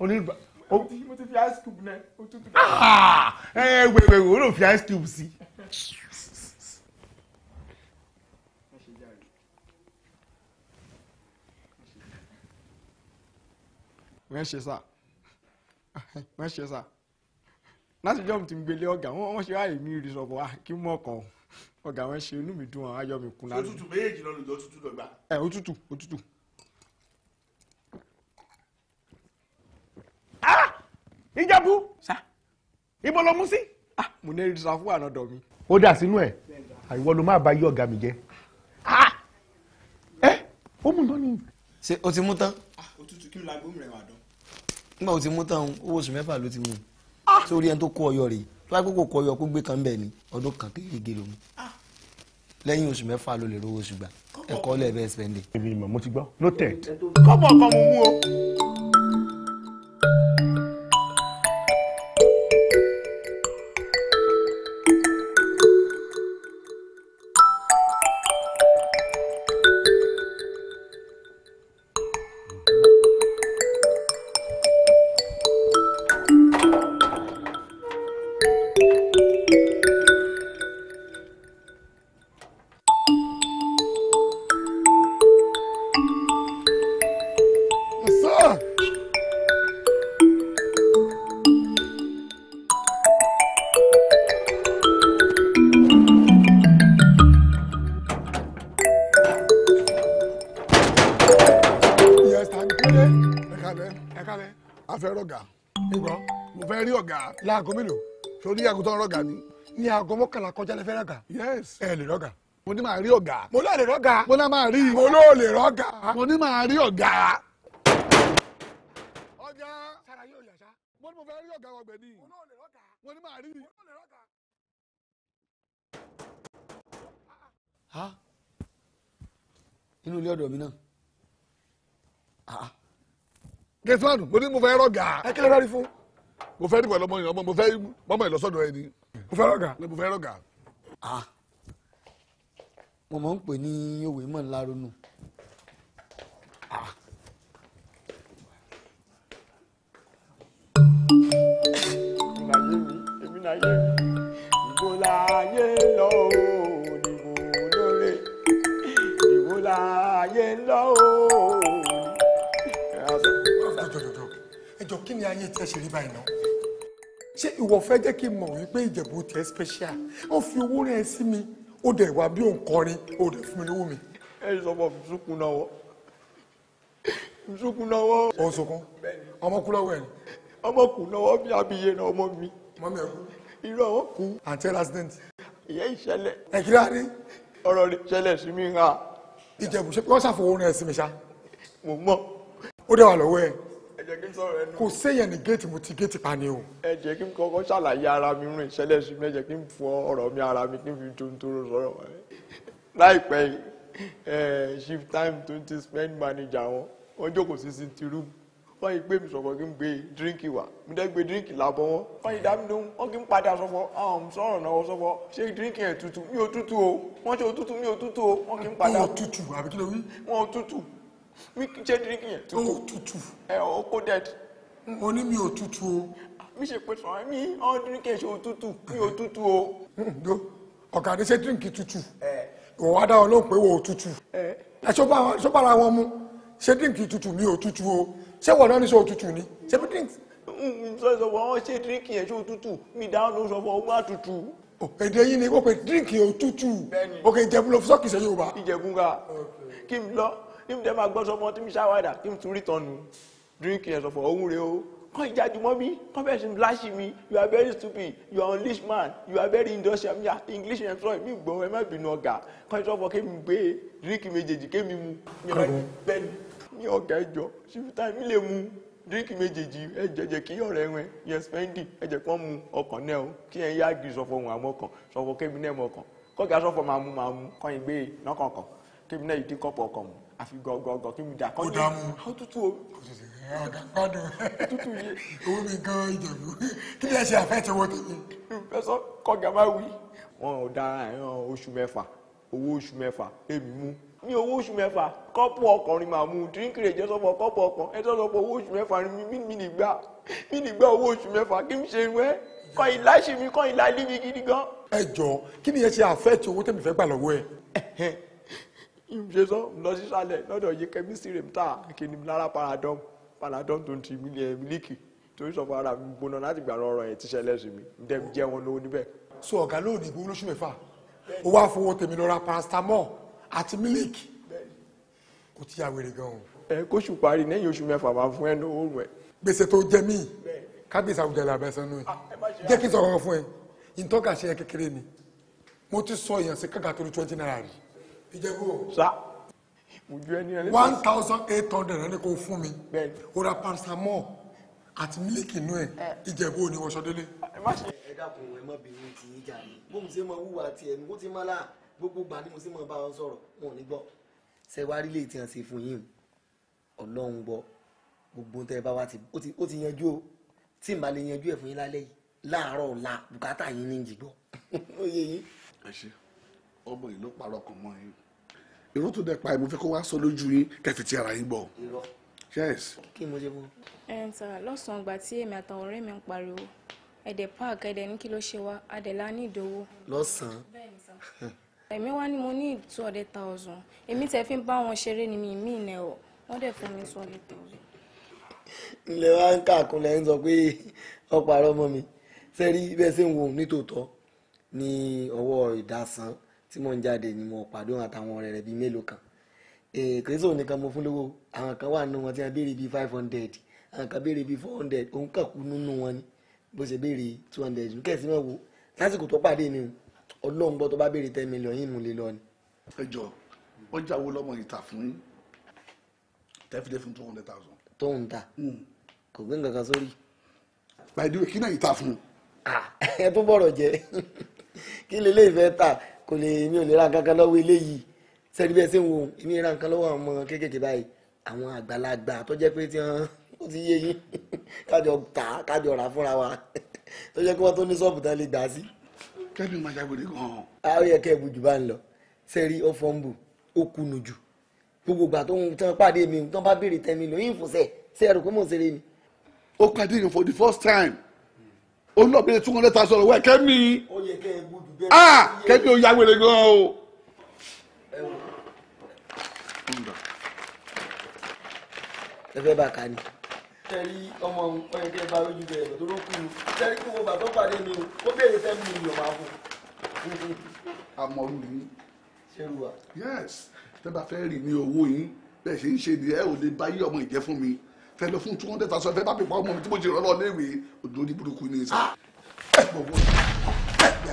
onígbà mo ti fi ice cube náà ó tún tún. Ah! ẹ wẹ̀wẹ̀ wo ló fi ice cube sí. wọ́n ṣe sá wọ́n ṣe sá láti jọ́ọ̀mù tí ń gbélé ọ̀gá wọ́n ṣe wáyé mi rí sọ̀kọ̀ wá ah, kí mọ̀ kàn ọ̀gá wọn ṣe inú mi dùn ayọ̀ mi kún lálẹ́. òtútù méjì lọ́nà ìjọ òtútù dọ̀gba. ẹ òtútù òtútù Ah! ìjẹ̀bú ibo ló mú sí. Ah, mo ní ìrìnsà fún ànádọ mi. ó dà sínú ẹ àìwọ ló máa bá yí ọ̀gá mi jẹ. Ah! ẹ ó mú tán ni. ṣé o ti mú tán. òtútù kí ló la gbóhùn rẹ̀ wà dán. nígbà o ti mú tán owó oṣù mẹ́fà ló ti mú un sórí ẹni tó kó ọyọ rèé tó bá kókò kọ ọyọ kó gbé kan bẹ́ẹ̀ ni ọdún kan kéékèèké ló mú lẹ́yìn oṣù mẹ́fà ló lè rówó oṣù gbà ẹ̀kọ́ lẹ́ẹ̀bẹ̀ẹ́sì pẹ́ndé. èmi ìmọ̀ mo ti gbọ́ ló tẹ̀. kọ́pọ̀ kan mo mú o. Thank you. fẹ́ rọ̀gà ìgbọ́ mo fẹ́ rí ọ̀gá láago mélòó sórí àgùntàn rọ̀gà ni. ní aago mọ́kànlá kọjá lẹ rọ̀gà. yes ẹ lè rọ̀gà. mo ní màá rí ọ̀gá. mo lọ lè rọ̀gà. mo náà máa rí i. mo lọ lè rọ̀gà. mo ní màá rí ọ̀gá. ọjà sara yóò yà sá. mo ní mo fẹ́ rí ọ̀gá ọgbẹ́ ni. mo lọ rọ̀gà. mo ní màá rí mo lọ rọ̀gà gẹ̀ẹ́sìmánù mo ní mo fẹ́ rọ̀gà. ẹ kí lè rọrí fún. mo fẹ́ dìbò ọmọ ìyàwó mo fẹ́ mọ́mọ́ ìlọsọ́dọ̀ ẹni. mo fẹ́ rọ̀gà. mo fẹ́ rọ̀gà. mo máa ń pè ní òwe mọ̀ ńlá ronú. ìbò láyé lọ òòlù ìbò lóore ìbò láyé lọ òòlù. kí ni ayé tẹ́ ṣe rí báyìí náà ṣé ìwọ fẹ́ jẹ́ kí n mọ̀ wípé ìjẹ̀bú tẹ́ special ó fi owó rẹ̀ sí mi ó dẹ̀ wá bí òun kọrin ó dẹ̀ fún mi lówó mi. ẹ sọ fún mi sunkún náà wọ sunkún náà wọ. ó sunkún ọmọ kú lọ́wọ́ ẹ̀ ni. ọmọ kú bí abiye náà ọmọ mi. ọmọ mi ẹ kú. irú ọmọ kú. àǹtí accident. ìyẹn ìṣẹ̀lẹ̀. ẹ kí láti. ọ̀rọ̀ rẹ̀ ṣẹlẹ̀ sí mi hàn. ìjẹ̀bú ṣe kí wọ́n ṣàfọwọ́ rẹ̀ sí mi ṣá. mo mọ̀. ó dẹ̀ wà lọ́wọ́ ẹ̀ ẹ jẹ́ kí n kò séyàn ní géètì mo ti géètì pa o. ẹ jẹ́ kí n kọ́kọ́ ṣàlàyé ara mi rìn ìṣẹ̀lẹ̀ sí mi ẹ jẹ́ kí n fọ ọ̀rọ̀ mi ara mi kí n fi tontoro sọ̀rọ̀ wa. shift time twenty spend manager wọn wọ́n jókòó sí sí ti room yìí pé mi sọ̀kọ̀ kí n gbé díríǹkì wá mi dẹ́ gbé díríǹkì lábọ́ wọn. wọ́n yìí dámi lóhùn wọ́n kì í padà sọ́fọ́ àwọn sọ̀rọ̀ náà sọ́fọ́ ṣé díríǹkì yẹn tutù mi ò tutù o wọ́n ṣe òtútù mi ò tutù o wọ́n kì í padà. wọ́n tutù àbí kí ló wí. tutù mi kì í ṣe díríkì yẹn tútù. ó tútù. ẹ ọ kó dẹ́ẹ̀dì. mo ní mi ò tútù o. mi ṣe pé sọ̀rọ̀ mi ọ díríkì ṣe òtútù mi ò tútù o. ǹdó hmm, ọ̀gá ní ṣe díríkì tútù ìwọ wá dá wọn lóhùn pé wò ó tútù. ẹ ṣó bára wọn mu ṣe díríkì tútù mi ò tútù o ṣé wọ̀ náà ní sọ òtútù ni ṣe bí díríkì. Hmm, hmm, sọ̀rọ̀ wọn ṣe díríkì yẹn ṣe òtútù mi dáhùn ló sọ fún ọgbà tútù oh, èdè yìí ni wọ́n pe díríkì òtútù òkè ìjẹ̀bú lọ fi sọ́kì sẹ́yìn òbá. ìjẹ̀bú ga kí n lọ if dem agbọ́sọ ọmọ tí mi ṣàwádà kí n tún rí tọ́nu drink yẹn sọ fọ ohun rẹ o kàn ìjájú mọ́ mi kàn bẹ́ẹ̀ sí láṣì mi you are very stupid you are unleashed man you are very industrial mi àti english yẹn sọ mi gbọ́ ẹ má bínú ọ̀gá kàn sọ fọ kémi gbé drink méjèèjì kémi mu mi ò bẹ́ẹ̀ ni ọ̀gá ẹjọ́ síbítà mi lè mu drink méjèèjì ẹjẹ jẹ kí ọ̀rẹ́ wọn yẹn spendi ẹjẹ kí wọn mu ọkàn náà o oh. kí yẹn yá gi sọfọ ohun àmọ kan sọfọ kémi náà mọ ọkàn kọgà sọfọ máa mu máa mu kàn ìgbé náà kọkàn kémi náà yìí dín kọpọ ọkàn mu àfi gọ̀gọ̀gọ̀ kí n dà kọ́ ní àtútù o. ọ̀gá gbádùn tútù yé. owó mi gan ìjẹ̀bú kí ni ẹ ṣe àfẹ́tí owó tèmi. fẹsọ kọgà máa wí. wọn ò dára ẹran oṣù mẹ́fà owó oṣù mẹ́fà èmi mú ní owó oṣù mẹ́fà kọ́pù ọkùnrin máa mú dírínkì rẹ̀ jẹ́ sọ́pọ̀ kọ́pù ọkàn ẹ sọ́pọ̀ owó oṣù mẹ́fà ni mí nìgbà mí nìgbà owó oṣù mẹ́fà kí n ṣe wẹ́ kọ ìlà ṣe mi kọ ìlà líbi gidi gan. ẹ jọ kí ni ẹ ṣe àfẹ́tí owó tèmi fẹ́ gbà lọ́wọ́ ẹ ìmùsẹ̀sọ́ lọ sí sálẹ̀ lọ́dọ̀ yìí kẹ́mísì rẹ̀ ta kìnnìún lára paradọ́m paradọ́m tó ń ti eh, mílíkì torí sọ fún ara mi gbóná láti gbà lọ́rọ̀ ẹ̀ tíṣẹ́ lẹ́sìn mi ǹdẹ́ mi wọn lówó níbẹ̀. so ọ̀gá lóòdì gbowó lóṣù mẹ́fà ó wá fowó tèmi lọ ra paracetamol àti mílíkì kò tí ya wèrè gan o. ẹ kóṣù parí lẹ́yìn oṣù mẹ́fà máa fún ẹ ní oòrùn ẹ. gbèsè tó jẹ mí kábíyèsí àwùjọ ilẹ̀ abẹ́sẹ̀ nù ah, jẹ́ kí n sọ̀rọ̀ ìjẹ̀bú. sa mo ju ẹni ẹni. one thousand eight hundred ẹni kò fún mi o ra paracetamol àti mílíkì inú ẹ ìjẹ̀bú ni wọ́n sọ délé. ẹ dákun ẹ má bínú ti yín jà ní bóun ṣe máa wúwa tiẹ̀ ní kó ti máa la gbogbo gbà ni mo ṣe máa bá wọn sọ̀rọ̀ wọn ò ní gbọ́. ṣe wá rí léètì hàn sí fún yín ọlọ́run gbọ́ gbogbo tẹ bá wa ti ó ti yanjú o tí n lè yanjú ẹ̀ fún yín lálẹ́ yìí láàárọ̀ ọ̀la bùkátà yín ní jìgbọ́. ẹ ṣe ọmọ ìlú parọ́ kan mọ́ yín irọ́ tó dẹ̀ pa ẹ̀ mo fẹ́ kó wá sọ lójú yín kẹfì tí ara yín gbọ́. yes. kí ni mo ṣe fún. ẹ ǹ sà lọ́sàn-án ìgbà tí èmi àtàwọn ọ̀rẹ́ mi ń pariwo ẹ̀dẹ̀ park ẹ̀dẹ̀ ní kí ló ṣe wá adẹ̀lá ní ìdòwò. lọ́sàn-án. bẹ́ẹ̀ni sà. èmi wá ni mo ní two hundred thousand èmi tẹ̀ fi ń bá wọn ṣeré ni mi mí ìnẹ̀ ọ̀ wọ́n dẹ̀ fún mi two hundred thousand. ilé wa ń kàkún lẹ́yìn sọ pé ọ̀pọ̀ àrọ́ mọ́ mi sẹ́rí bẹ́ẹ̀ sì ń wò nítòótọ́ ní ọwọ́ ìdásán tí mò ń jáde ni mo pàdé òun àtàwọn ọ̀rẹ́ rẹ̀ bíi mélòó kan kìrìsìtò nìkan mo fún lówó àwọn kan wà nínú wọn tí wọ́n béèrè bíi five hundred àwọn kan béèrè bíi four hundred òun kàn nínú wọn ni bó ṣe béèrè two hundred ní kẹ̀sí náà wò lásìkò tó pàdé mi ọlọ́run gbọ́ tó bá béèrè ten million yìí nù lè lọ ni. ẹ jọ ọjà wo lọmọ ìta fún tẹfidẹ fún two hundred thousand. tó ń ta hmm. kò gbé nǹkan kan sórí. báyìí kí náà ìta fún. ẹ tó bọ̀rọ̀ jẹ kí lélẹ́yìn fẹ́ ta kò lè mi ò lè ra kankan lọ́wọ́ eléyìí sẹ́ni bẹ́ẹ̀ sì ń wo èmi ra nǹkan lọ́wọ́ àwọn ọmọ kéékèèké báyìí àwọn àgbàlagbà tó jẹ́ pé tí wọ́n ó ti yé yín kájọ tà á kájọ rà fúnra wa tó jẹ́ pé wọ́n tó ní ṣọ́ọ̀bù tán lè gbà sí. kẹ́mi máa ṣàgbèrè gan-an. a ó yẹ kẹ́ẹ̀bù jù bá ń lọ sẹ́rí ó fọ́nbù ó kùnù jù gbogbo ìgbà tó ń tán pàdé mi tán bá béèrè tẹ́mi lò yín fòsẹ̀ sẹ́ẹ̀rù pé mò ń ṣeré ni. ó pàdé yẹn for the first time olóòbíye two hundred thousand owó ẹ kẹ́mi ah kẹ́mi ò yáwèrè gan o. ẹ fẹ́ bá a kà ni tẹ̀rí ọmọ ọ̀yẹ̀kẹ́ bá lójú bẹ̀rẹ̀ lọ tó ló kú un tẹ̀rí kó o bà tó pàdé mi o ó béèrè fẹ́ mi ìyọ̀ máa bọ̀. àmọ́ mi ni. ṣé ruwa. yes tẹ́ bá fẹ́ rí ní owó yín bẹ́ẹ̀ ṣe ń ṣe ni ẹ ò lè báyé ọmọ ìjẹ́ fún mi fẹ́ lọ fún two hundred thousand fẹ́ bá pè fún ọmọ mi tí mo jẹ ìrọ̀lọ́ léèwé olórí burúkú ni sá. Ah! ẹ bọ̀ wọ́n.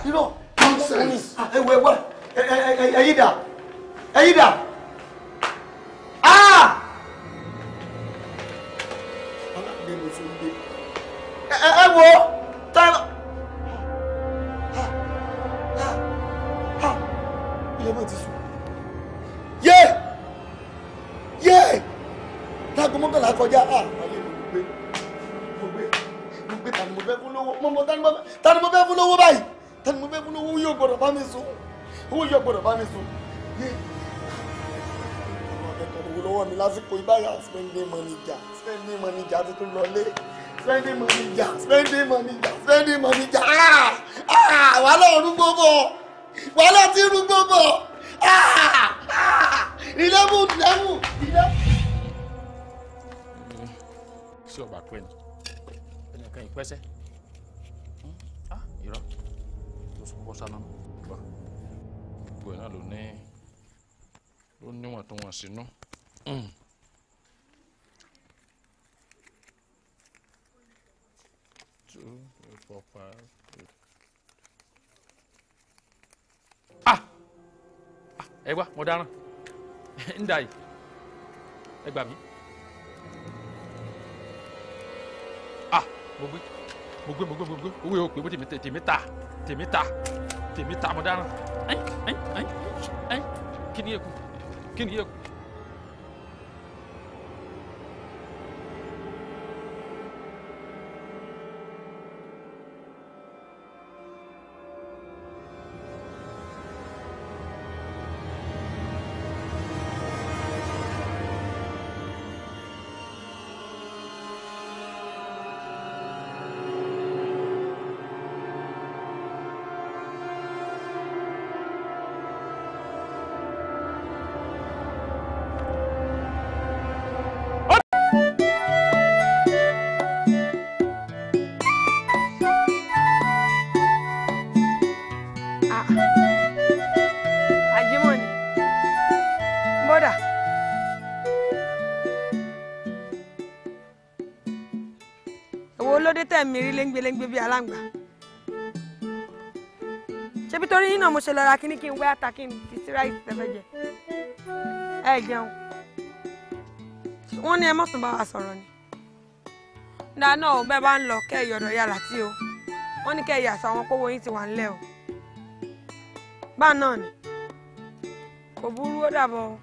irọ́ nonsense. Ah, ẹ wọ ẹ wọ ẹyin dà ẹyin dà. ẹ wo. spending money jà spending money jà tuntun lọlé spending money jà spending money jà spending money jà ah! ah! wàhálà orúgbó bọ̀ wàhálà tí orúgbó bọ̀ ah! eleven eleven eleven. ṣé ọba pẹ́ ni ẹnìkan ìpẹ́sẹ́ hmm? irọ́ tó sọ bọ́ sáná gbọ́ gbogbo ẹ̀ náà ló ní ló níwọ̀n tó wọ̀n sínú. Mm. four, five, eight. ah ẹ ah! wá mo dáràn ń dà yìí ẹ gbà mí ah mo gbé mo gbé mo gbé mo gbé owó yóò pé bó tèmi tèmi ta tèmi ta tèmi ta mo dáràn ẹ ẹ ẹ ẹ kí ni yẹ kú kí ni yẹ kú. gbélé-gbélé bíi aláǹgbá ṣebí torí yín náà mo ṣe lọ ra kíní kí n wá ata kí n fi sí ráìsì tẹ́fẹ́ jẹ ẹ jẹun wọ́n ní ẹ mọ̀tún bá wa sọ̀rọ̀ ni dáná ò bẹ́ẹ̀ bá ń lọ kẹ́ ìyọ̀dọ̀ ya láti o wọ́n ní kẹ́ ìyà sọ àwọn kówó yín ti wà ńlẹ̀ o bá náà ni kò burú ó dàbọ̀ o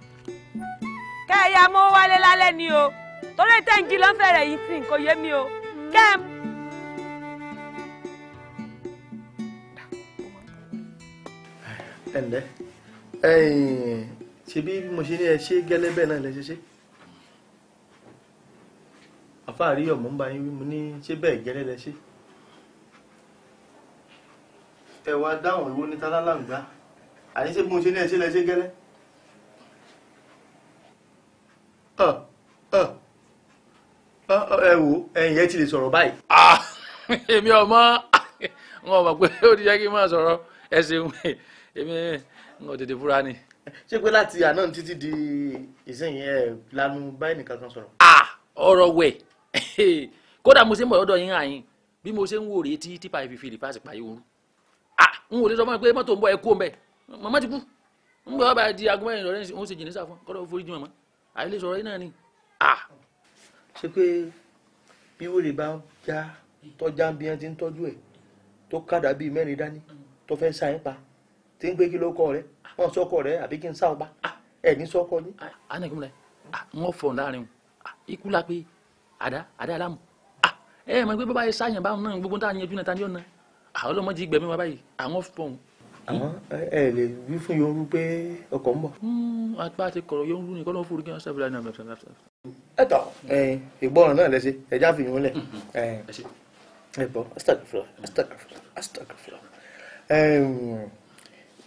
kẹ́ ẹ ya mọ́ wálé lálẹ́ ni o torí tẹ́ǹgì lọ́fẹ̀ẹ́ rẹ̀ yìí sì kò yé mi o kẹ́ ẹ. ẹ̀ǹdẹ́ ṣe bí mo ṣe ní ẹ ṣe gẹ́lẹ́ bẹ́ẹ̀ náà lẹ ṣe ṣe àfáàrí ọmọ ń bá yín wí mo ní ṣe bẹ́ẹ̀ gẹ́lẹ́ lẹ ṣe. ẹ wá dáhùn ìwọ ní tálálàǹgbá àní ṣe bí mo ṣe ní ẹ ṣe lẹ ṣe gẹ́lẹ́. ẹ wo ẹ̀yin yẹn ti lè sọ̀rọ̀ báyìí. Ah, èmi ọmọ wọn ò mọ̀ pé ó ti jẹ́ kí n máa sọ̀rọ̀ ẹ ṣeun èmi ń tètè fúra ni. ṣé pé láti àná títí di ìsinyìí ẹ lanu báyìí nìkan kan sọ̀rọ̀. ọ̀rọ̀ wẹ̀ kódà mo ṣe ń bọ̀ lọ́dọ̀ yín àyìn bí mo ṣe ń wò rèé tí tipa ìfìfì rè fásitì pààyè ooru n ò lè sọ fún mi pé mọ́tò ń bọ̀ ẹ kú ọ̀nbẹ màmá ti kú ń bọ̀ bá di aago mẹ́rin lọ́rẹ́ ń ṣe jìnnì sáfún kọ́dọ̀ forí jùmọ̀ mọ́ àyè lè sọ̀rọ̀ yín náà ni. ṣé pé bí tó fẹ́ sáyẹn pa tí ń gbé kí ló kọ rẹ wọn sọkọ rẹ àbí kí n sá ọba ẹ ní sọkọ yín. Ah, ah, anagun rẹ wọn ah, fọ láàrin o ikú la pé àdá àdá alámù ẹ ẹ mọ pé bábá yẹ sáyẹn báwọn náà gbogbo táwọn yẹjú náà ta ni ọ̀nà ọlọ́mọdé gbẹ̀mí wa báyìí àwọn fọ̀hún. àmọ́ ẹ lè wí fún yorùbá pé ọkọ̀ ń bọ̀. Hmm, apá ti kọ̀rọ̀ yorùbá ni kọ́lọ́ fúru kí wọ́n sábìlà náà mẹ́fẹ́ mẹ́fẹ́. ẹ tọ ìgbọràn náà lẹsẹ ẹjá fi yún lẹ ẹ bọ astagfura astagfura astagfura.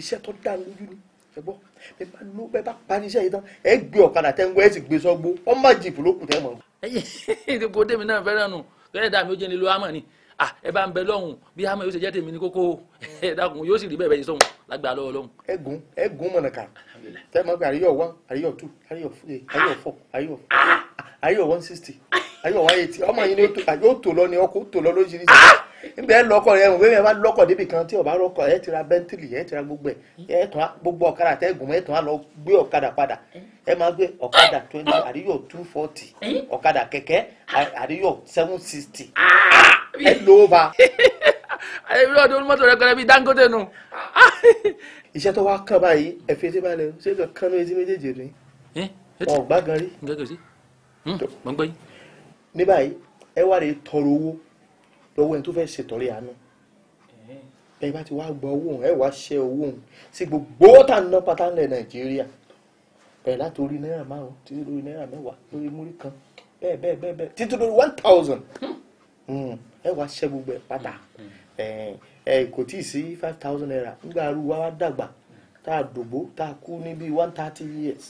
iṣẹ́ tó dá lójú ni ṣùgbọ́n bẹ́ẹ̀ bá ló bẹ́ẹ̀ bá parí iṣẹ́ yìí tán ẹ gbé ọ̀kadà tẹ́ ń wẹ́ ẹ sì gbé sọ́gbó wọ́n má jìpù lókù tẹ́ mọ̀. ìdìbò tèmi náà fẹ́ràn nù fẹ́rẹ̀ dà ó jẹ́ nílò àmọ̀ ni ẹ bá ń bẹ lọ́hùn bí àmọ̀ yóò ṣe jẹ́ tèmi ní kókó ẹ dákun yóò sì rí bẹ́ẹ̀ bẹ́ẹ̀ sọ̀hún lágbà lọ́wọ́ lọ́hùn. ẹ gùn mọ̀nàkà bẹ́ẹ̀ lọ́kọ̀ rẹ̀ wọ́n bẹ́ẹ̀ bá lọ́kọ̀ débi kan tí o bá lọ́kọ̀ ẹ̀ ti ra bẹ́ńtìlì ẹ̀ ti ra gbogbo ẹ̀ ẹ̀ tún gbogbo ọ̀kadà tẹ́ gùn ẹ̀ tún á lọ gbé ọ̀kadà padà ẹ̀ máa gbé ọ̀kadà twenty àríyọ̀ two forty ọ̀kadà kẹ̀kẹ́ àríyọ̀ seven sixty ẹ̀ lóba. àyẹ̀wò ọdún mọ́tò rẹ̀ kọ́lẹ́ bíi Dangote nù. iṣẹ́ tó wá kán báyìí ẹ̀fẹ́ tí bá lẹ̀ ṣé kankan ní etí méjèèjì rẹ̀ ọ̀gbá gan rí. ní báyìí ẹ wá rè tọrọ owó lọ́wọ́ ẹni tó fẹ́ ṣètọrẹ àánú bẹ́ẹ̀ bá ti wá gba owó òun wá ṣe owó sí gbogbo ọ̀tà ná pátá ńlẹ̀ nàìjíríà bẹ́ẹ̀ láti orí náírà márùn títí lórí náírà mẹ́wàá lórí múrí kan bẹ́ẹ̀ bẹ́ẹ̀ bẹ́ẹ̀ bẹ́ẹ̀ títí one thousand hmm. wá gbogbo ẹ̀ pátá kò five thousand naira nígbà arúgbó wa dàgbà tá a dògbó one thirty years.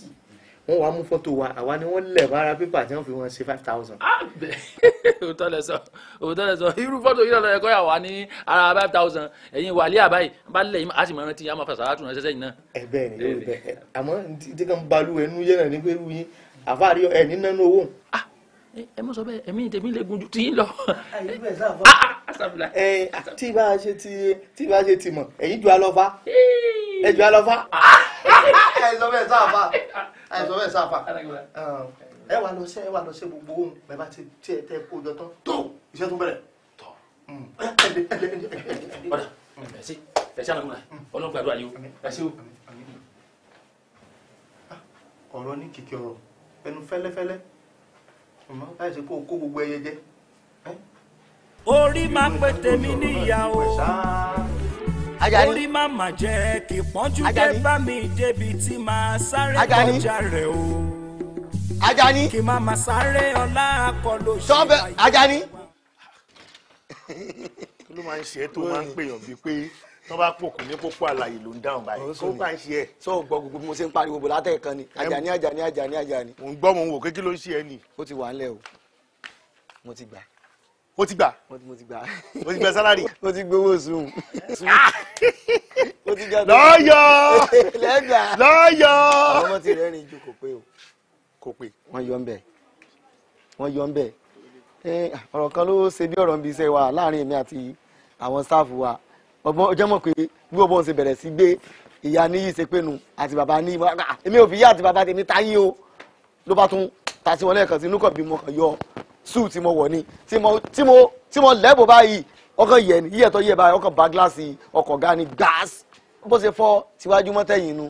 wọ́n wá mú fọ́tò wa àwa ni wọ́n lẹ̀ bára pépà tí wọ́n fi wọ́n ṣe five thousand. òótọ́ ah, lẹ sọ òótọ́ lẹ sọ irú fọ́tò yìí lọ́dọ̀ ẹ̀kọ́ yà wá ní ara five thousand ẹ̀yin wà lé àbáyé bá lẹ̀ yìí a sì máa rántí yàrá máa fà sàrà tún ẹsẹ̀ yìí náà. ẹ bẹ́ẹ̀ ni yóò bẹ́ẹ̀ àmọ́ tí kan balu ẹnu yẹn náà ní pé wú yín àfáàrí ẹ̀ ní nánú owó. Ah, ẹ mọ sọ bẹ́ẹ̀ ẹmí tèmi lè gunjú tí ń lọ. Ah, tí bá a ṣe ti tí bá a ṣe ti mọ ẹ̀yin ju alọ́fà ẹ ju alọ́fà ẹ sọ bẹ́ẹ̀ sáà fà àìsàn bẹ́ẹ̀ sáfà ẹ ah, wà lọ sí ẹ wà lọ sí gbogbo ohun bẹ́ẹ̀ bá ti tí ẹ tẹ kó jọ tán tó iṣẹ́ tún bẹ̀rẹ̀ tọ̀ ọ̀dà ẹ̀sí ẹ̀sí àná múra ọlọ́run gbàdúrà yìí o ẹ̀sí o. Ah, ọ̀rọ̀ ní kìkì ọ̀rọ̀ ẹnu fẹ́lẹ́fẹ́lẹ́ láì ṣe kó o kó gbogbo ẹyẹ jẹ. orí máa ń tèmi níyà orí má mà jẹ́ kí pọ́njú dé bá mi débi tí màá sáré kọjá rẹ̀ o. Ajani. kí má mà sáré ọlá akọlò ṣe àyè. Ajani. kí ló máa ń ṣe é tó máa ń pèèyàn bíi pé tó bá pòkù ní pópó àlàyé ló ń dáhùn báyìí kó bá ń ṣe ẹ. sọ gbọ́ gbogbo bí mo ṣe ń pariwo bò látẹ̀ ni Ajani Ajani Ajani Ajani. mò ń gbọ́ mò ń wò kékeré ló ń ṣe ẹ nì. ó ti wà ń lẹ̀ o mo ti gbà mo ti gbà. mo ti gbà. mo ti gbà sálárì. mo ti gbowó sùn. mo ti gbà. lọ́yọ̀ lẹ́gbà. lọ́yọ̀. àwọn ọmọ ti rẹ́rìn ju kò pé o. kò pé. wọ́n yọ ń bẹ̀. wọ́n yọ ń bẹ̀. ọ̀rọ̀ kan ló ṣe bí ọ̀rọ̀ ń bí iṣẹ́ wa láàrin èmi àti àwọn sáàfù wa ọgbọ́n ọjọ́ mọ̀ pé bí ọgbọ́n ṣe bẹ̀rẹ̀ sí gbé ìyá níyì ṣe pé nu àti bàbá níyì ah, èmi ò fi yá àti bàbá tèmi táyé o ló bá tún tàṣí wọn lẹ́ẹ̀kan sí inú kàn bí mo kàn yọ suit tí mo wọ̀ ni tí mo tí mo tí mo lẹ́bù báyìí ọkọ̀ yẹ ni yíyẹ tó yẹ báyìí ọkọ̀ bá gíláàsì ọkọ̀ ga ni gas bó ṣe fọ́ tiwájú mọ́tẹ́yìn nu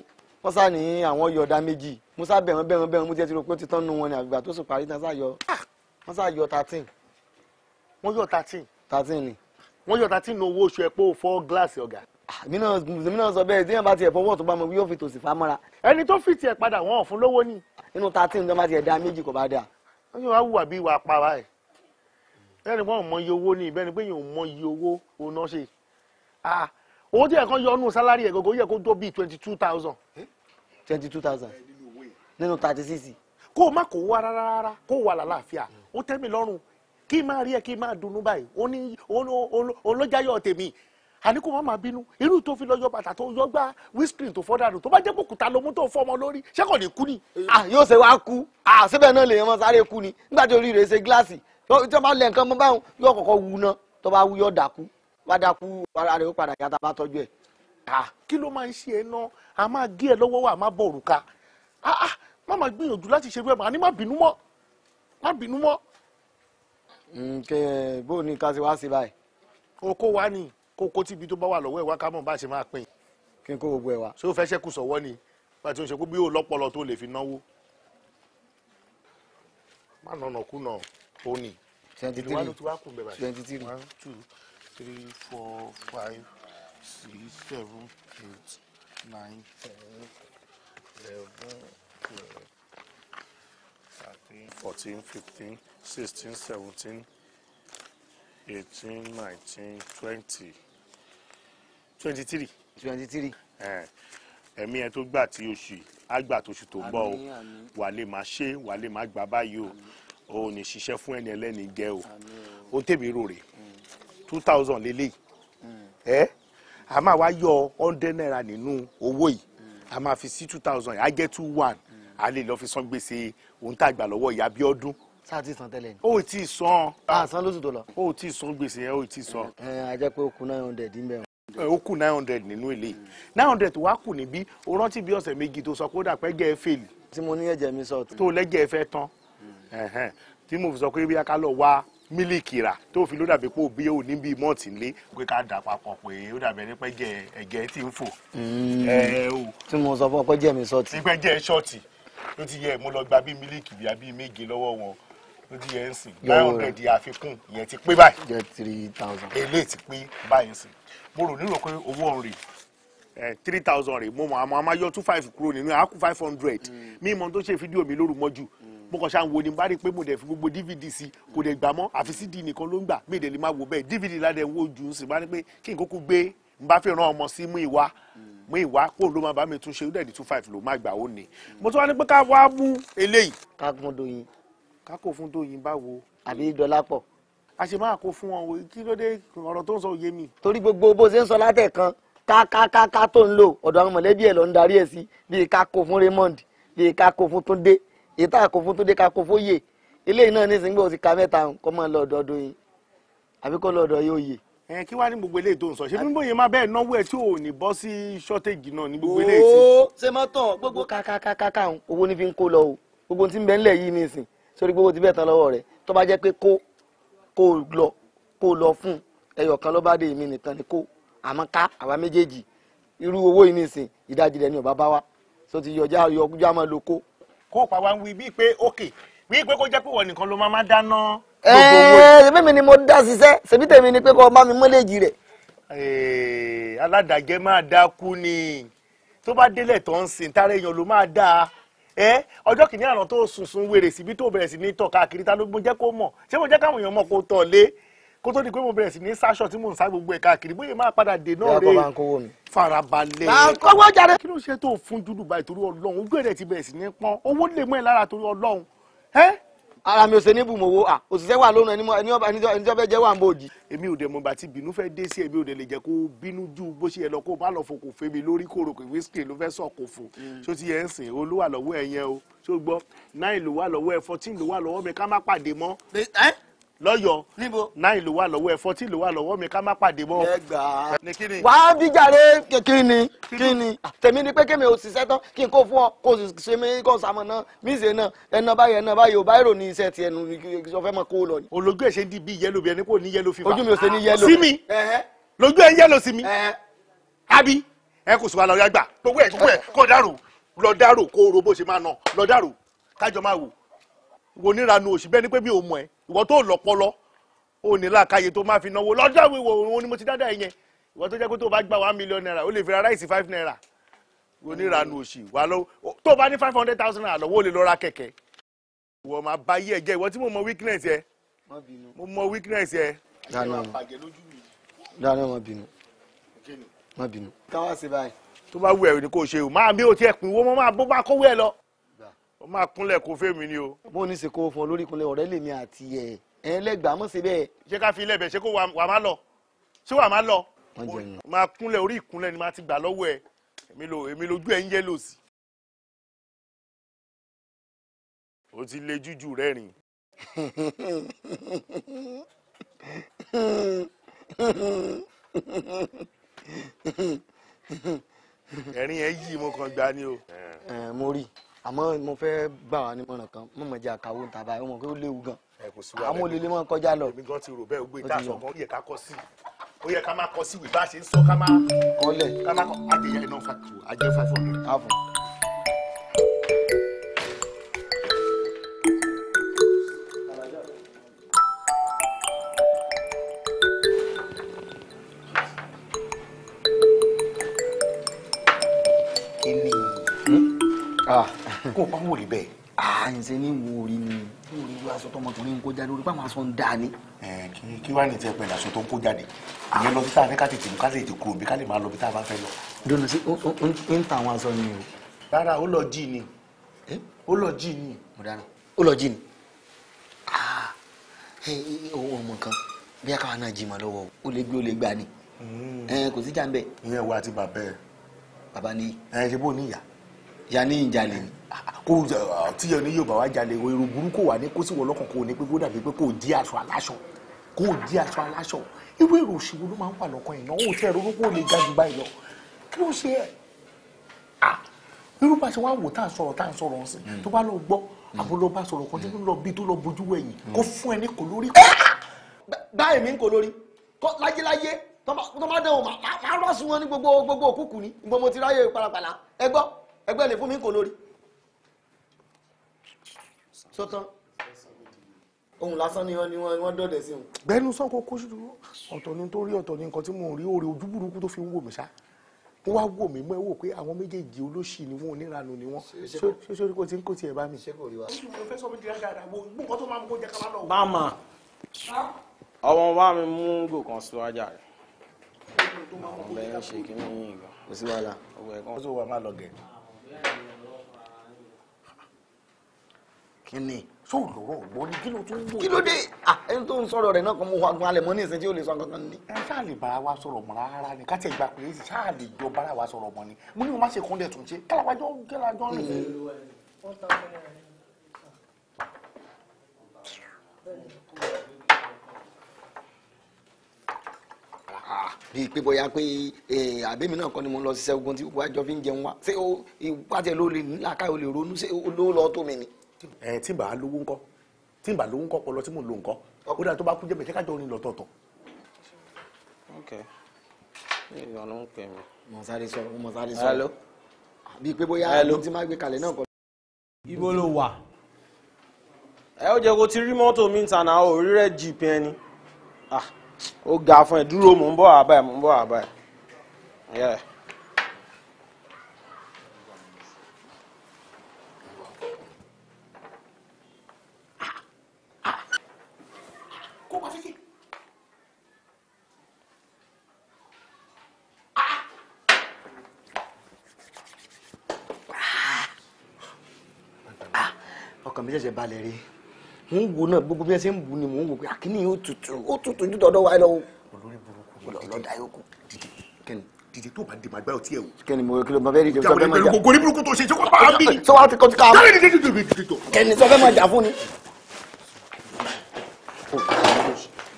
wọ́n sá ní àwọn yọ̀ọ̀dá méjì musa bẹ̀rẹ̀ bẹ̀rẹ̀ bẹ̀rẹ̀ mo ti ẹ̀ ti rò pé ó ti tán nu wọn ni àgbà tó sì parí tán sá yọ ah! wọ́n sá yọ thirteen. wọ́n yọ thirteen. thirteen ni. wọ́n yọ thirteen ní owó oṣù ẹ̀ pé ó fọ́ gíláàsì ọ̀gá ah! mi náà sọ bẹ́ẹ̀ tíyẹn bá tiẹ̀ fọwọ́ tó bá mọ yóò fi tòsí fámọ́ra. ẹni tó fìtì ẹ̀ padà wọ́n ò fún lówó ni. nínú thirteen tó bá tiẹ̀ dá méjì kò bá dáa wọ́n ṣe wá wùwà bí ìwà àpárá ẹ̀ bẹ́ẹ̀ ni wọ́n mọ iye owó ní ìbẹ́ni pé yóò mọ iye owó òun náà ṣe owó tí ẹ̀kan yọ ọ́nù sálárì ẹ̀ gọ́gọ́ yẹ kó tó bíi twenty two thousand. twenty two thousand nínú thirty six. kó o má kó wá rárá rárá kó o wà lálàáfíà ó tẹ́ mi lọ́rùn kí n máa rí ẹ kí n máa dunnú báyìí ó ní olójáyọ̀ tèmi àní kò má máa bínú irú tó fi lọ yọ bàtà tó yọ gbá windscreen tó fọ́ dànù tó bá jẹ́ kòkòtà ló mú tó fọ́ ọmọ lórí ṣẹ́kọ̀ lè kú ni. yóò ṣe wá kú síbẹ̀ náà lèèyàn máa sáré kú ni nígbà tí orí rẹ̀ ṣe gíláàsì tó bá lẹ̀ nǹkan mọ́ báwọn yóò kọ́kọ́ wu ná tó bá wu yóò dákú bá dákú ara rẹ̀ ó padà yá tá a bá tọ́jú ẹ̀. kí ló máa ń ṣe ẹ ná a máa gé ẹ lọ́wọ́ a máa bọ̀ òrùka má máa gbìyànjú láti ṣe bẹ́ẹ̀ mà ní má bínú mọ́ má bínú mọ́. bó o ní ká ṣe kókó tíbi tó bá wà lọ́wọ́ ẹ̀ wá ká mọ̀ bá ṣe máa pín. kí n kó gbogbo ẹ wá. ṣé o fẹ́ ṣẹ́kù sọ̀wọ́ ni bá a ti ń ṣe kó bí yóò lọ́pọlọ tó lè fi náwó. má nànà kú nà ó nì. twenty three twenty three one two three four five six seven eight nine ten eleven twelve thirteen fourteen fifteen sixteen seventeen eighteen nineteen twenty twenty three. twenty three. ẹ̀mí ẹ tó gbà tí oṣù àgbà tóṣù tó ń bọ̀ o wà lè máa ṣe wà lè máa gbà báyìí o ò ni ṣiṣẹ́ fún ẹni ẹlẹ́ni gẹ o ó tèmi rò rè mm. two thousand lélẹ́yìí mm. ẹ a máa wá yọ hundred naira nínú owó yìí mm. a máa fi sí two thousand á jẹ́ two one a lè lọ fi san gbèsè ohun tá a gbà lọ́wọ́ ìyá bí ọdún. sáà tí san tẹ́lẹ̀ ni. o ò tí ì san. a san lóṣù tó lọ. o ò tí ì san gbèsè yẹn o ò tí ì san. ẹ ẹ a jẹ́ pé o kun nine hundred dín bẹ́ẹ̀ ó kù nine hundred nínú ilé nine hundred wá kù níbí o rántí bí ọ̀sẹ̀ méjì tó sọ pé ó dà pé gẹ́ẹ́ fèlì. tí mo ní ẹ̀jẹ̀ mi sọ. tó lẹ́jẹ̀ fẹ́ tán tí mo fi sọ pé bí a ká lọ wá mílìkì rà tó fi ló dàbí pé òbí ò ní bíi mọ́ọ̀tì lé pé ká dà papọ̀ pé ó dàbí ẹni pé ẹ̀jẹ̀ tí ń fò. Hmm. tí mo sọ fún ọ pé mi sọ́ọ̀tì. ti pẹ́ jẹ́ ṣọ́ọ̀tì ló ti yẹ mo lọ gba bíi mílìkì bíi abí méje lọ́wọ́ wọn ló ti yẹ ń sìn nine hundred àfikún ìyẹn ti pé báyìí. jẹ́ three thousand. èlé ti pé báyìí sìn mo rò nírò pé owó ọ̀hún three thousand rè mo mọ̀ àmọ́ a máa yọ two five kúrò nínú àákú five hundred mm. mi mọ̀ tó ṣe fídíò mi lóru mọ́jú mm. mo kàn ṣá ń wo bá rí i pé mo dẹ̀ fi gbogbo dvd sí kò dẹ̀ gbà mọ́ àfi cd nìkan ló ń gbà mí ìdẹ̀lẹ̀ máa wò bẹ́ẹ̀ dvd ládẹ̀ ń wo jù ú sí bá ní pé kí n kúkú gbé n bá fi ràn ọmọ sí mú ìwá mm. mú ìwá kó ló máa bá mi tún ṣe dẹ̀dí two five ló máa gbà ó ní. mo tún wá ní pé ká wá mú eléyìí. ká kún Dóyin. ká kò fún Dóyin báwo. àbí Dọlápọ̀ a ṣe máa kó fún wọn o kí ló dé ọ̀rọ̀ tó ń sọ òye mi. torí gbogbo bó ṣe ń sọ látẹ̀kan kákákáká tó ń lò ọ̀dọ̀ àwọn mọ̀lẹ́bí ẹ̀ ló ń darí ẹ̀ sí bíi ká kó fún Raymond bíi ká kó fún Túndé èyí tá a kó fún Túndé ká kó fóyè eléyìí náà nísìnyí gbọ́dọ̀ ti ka mẹ́ta kọ́ máa lọ ọ̀dọ̀ ọdún yìí àbí kọ́ lọ ọ̀dọ̀ yóò yè. ẹ kí wàá ní gbogbo eléyìí tó ń sọ ṣé bí bóyá máa bẹ́ẹ̀ náwó ẹ tí ò ní bọ́ sí shortage náà ní gbogbo eléyìí tí. ooo ṣe má tán gbogbo kákákákáká owó ní fi ń kó lọ o gbogbo tí ń bẹ ńlẹ̀ yìí nísìn sórí gbogbo ti bẹ́ẹ̀ tán lọ́wọ́ rẹ̀ tó bá jẹ́ pé kó kó o lọ kó o lọ fún ẹyọ kan ló bá dé èmi nìkan ni kó àmọ́ ká àwa méjèèjì irú owó yìí nìsín ìdajì rẹ̀ ni ọba bá wa so ti yọjá yọjá máa lo kó. kó o pa wá ń wí bíi pé ókè wí pé kó jẹ́ pé wọ́n nìkan ló máa dáná. ẹẹ eh, mímí ni mo dá ṣiṣẹ́ ṣèbí tèmi ni pé kó o bá mi mọ́lẹ́jì rẹ̀. Eh, aládàjẹ́ máa dákú ni tó bá délẹ̀ tó ń sìn tára èèyàn ló máa dáa ẹ eh, ọjọ́ kìíní àná tó sunsun wèrè síbi tó bẹ̀rẹ̀ sí ní tọ̀ káàkiri ta ló gbọ́n jẹ́ kó mọ̀ ṣé mo jẹ́ káwọn èèyàn mọ̀ kó tọ̀ lé kó tó di pé mo bẹ̀rẹ̀ sí ní sáṣọ tí mò ń sá gbogbo ẹ̀ káàkiri bóyá máa padà dé náà rè farabalẹ̀. kọ́wọ́ jáde. kí ló ṣe tó fún dúdú báyìí torí ọlọ́run ojú ẹ̀rẹ̀ ti bẹ̀rẹ̀ sí ní pọ́n owó lè mú ẹ lára torí ọlọ́run ẹ́ ara mi ò ṣe níbù mọ́wọ́ à òṣìṣẹ́ wà lónà ẹni tí wọ́n fẹ́ jẹ́ wà ń bò jì. èmi ò dẹ̀ mọ̀ gbà tí bínú fẹ́ dé sí èmi ò dẹ̀ lè jẹ́ kó bínú ju bó ṣe yẹ lọ kó bá lọ fòkò fún mi lórí kòrò pé wíṣkì ló fẹ́ sọ̀kò fún tó mm. ti yẹ ń sìn olúwa lọ́wọ́ ẹ̀ yẹn o tó gbọ́ nine ló wà lọ́wọ́ ẹ̀ fourteen ló wà lọ́wọ́ mi ká má pàdé mọ́. ẹ lọ́yọ̀ nine ló wà lọ́wọ́ ẹ̀ fourteen ló wà lọ́wọ́ mi ká má pàdé mọ́. wà á díjàre kí ni kí ni ah, tèmi ni pé kémi ò ṣiṣẹ́ tán kí n kó fún ọ kó ṣe mí kó sàmọ̀ náà mísè náà ẹnà báyìí ẹnà báyìí ò báyìí rò ní iṣẹ́ ti ẹnu sọ fẹ́ mọ kó lọ ni. olójú ẹ̀ ṣe ń di bí yẹ́lò bí ẹni kò ní yẹ́lò fífa ojú mi ò ṣe ní ah, yẹ́lò sí mi lójú ẹ̀ ń yẹ́lò sí mi àbí ẹ kò sùn wà lọ́ọ́ gbà gbogbo ẹ̀ kó dàrú lọ dàrú kó wo níranu òsì bẹ́ẹ̀ ni pé mi ò mọ̀ ẹ́ ìwọ tó lọ́pọlọ ó ní làákàyè tó máa fi náwó lọ́jọ́ ìwò òun ni mo ti dáadáa yẹn ìwọ tó jẹ́ pé tó o bá gba one million naira ó lè fi ra ráìsì five naira wo níranu òsì wà lọ tó o bá ní five hundred thousand naira lọ́wọ́ ó lè lọ ra kẹ̀kẹ́ ìwọ máa bá yí ẹ ìwọ tí mo mọ weakness ẹ mo mọ weakness ẹ. dáná má bínú má bínú. káwá sí báyìí. tó bá wù ẹ́ ni kò ṣe o máa bí o ti ẹ̀ pínwó mo máa bó bá kówó ẹ lọ ó máa kúnlẹ̀ kó fèmí ni o. bó o ní ṣe kó fún ọ lórí ìkúnlẹ̀ ọ̀rẹ́ lèmi àti ẹ̀ ẹ̀ lẹ́gbàá mọ̀ sí bẹ́ẹ̀. ṣé ká fi ilẹ̀ bẹ̀ ṣé kó wà má lọ ṣé wà má lọ. máa kúnlẹ̀ orí ìkúnlẹ̀ ni máa ti gbà lọ́wọ́ ẹ̀ èmi lójú ẹ̀ ń yẹ́ lòsì. o ti le jújù rẹ̀ rìn. ẹ̀rín ẹ̀ yí mo kàn gbá ni o. mo rí i àmọ́ mo fẹ́ gbà wá nímọ̀ràn kan mo mọ̀ jẹ́ àkàwọ́ ń tàbá ọmọ pé ó léwu gan àwọn olè mọ́ kọjá lọ. èmi gan ti rò bẹ́ẹ̀ gbé ìtàsọ̀ gan ó yẹ ká kọ́ sí i ó yẹ ká má kọ́ sí ìwé bá a ṣe ń sọ ká má kọ́lẹ̀ ká má kọ́ àdéhùn náà fà tó àjẹ́ five hundred. kó o pa wò rí bẹ́ẹ̀. àyìnṣe ní wo orí ni wo orí wo aṣọ tọmọkùnrin ń kó jáde orí pàmò aṣọ ń dà ní. kí wàá ní tiẹ̀ pẹ̀lú aṣọ tó ń kó jáde ìyẹn lọ sí tá a fẹ́ ká tètè mú ká tètè kúrò bí ká lè máa lọ bí tá a bá fẹ́ lọ. dunu sí ń ta àwọn aṣọ ni o. rárá ó lọ jí ni ó lọ jí ni. mo dáná ó lọ jí ni owó ọmọ kan bí akáwa náà jí mọ lọ́wọ́ ó lè gbé ó lè gbà ni hmm. kò sí jàǹbẹ. ìyẹn wo àti bàbá ẹ. bàbá ni. ẹ ṣe bó ní ìyá yanni ń jalè ni kó tíyẹ̀ ní yorùbá wa jalè o èrò burúkú wà ní kó sì wọ lọ́kàn kó ní pé kó dàbí pé kó di aṣọ aláṣọ kó di aṣọ aláṣọ irú èrò òṣèlú ló máa ń wà lọ́kàn yìí náà ó tẹ̀ ronú kó lè ga jù báyìí lọ kí ló ṣe ẹ̀ à irú bá ṣe wá wò tá à ń sọ̀rọ̀ tá à ń sọ̀rọ̀ ọ̀sìn hmm. tó bá lọ gbọ́ hmm. àbúlọ́ba sọ̀rọ̀ kan tó hmm. lọ bí tó lọ bojú wẹ̀yìn kó fún ẹ ní kò lórí. Ah! báyìí mi ń kò lórí láyéláyé tó bá dẹ̀ wò máa rọ̀ sí wọn ní gbogbo òkùnkùn ní gbogbo ti ráyè ẹ gbọ́ ẹgbẹ́ ni fún mi kò lórí sọ́tán ohun lásán ni wọ́n dọ̀dẹ̀ sí wọn. gbẹ́nu sọ́kò kó ṣùdú ọ̀tọ̀ ni tó rí ọ̀tọ̀ ni nǹkan tí mo rí oore ojú burúkú tó fi ń wò mí ṣá ó wá wò mí mọ́ ẹ wò pé àwọn méjèèjì olóṣì ni wọn oníranù ni wọn ṣé ṣé kò tí ń kò tiẹ̀ bá mi. ṣé kò rí wa. bá a mọ̀ ọmọ bá mi mú gò kan síwájà rẹ ọmọ bẹ́ẹ̀ ṣe kí ní yìnyín gan. kò sí wàhálà. ọgbẹ́ kan. ó lọ gẹ̀ẹ́. Kini, sóò lọ́rọ̀ ògbó ni kí ló tún wò. kí ló dé ah, ẹni tó ń sọ̀rọ̀ rẹ̀ náà kan mo wá gan alẹ́ mọ́ ní ìsìn tí ó lè sọ kankan ni. ẹ ṣáà lè bára wa sọ̀rọ̀ mọ́ rárá ni káti ẹgbà pé ṣáà lè jọ bára wa sọ̀rọ̀ mọ́ ni mo ní mo má ṣe kúnlẹ̀ tún ṣe kálá wájọ́ kálá jọ́ nìyẹn. bíi pé bóyá pé eh, àbẹ́mi náà kọ́ ni mo lọ ogun tí gbogbo àjọ fi ń jẹun wá o ìpàtẹ ló lè o lè ronú ṣé o ló lọ tó mi ni. ẹ tí n bá lówó ńkọ́ tí n bá lówó ńkọ́ pọlọ tí mo lò ńkọ́ ó bá kú kájọ orin ok ń pè mí. sọ mo sọ. hello. bíi pé bóyá tí gbé kalẹ̀ náà kọ́. ibo ló wà. ẹ ó jẹ́ kó ti rí mọ́tò mi ń ta ó ga fún ẹ dúró mò ń bọ̀ àbá ẹ mò ń bọ̀ àbá ẹ. Yeah. Ah, ọkàn mi ṣẹ̀ṣẹ̀ balẹ̀ rí mo ń wo náà gbogbo bí ẹ ṣe ń bu ni mo ń wo pé àkíní yóò tutù ó tutù ju tọ̀dọ̀ wa lọ. olórí burúkú lọ́dà yòókù. dìde kẹ́ni dìde tó bá dìde màgbá ò ẹ wò. kẹ́ni mo kí ló ma fẹ́ rí ìjọba fẹ́ ma jà. gòrí burúkú tó ṣe ṣé kò bá a bí. sọ wa ti kọ́ ti ká. kẹ́ni dìde dìde dìde dìde. kẹ́ni sọ fẹ́ ma jà fún ni.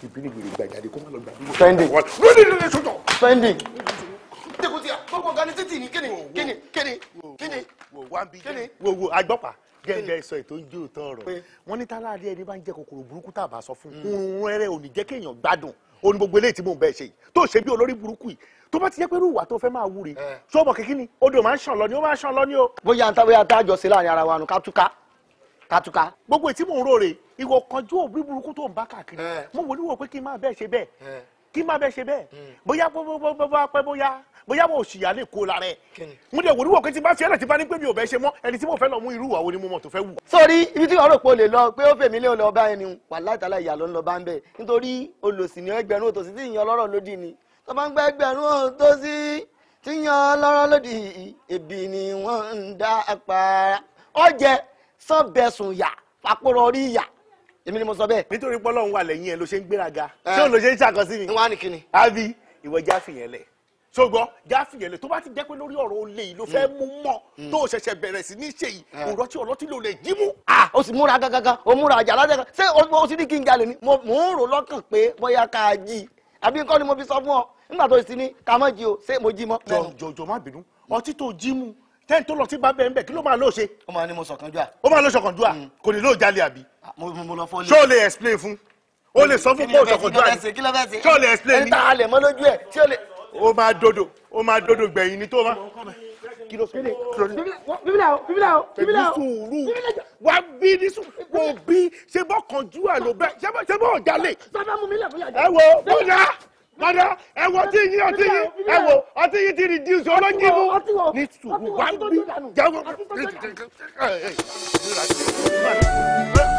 ìbílẹ̀ gbèrè gbàjà de kó má lọ gbàdúrà. bí kíni wò gẹ́gẹ́ sọ ètò ń jó ìtàn ọ̀rọ̀ wọ́n ní tálá rí ẹni bá ń jẹ́ kòkòrò burúkú tàbá sọ fún un òun mm. rẹ̀ ò ní jẹ́ kéèyàn gbádùn ó ní gbogbo eléyìí tí mò ń bẹ́ẹ̀ ṣe yìí tó ṣe bí olórí burúkú yìí tó bá ti jẹ́ pé irú ìwà tó fẹ́ máa wúre eh. ṣọ́ọ̀bù kìkì ni odò máa ń ṣàn lọ ni ó máa ń ṣàn lọ ni o. bóyá n ta bóyá n ta jọ sí láàrin ara wa nù kátúká kátúká. gbogbo ètí mò ń rò rè ìwọ kanjú òbí burúkú tó ń bá káàkiri eh. mo wò níwò pé kí n kí má bẹ́ẹ̀ ṣe bẹ́ẹ̀ hmm. bóyá bóyá pẹ́ bóyá bóyá wọn ò ṣìyà lè kó lára ẹ̀ mo lè wòlúwò pé tí bá fi ẹ̀rẹ̀ tí bá ní pé mi ò bẹ́ẹ̀ ṣe mọ́ ẹni tí mo fẹ́ lọ mú irú ìwà wo tó fẹ́ wù. sórí ibi tí ọ̀rọ̀ pọ̀ lè lọ pé ó fèmí lé o lọ bá ẹni wà látàlá ìyá ló ń lọ bá ń bẹ̀ nítorí olòṣì ni ẹgbẹ̀rún òtòṣì tí ìyan ọlọ́rọ̀ lódì ni tó bá ń gbẹ́ ẹgbẹ̀rún òtòṣì tí ìyan ọlọ́rọ̀ èmi ni mo sọ bẹ́ẹ̀. nítorí pọ́lọ́hún wà lẹ́yìn ẹ ló ṣe ń gbéraga eh. ṣé òun ló ṣe ń ṣàkọsí mi. wọn á ní kíni. àbí ìwọ jáfì yẹn lẹ ṣùgbọ́n jáfì yẹn lẹ tó bá ti jẹ́ pé lórí ọ̀rọ̀ olè yìí ló fẹ́ mm. mú mọ́ mm. tó o ṣẹ̀ṣẹ̀ sí ní ṣe yìí eh. òrọ́tí ọlọ́tí ló lè jí mú. a o sì múra gàgàgà o múra àjà ládẹ́gà ṣé o sì ní kí n jalè ni mo ń rò lọ́kàn pé bóyá ká jí àbí nǹkan ni mo fi sọ fún ọ nígbà tó ti ní ká mọ́ jí o ṣé mo jí mọ́. jọjọ má bínú ọtí tó jí mu tẹ́ni tó lọ sí bá bẹ́ẹ̀ ń bẹ̀ kí ló máa lóò ṣe. ó máa ní mo sọ̀kan jù à. ó máa lóò mo explain fun. o lè sọ fún pé òṣòkò tó àyè explain ní. ẹni tá a lè mọ o lè. o máa dodo o máa dodo gbẹ̀yìn ni tó ma. kí ló kéde bíbélà o bíbélà o bíbélà o sùúrù wà bí ní sùúrù kò bí ṣe bọ́ kánjú ẹ̀ ló bẹ́ ṣe bọ́ ọ̀jálè. bàbá mu mi lẹ̀ fún yàrá. ẹ wo bóyá padà ẹ wo ọtí yín ọtí yín ẹ wo ọtí yín ti reduce olóyìn mú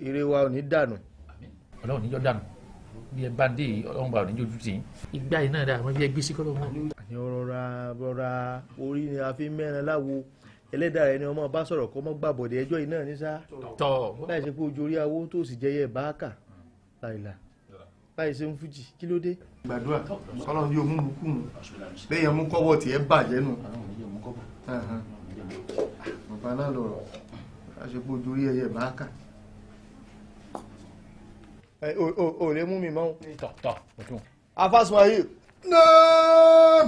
ire wa ò ní dànù. ọlọ́run níjọ́ dànù bí ẹ bá dé ọlọ́run bá ò níjọ́ ojú tì í. ìgbà yìí náà dà àwọn ibi ẹgbẹ́ sí kọ́lọ́ wọn. àní rọra rọra orí ni a fi mẹ́rin láwo ẹlẹ́dàá rẹ ni ọmọ bá sọ̀rọ̀ kọ́ mọ́ gbàbọ̀dẹ̀ ẹjọ́ yìí náà ní sá. tọ́ láì ṣe pé ojú orí awó tó sì jẹyẹ báàkà láìla láì ṣe ń fújì kí ló dé. gbàdúrà sọlọ́run yóò mú mukú mu lẹ́yìn mú kọ́wọ́ tiẹ̀ bàjẹ́ nù. bàbá náà lọ̀rọ̀ láì ṣe pé ojú orí ẹyẹ báàkà ò lè mú mi mọ́. tọ̀ tọ̀ òtún. afásùn ayé náà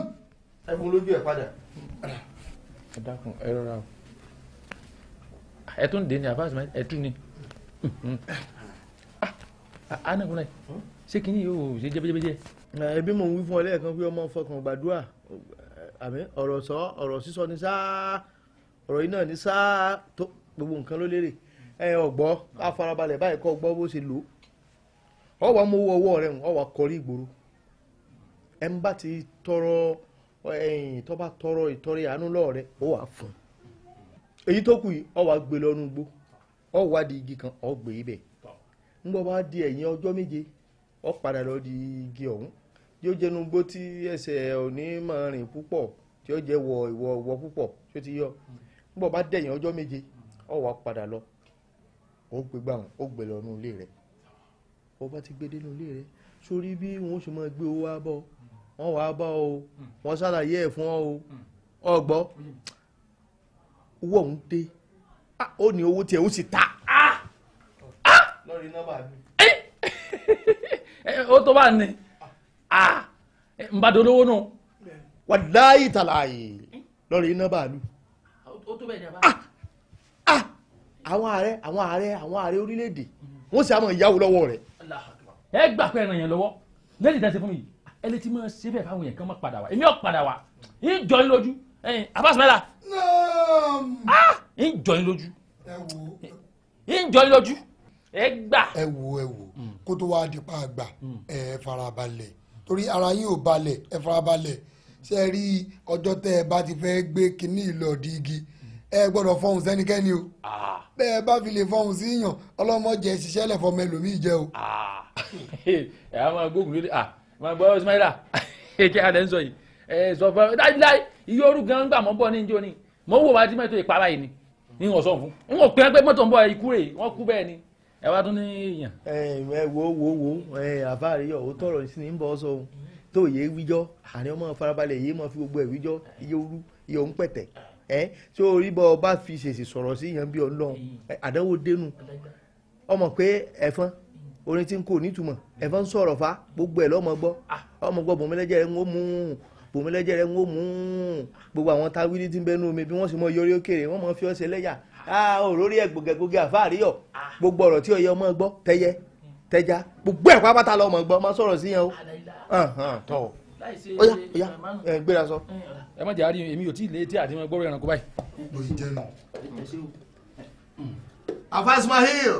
ẹkùn lójú ẹ padà. ẹ dákun ẹ rọra o ẹ tún dé ní afásùn ayé ẹ tún ni hmm, hmm. anagunna ah, ṣé kí ni yóò ṣe jẹbẹjẹbẹjẹ. ẹbí mò ń wí fún ọ lẹ́ẹ̀kan pé ọmọ fọkàn gbàdúrà àmì ọ̀rọ̀ sọ ọ̀rọ̀ sísọ ní sáà ọ̀rọ̀ yìí náà ní sáà tó gbogbo nǹkan ló lérè ẹ ọ̀gbọ́ afarabalẹ̀ báyìí kọ́ gbọ́ bó ṣe lò ó. ọwa mú ọwọ ọwọ́ rẹ̀ kọrọ igboro ìgboro ẹ ń bá ti tọrọ ẹyin tó bá tọrọ ìtọrẹ àánú lọ́ọ̀ rẹ̀ ó wà fún èyí tó kù yìí gbé di igi kan ọgbẹ ibẹ ńgbọ́ bá di ẹ̀yìn ọjọ́ méje ọ padà lọ di igi ọ̀hún tí ẹsẹ̀ òní máa rìn ọba ti gbé dénú ilé rẹ sórí bí wọn ṣe máa gbé owó wá wọn wàá bá o wọn ṣàlàyé ẹ fún ọ o ọgbọ owó ọ̀hún dé ó ní owó tiẹ̀ ó sì ta lórí nọ́mbà mi. ó tó bá ní nbàdàn olówó náà. wàláyé tàlàyé lórí nọ́mbà mi. ó tó bẹ́ẹ̀ ní àwọn ààrẹ àwọn ààrẹ àwọn ààrẹ orílẹ̀-èdè wọ́n sì á mọ̀ ìyáwó lọ́wọ́ rẹ̀ ẹ gbà pé ẹran yẹn lọ́wọ́ lẹ́yìn ìdánsẹ́ fún mi ẹ lè ti máa ṣe bẹ́ẹ̀ fáwọn yẹn kí wọ́n má padà wá èmi ò padà wá ń jọ yín lójú abasumẹ́la ah! ń jọ yín lójú ń jọ yín lójú ẹ gbà. ẹ wo ẹ wo hmm. kó tó wá di pa àgbà hmm. ẹ farabalẹ̀ torí ara yín ò balẹ̀ ẹ farabalẹ̀ ṣe rí ọjọ́ tẹ́ ẹ bá ti fẹ́ gbé kinní ìlọ̀dí igi ẹ gbọ́dọ̀ fọhùn sẹ́nikẹ́ni o ah. bẹ́ẹ̀ bá fi lè fọhùn sí yàn ọlọ́mọ jẹ ṣiṣẹ́ lẹ̀ fọmọ ẹlòmíì jẹ o. Ah. ẹ á máa gbógun lórí à ah, máa gbọ́ Ismaila kí adé ń sọ yìí ẹ sọ fún ẹ dájúdájú iye ooru gan gbà mọ́ bọ́ ní njó ni mọ́ wò wá tí mẹ́tò ìpara yìí ni ní wọ́n sọ fún un wọ́n pẹ́ pé mọ́tò ń bọ̀ ikú rè wọ́n kú bẹ́ẹ̀ ni ẹ wá tún ní èèyàn. ẹ wo wo wo àfáàrí yọ òótọ́ ọ̀rọ̀ sí ni ń bọ̀ sọ ohun tó yẹ wíjọ́ àní ọmọ farabalẹ̀ yìí mọ fi gbogbo ẹ̀ wíjọ́ iye ooru iye òun pẹ̀tẹ̀ ẹ tí ó rí bọ́ ọ bá fi ṣèṣì sọ̀rọ̀ sí yẹn bí ọlọ́run àdánwò dénú ọmọ pé ẹ̀fọn orin tí n kò nítumọ̀ ẹ̀fọn sọ̀rọ̀ fa gbogbo ẹ̀ lọ́mọ gbọ́ ah. ọmọ gbọ́ bòmílẹ́jẹ̀ rẹ̀ ń mú bòmílẹ́jẹ̀ rẹ̀ ń mú gbogbo àwọn táwílì tí ń bẹ́nu omi bí wọ́n sì mọ yọrí òkèèrè wọ́n mọ fi ọ́ ṣe lẹ́yà ah. òrórí ẹ̀ gbogẹ̀gbogẹ̀ àfáàríyọ̀ ah. gbogbo ọ̀rọ̀ tí ọ̀yẹ́ ọmọ gbọ́ tẹ́yẹ hmm. tẹ́já gbogbo ẹ̀ pápátá lọ́mọ gbọ́ ọmọ sọ̀rọ̀ sí yẹn o oya oya ẹ gbéra sọ. ẹ má jẹ́ àárín èmi ò tí ì lé etí àti ìmọ̀ gbọ́rọ̀ ẹranko báyìí. mo ń jẹun. afa ismail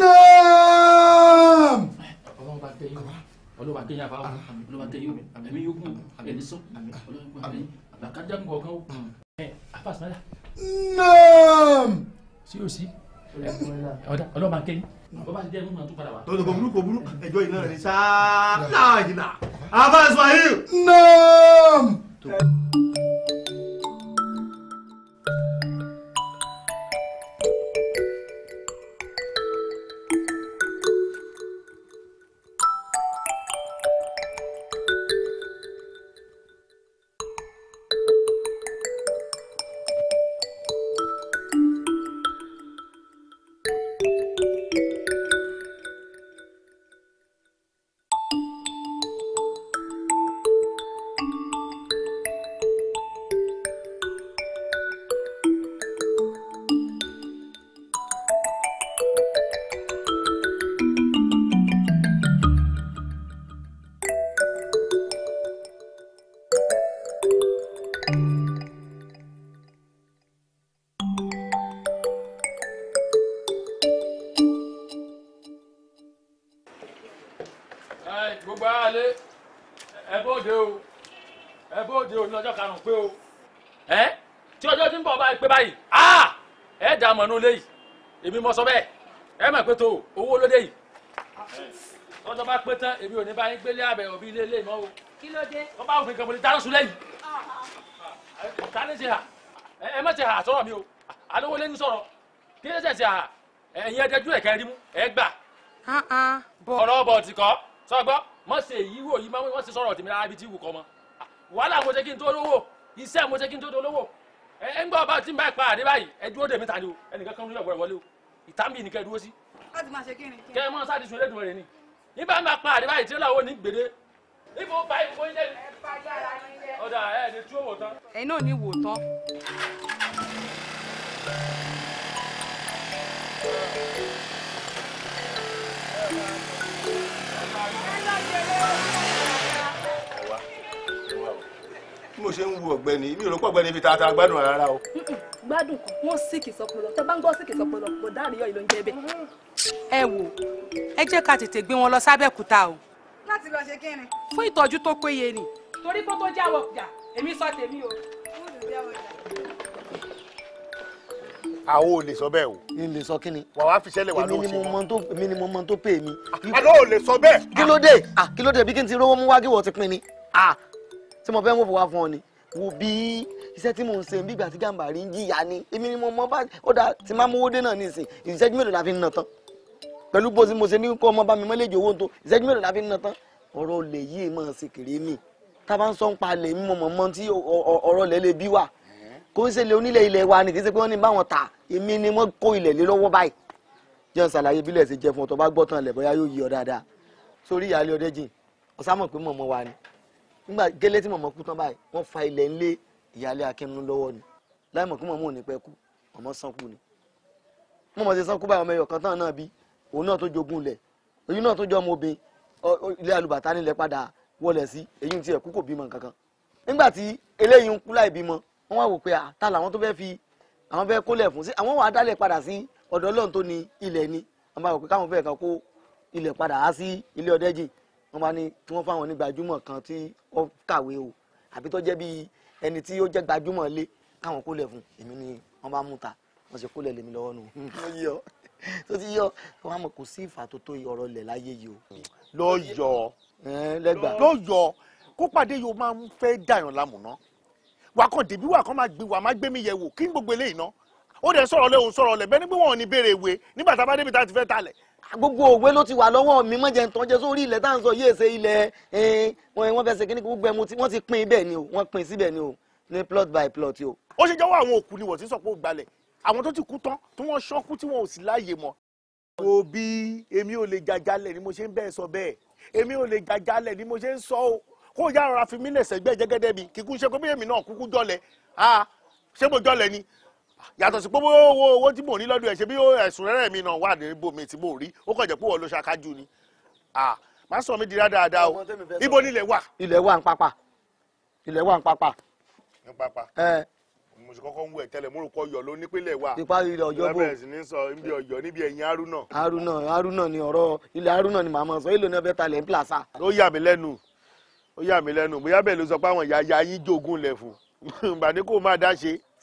naam. ọlọ́run bá gbẹ̀yìn ọlọ́run bá gbẹ̀yìn afa ọlọ́run bá gbẹ̀yìn ẹ̀mí yóò kún ẹ̀mí sún ọlọ́run bá gbẹ̀yìn àbàkájá ń gbọ̀ kan o. afa ismail. naam. sí o sí ọlọ́run bá gbẹ̀yìn bàbá ti jẹ́ mímọ̀ tó padà wá. tọ́jú kò burú kò burú ẹjọ́ yìí náà ni sáà láàyè náà. àbá ìsúwàhí. naam. ní bọ̀ báyìí pé báyìí a ẹ̀ dà mọ̀ nù léyìí èmi mọ̀ sọ bẹ́ẹ̀ ẹ̀ mọ̀ pé tó owó lóde yìí tọ́jọ́ bá pé tán èmi ò ní báyìí gbélé àbẹ̀ òbí ilé ilé mọ́ o. kí ló dé. wọ́n bá òfin kan mo lè dáná sun lẹ́yìn. ta ni ti hà ẹ má ti hà sọ̀rọ̀ mi o alówó lé ní sọ̀rọ̀ kí ló ti hà ẹ̀yin ẹ̀dẹ́jú ẹ̀ka ẹ̀rí mú ẹ̀ gbà. ọ̀rọ̀ ọ̀bọ̀ ti kọ́ sọ gbọ́ mọ̀ ṣe èyí wò yìí mọ̀ ṣe sọ̀rọ̀ tèmi lára ibi tí wù kọ́ mọ́ wàhálà mo ṣe kí n tó lówó iṣẹ́ mo ṣe kí n tó dolówó ẹ ń gbọ́ ọba tí ń bá ẹ parí báyìí ẹ dúró dèmí tani o ẹnìkan kan ló yọ̀ wọlé o ìtàmbì nìkan dúró sí. láti máa ṣe kí ni. kẹ́ ẹ mọ sáà ti sun elédùn rẹ ni nígbà máa parí báyìí tí ó làwọn ò ní gbèrè ibo bá ibo ilé ni. ẹ bá yàrá nílẹ̀. ọ̀dà ẹ̀ lè tú òwò tán. ẹ̀yin náà ní wò tán. ẹ lọ jẹrẹ. bí mo ṣe ń wu ọ̀gbẹ́ni mi ò rò pọ̀ ọ̀gbẹ́ni fi tata gbádùn rárá o. gbádùn kan wọn síkì sọpọlọ tẹ bá ń gbọ́ síkì sọpọlọ kò dáàrí yọ ìlóúnjẹ bẹ. ẹ wò ẹ jẹ́ ká tètè gbé wọn lọ sábẹ́kúta o. láti lọ ṣe kí ni. fún ìtọ́jú tó péye ni. torí kó tó jáwọ́ ọjà èmi sọ tèmi o. àwọn ò lè sọ bẹ́ẹ̀ o. mi lè sọ kí ni. wàá fi sẹ́lẹ̀ wà ló ṣe wá. èmi ni mo mọ tó pè mí. àlọ́ ò lè sọ bẹ́ẹ̀. kí ló dé kí ló dé bí kí n ti rówó mú wá kí ti pin ni tí mo fẹ́ mú fòwá fún ọ ni wo bí iṣẹ́ tí mò ń ṣe bígbà tí Gàmbàrí ń jìyà ni èmi ni mo mọ bá ó dáa tí máa mú owó dé náà nísìn ìṣẹ́jú mélòó la fi ń nà tán pẹ̀lú bó ti mo ṣe ní kó ọmọ bá mi mọ́lẹ́jì owó tó ìṣẹ́jú mélòó la fi ń nà tán ọ̀rọ̀ olè yìí máa ṣe kéré mi tá a bá ń sọ ń pa alẹ̀ mi mo mọ̀ mọ́ tí ọ̀rọ̀ lẹ̀ lè bí wà kó ń ṣe lé onílẹ̀ ilẹ̀ wa ni kì í ṣe pé wọ́n ní báwọn ta èmi ni wọ́n kó ilẹ̀ lé lọ́wọ́ báyìí jẹun ṣàlàyé bílẹ̀ ṣe jẹ fún nígbà gẹ́lẹ́ tí mọ̀mọ́ kú tán báyìí wọ́n fa ilẹ̀ ńlé ìyáálé akínú lọ́wọ́ ni láì mọ̀ kí mọ̀mọ́ ò ní kú mọ̀mọ́ sánkú ni mọ̀mọ́ ti sánkú báyìí ọmọ ẹ̀yọ̀ kan táwọn náà bí òun náà tó jogún lẹ̀ èyí náà tó jọ ọmọ obìnrin ilé alùbàtà nílẹ̀ padà wọlé sí èyí tí ẹ̀kú kò bímọ kankan nígbà tí eléyìí ń kú láì bímọ wọ́n wá wò pé àtà làwọn tó fẹ́ fi àwọn fẹ́ kólẹ̀ fún sí àwọn wà á dálẹ̀ padà sí ọ̀dọ̀ ọlọ́run tó ni ilẹ̀ ni àwọn bá wò pé káwọn fẹ́ kàn kó ilẹ̀ padà á sí ilé ọdẹ́jìn wọ́n bá ní kí wọ́n fáwọn onígbàjúmọ̀ kan tí ó kàwé o àbí tó jẹ́ bí ẹni tí ó jẹ́ gbajúmọ̀ lé káwọn kó lẹ̀ fún èmi ni wọ́n bá mú ta wọ́n sì kó lẹ̀ lèmi lọ́wọ́ nù wọ́n yọ tó ti yọ wọ́n á mọ̀ kò sí ìfà tó tó ọ̀rọ̀ lẹ̀ láyé yìí o. lọ́yọ̀ lẹ́gbàá lọ́yọ̀ kó pàdé yóò máa ń fẹ́ dàyàn lámùná wakọ̀ dèbí wakọ̀ máa gbé wa máa gbé mi yẹ̀ wò kí n gbogbo eléyìí ná ó dẹ̀ sọ̀rọ̀ lẹ́ sọ̀rọ̀ lẹ́ bẹ́ẹ̀ ni pé wọ́n ò ní béèrè ìwé nígbà tá a bá débi tá a ti fẹ́ talẹ̀ gbogbo òwe ló ti wà lọ́wọ́ mi mọ́jẹ̀ ń tọ́jẹ́ sórí ilẹ̀ tá à ń sọ yéé ṣe ilẹ̀ wọn wọn fẹsẹ̀ kíní gbogbo ẹmu tí ti pín ibẹ̀ ni o wọ́n pín síbẹ̀ ni o ní plot by plot o. ó ṣe jẹ́wọ́ àwọn òkú ni wọ́n ti sọ pé ó gbalẹ̀ àwọn tó ti kú tán tí wọ́n ṣọ́kú tí wọ́n ò sì láàyè mọ́. wo bí èmi ò lè jajalẹ̀ ni mo ṣe ń bẹ́ẹ̀ sọ bẹ́ẹ̀ èmi ò lè jajalẹ̀ ni mo ṣe ń sọ o kó yára fi mí lẹ̀sẹ̀ gbẹ́ jẹ́gẹ́dẹ́ mi kíkú ṣe kó bí èmi náà kúkú jọlẹ̀ ah ṣé mo jọlẹ̀ ni yàtọ̀ sí pé owó owó tí mò ń rí lọ́dún ẹ̀ ṣe bí ẹ̀sùn rẹ́rẹ́ mi náà wà ní ibòmí tí mò ń rí ó kàn jẹ́ pé wọ́n ló ṣakájú ni má sọ mi di dáadáa o ibo ni ilẹ̀ wà. ilẹ̀ wà ń papà ilẹ̀ wà ń papà. ń papà mo sì kọ́kọ́ ń wẹ̀ tẹ́lẹ̀ mo rò kọ́ yọ̀ ló nípínlẹ̀ wa ìparí ilẹ̀ ọ̀yọ́ bò lábẹ́rẹ́ sì ní sọ níbi ọ̀yọ́ níbi ẹ̀yìn haruna. haruna haruna ni ọ̀rọ̀ ilẹ̀ haruna ni màmá sọ èlò náà fẹ́ talẹ̀ ń plasa. ó yà mí lẹ́nu ó yà mí lẹ́nu bóyá bẹ́ẹ̀ ló sọ pé àwọn ìyá ya yín jogún lẹ̀ fún bàdé kò má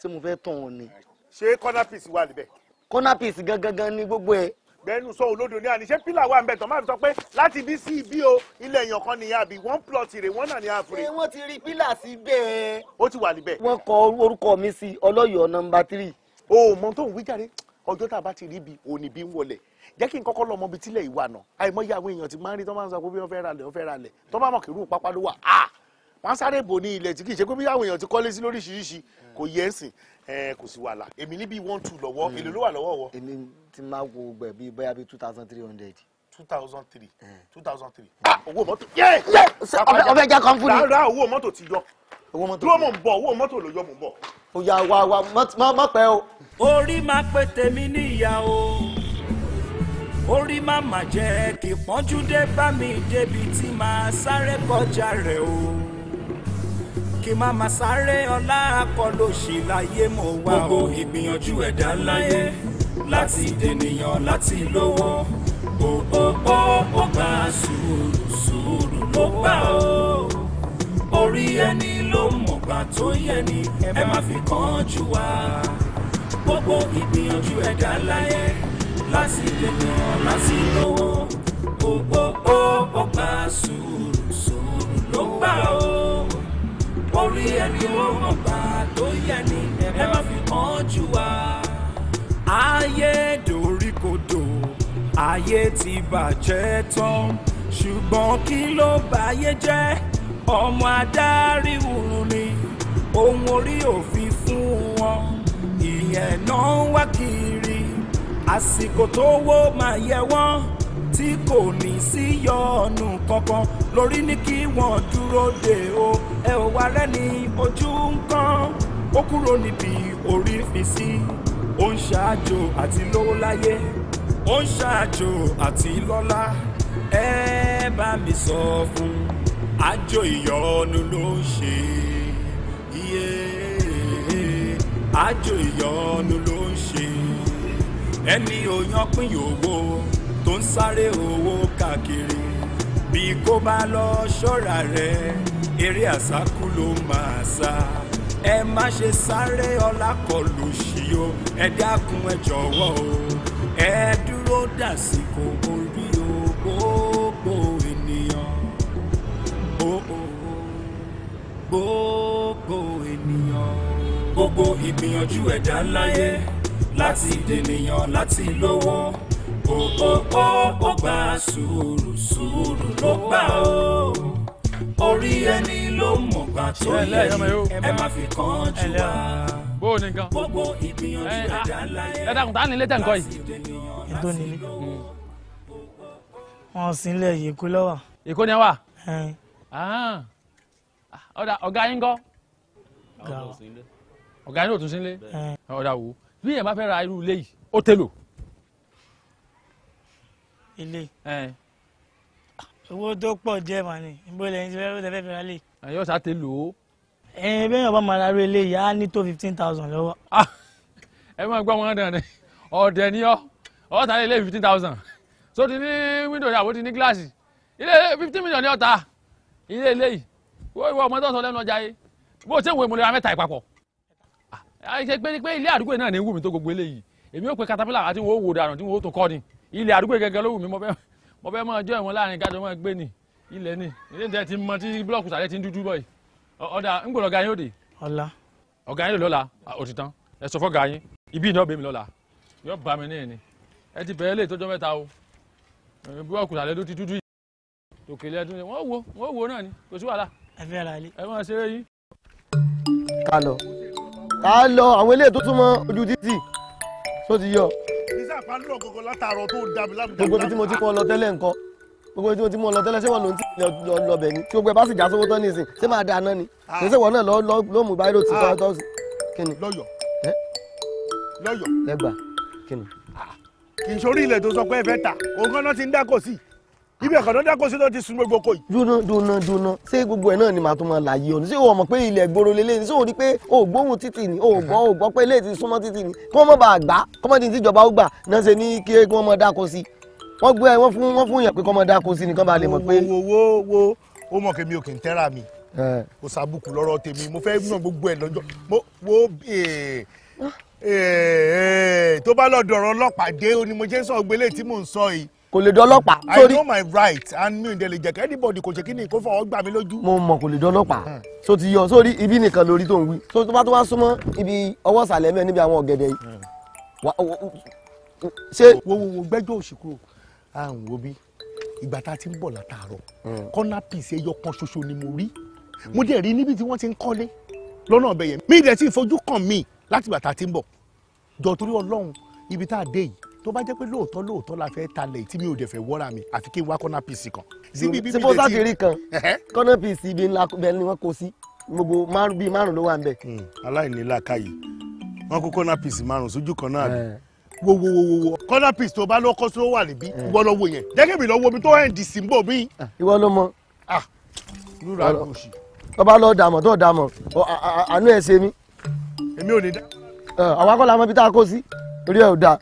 ṣé mo fẹ́ tàn ọ́ ni. ṣé corner piece wà níbẹ̀. corner piece gangan ni gbogbo ẹ. bẹ́ẹ̀ni sọ olódo ní àníṣe pílà wà nbẹ tó máa fi sọ pé láti bí sí ibi o ilẹ̀ èèyàn kan nìyẹn àbí wọ́n plot rè wọ́n náà ní àfúrè. ṣé wọ́n ti rí pílà sí bẹ́ẹ̀. ó ti wà níbẹ̀. wọ́n kọ orúkọ mi sí ọlọ́yọ̀ọ́ nọmba tírì. o mọ tó ń wí jáde ọjọ́ tá a bá ti rí ibi òní bí ń wọlẹ̀ jẹ́ kí n kọ́kọ́ lọ mọbi tílẹ̀ ìwà náà àìmọye àwọn èèyàn ti máa ń rí tó máa ń sọ pé bí wọ́n fẹ́ ra lẹ̀ wọ́n fẹ́ ra lẹ̀ tó bá mọ̀ kí irú pápá ló wà ah! wọ́n sáré bò ní ilẹ̀ tí kì í ṣe gómìnà àwọn èèyàn ti kọ́lé sí lóríṣiríṣi kò yẹ ẹ̀sìn kò sí wàhálà èmi níbi one two lọ́wọ́ èlò ló wà lọ́wọ́ wọ. èmi ti máa wo gbẹ bíi bóyá bíi two thousand three hundred. two thousand three two thousand three. Ah, owó mọ́tò yé yé owó mọ́tò ti yọ owó owó mọ́tò ló yọ mọ̀ ń bọ̀. ó yà wá wá má pẹ́ o. orí máa pe tèmi níyà o orí má má jẹ́ kí pọ́njú dé bá mi débi tí màá sáré kọjá rẹ̀ o kí má má sáré ọlá akọlò sí láyé mo wá o. gbogbo ìgbìyànjú ẹ̀dá láyé láti dènìyàn láti lówó o o o ó gbà sùúrù sùúrù ló gbà o orí ẹni ló mọ̀gbà tó yẹ ni ẹ má fi kánjú wá gbogbo ìgbìyànjú ẹ̀dá láyé láti dènìyàn láti lówó o o o ó gbà sùúrù sùúrù ló gbà o orí ẹni ó mọ̀ gbà tó yẹ ni ẹ má fi hàn jù wá. ayé dorí kodò ayé ti bàjẹ́ tán ṣùgbọ́n kí ló báyé jẹ́ ọmọ adarí wùrùn ni ohun orí òfin fún wọn ìyẹn náà wá kiri àsìkò tó wó máa yẹ wọ́n tí kò ní sí yọ̀ọ̀nù kankan lórí ní kí wọ́n dúró dè o ẹ ò wá rẹ́ni ojú nǹkan ó kúrò níbi orí fi sí ó ń ṣáájò àti lówó láyé ó ń ṣáájò àti lọ́lá ẹ bá mi sọ fún àjò ìyọnu ló ń ṣe iye àjò ìyọnu ló ń ṣe ẹni ò yan pín yòówó tó ń sáré owó káàkiri bí kò bá lọ ṣọ́ra rẹ̀ eré àsákú ló máa sá ẹ má ṣe sáré ọlá kọlù sí o ẹ dákun ẹ jọ̀wọ́ o ẹ dúró dàsìkò orí o gbogbo ènìyàn o gbogbo ènìyàn gbogbo ìgbìyànjú ẹ̀dá láyé láti dènìyàn láti lówó ó ó gbà sùúrù sùúrù ló gbà ó orí ẹni ló mọ̀ gbà tó lẹ́yìn ẹ má fi kàn jù wá bó o nìkan gbogbo ìgbìyànjú ẹ̀dá láyé ẹ ah, dàkùn tá a nílé tẹ̀ǹkọ́ yìí. ètò nílé hmm. wọn sílẹ̀ èkó lọ́wọ́. èkó ni ẹ wà. Ah. Ah, ọ̀dà ọ̀gá yín kọ́ ọ̀gá yín ò tún sílé ọ̀dà wò bí èèyàn bá fẹ́ ra irú ilé yìí ó tẹ̀lò. ilé owó tó pọ̀ díẹ̀ mà ni bó lẹ́yìn tí fẹ́ẹ́ fẹ́ẹ́ fẹ́ẹ́ lè. àyọ̀ sá ti lò ó. ọba màá rárá ilé á ní tó fifteen thousand lọ́wọ́. Ah, ẹ máa gbọ́ wọn dandan ọ̀dẹ̀ ni ọ́ so ti ní windo ní àbótí ní gíláàsì ilé fifteen million ní ọ̀tá ilé ilé yìí wọ́n ìwọ ọmọ tó sọ lẹ́nu ọjà bó o ṣe ń wo ìmọ̀lẹ́ra mẹ́ta ìpapọ̀ ah, àìṣe pé ilé àdúgbò náà wù mí ilẹ̀ àdúgbò gẹ́gẹ́ ló wù mí mo fẹ́ mo fẹ́ mọ ọjọ́ ìwọ̀n láàrin kájọ mọ́ gbé ni ilẹ̀ ni ilé tẹ ti mọ tí blọọkù sàlẹ̀ ti ń dúdú bọ̀ yìí ọ̀dà ń gbọ́dọ̀ ọ̀gá yín òde. ọ̀la. ọ̀gá yín lọ́la òtítàn ẹ sọ fọ́gà yín ibi ìdán bẹ́ẹ̀ mi lọ́la yóò bá mi níyìn ni ẹ ti bẹ̀rẹ̀ lè tọ́jọ́ mẹ́ta o blọọkù sàlẹ̀ ló ti dúdú yìí tòkèlè ẹdún ni wọ́n wo wọ́n wo náà ni kò sí wàhálà. ẹ fẹ́ ra ilé. ẹ máa ṣeré yín. ká lọ ká lọ àwọn ilé tó túmọ̀ ojú títì tó ti yọ àpá lọ gọgọ látàárọ̀ tó dàbí ládùúgbò. gbogbo ibi tí mo ti kọ́ lọ tẹ́lẹ̀ nǹkan gbogbo ibi tí mo ti mọ lọ tẹ́lẹ̀ ṣé wọn ló ń tilẹ̀ lọ bẹ̀ ni tí gbogbo ẹ bá sì já sówó tán ní ìsìn ṣé máa dáná ni kò ah. sí ìwọ náà ló mú báyìí ló ti fọ́ tọ́ sí. kíni lọ́yọ̀ lọ́yọ̀ lẹ́gbàá kíni. Ah. kì í sórí ilẹ̀ tó sọ pé ẹ fẹ́ ta òun kan ti ń dá kò sí ibi ẹ̀kọ́ náà dákó sí tó ti sun gbogbo kò yìí. dúnà dúnà dúnà ṣé gbogbo ẹ̀ náà ni màá tún máa láyé ọ̀nà ṣé o mọ̀ pé ilẹ̀ gbòòrò lélẹ̀ ni ṣé o rí pé o gbóhùn títì ni o gbọ́ o gbọ́ pé ilé ti súnmọ́ títì ni kí wọ́n mọ̀ bá gbà kọ́mọ́dé tíjọba ó gbà náà ṣe ní kí wọ́n mọ̀ dákó sí wọ́n gbé wọ́n fún wọ́n fún yàn pé kọ́mọ dáko sí nìkan bá lè mọ̀ pé. wo wo wo mo fẹ́ mo wo eh, ah. eh, eh, tó bá lọ́ọ́ dọ̀rọ̀ ọlọ́pàá dé ó ní mo jẹ́ sọ gbélé tí kò lè dọ́lọ́pàá. I know my right and mi ò dẹ̀ lè jẹ́ kí anybody kò ṣe kí ni kó fọwọ́ gbà mí lójú. mo mọ̀ kò lè dọ́lọ́pàá hmm. so ti yọ sórí ibi nìkan lórí tó ń wí so tó bá tó wá súnmọ́ ibi ọwọ́ ìsàlẹ̀ mẹ́ẹ̀ níbi àwọn ọ̀gẹ̀dẹ̀ yìí. Hmm. ṣé. wo wo wo gbẹ́jọ́ òsì kúrò à ń wo bí ìgbà tá a ti ń bọ̀ látàárọ̀ hmm. corner piece ẹyọ ṣoṣo ni mo rí mo dẹ̀ rí níbi tí wọ́n ti ń kọ́lé lọ́nà ọ̀bẹ yẹn mi ìdẹ̀ tí ìfojú kàn mí látìgbà tá tó bá jẹ́ pé lóòótọ́ lóòótọ́ la fẹ́ talẹ̀ tí mi ò dẹ̀ fẹ́ wọ́ra mi àfi kí n wá kọ́nà pìsì kan. sípòsá ti rí kan kọ́nà pìsì ibi ńlá bẹ́ẹ̀ ni wọ́n kó sí gbogbo bíi márùn ló wà ń bẹ̀. Hmm, aláìní làákàyè wọn kó kọ́nà pìsì márùn sójú kan náà rẹ̀ wowowowo kọ́nà pìsì tó bá lọ́kọ́ tó wà níbí ìwọ lọ wo yẹn jẹ́gẹ́ mi lọ wo mi tó ẹ̀ ń dì sí ń bò mí. ìwọ ló mọ. lúra ah, ló ṣì. ọba lọ dààmú tó dààmú àánú ẹ ṣe mí. èmi ò ní dá. àwa kọ́ mọ ibi tá a kó sí orí ẹ̀ ò dáa.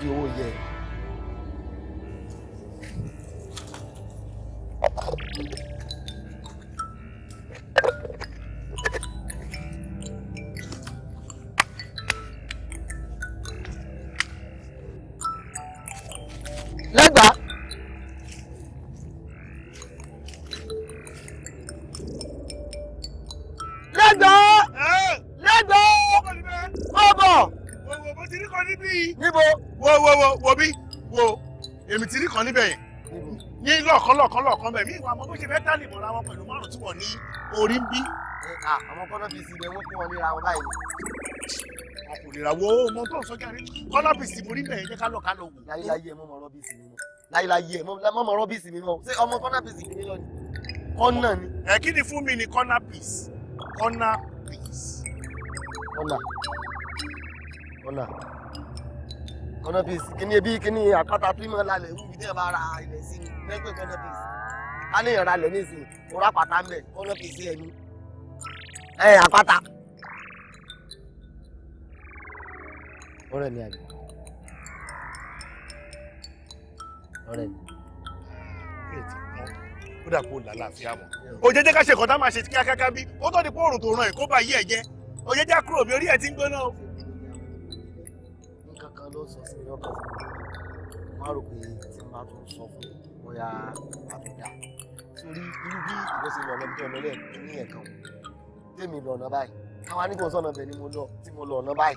di owó yẹ. kan níbẹ̀ yẹn ní lọ́ọ̀kan lọ́ọ̀kan lọ́ọ̀kan bẹ̀ mí ìwà ọmọ bó ṣe fẹ́ dálì bọ̀ra wọn pẹ̀lú márùn tí wọ́n ní orí ń bí. àwọn kọ́nà bíi sílẹ̀ wọ́n fún wọn níra wọn báyìí. wọn kò lè ra wo ọmọ tó ń sọjà rí kọ́nà bíi sí borí bẹ̀rẹ̀ jẹ́ ká lọ ká lọ wò. láyéláyé ẹ mọ́ mọ́ rọ́bìsì mi mọ́ láyéláyé ẹ mọ́ mọ́ rọ́bìsì mi mọ́ ṣé ọmọ kọ́nà bíi sí mi tí ọba ra ilẹ̀ sí ni lẹ́gbẹ̀ẹ́ kọ́nà pèsè ká ní ìyànra lẹ̀ nísìnyí mo rà pàtà mẹ́ kọ́nà pèsè ẹ̀mí ẹ̀ àpáta. ọ̀rẹ́ mi àgbẹ̀ ọ̀rẹ́ mi. ó dà kó làlàáfíà mọ́ ó jẹ́jẹ́ ká ṣe kọ́tà máa ṣe kíákíá bí ó tọ́ di pé òòrùn tó ràn ẹ̀ kó bá yí ẹ̀ jẹ́ ó jẹ́jẹ́ kúrò bí orí ẹ̀ ti ń gbóná o sọ sí ọkọ fún mi rò pé máa tún sọ fún bóyá àtúndà torí irú bí ìgbésẹ̀ ìlú ọ̀nà bí ọ̀nà lẹ̀ ní ẹ̀kan tèmi lọ ọ̀nà báyìí káwa ní sọ̀nà bẹ̀ ni mo lọ tí mo lọ ọ̀nà báyìí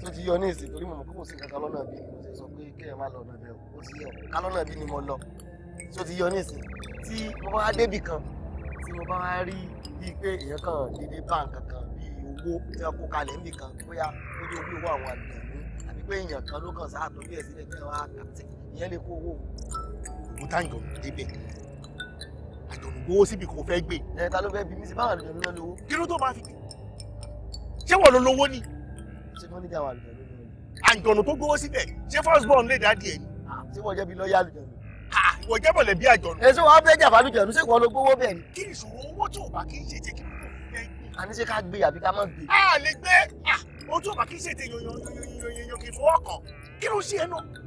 tó ti yọ ní ìsìn torí mo mọ̀ pé kò sí kankan lọ́nà bí mo ti sọ pé kéèyàn má lọ ọ̀nà bẹ̀ ó ti yọ ká lọ́nà bí ni mo lọ tó ti yọ ní ìsìn tí mo bá wá débì kan tí mo bá wá rí bíi pé èèyàn kan dédé bá nǹkan kan bíi owó tí wọn kó kalẹ̀ níbì kan bóyá ó dé owó àwọn àgbẹ̀ àbí pé èèyàn kan ló kàn sáà tó bí ẹ̀ sílẹ̀ kí wọ́n á kà ìyẹn lè kó owó òkú táǹjọ débẹ̀ àjọ̀nù gbowó síbi kò fẹ́ gbé. ẹ ta ló fẹ́ bí mi sí báwọn àlùjọ ló lówó. kí ló tó máa fi gbé ṣé wọ́n ló lówó ni. ṣé wọ́n ní kí àwọn àlùjọ ló lówó. àjọ̀nù tó gbowó síbẹ̀ ṣé first born lè dá díẹ̀ ni. ṣé wọ́n jẹ́ bí lọ́ọ́yà àlùjọ ni. ìwọ jẹ́ bọ̀lẹ̀ bí àjọ̀nù. èso wa bẹ́ẹ̀ jàpá àlùjọ ni ṣé wọ́n ló gbowó bẹ́ẹ̀ ni. kí ìṣòro owó tó bá kí ń ṣe jẹ́ kí àní ṣe ká gbé àbí ká má gbé. a lè gbé ojú ọba kì í ṣètè yòyòyòyòyò kì í fọwọ́ kàn kí ló ṣe é náà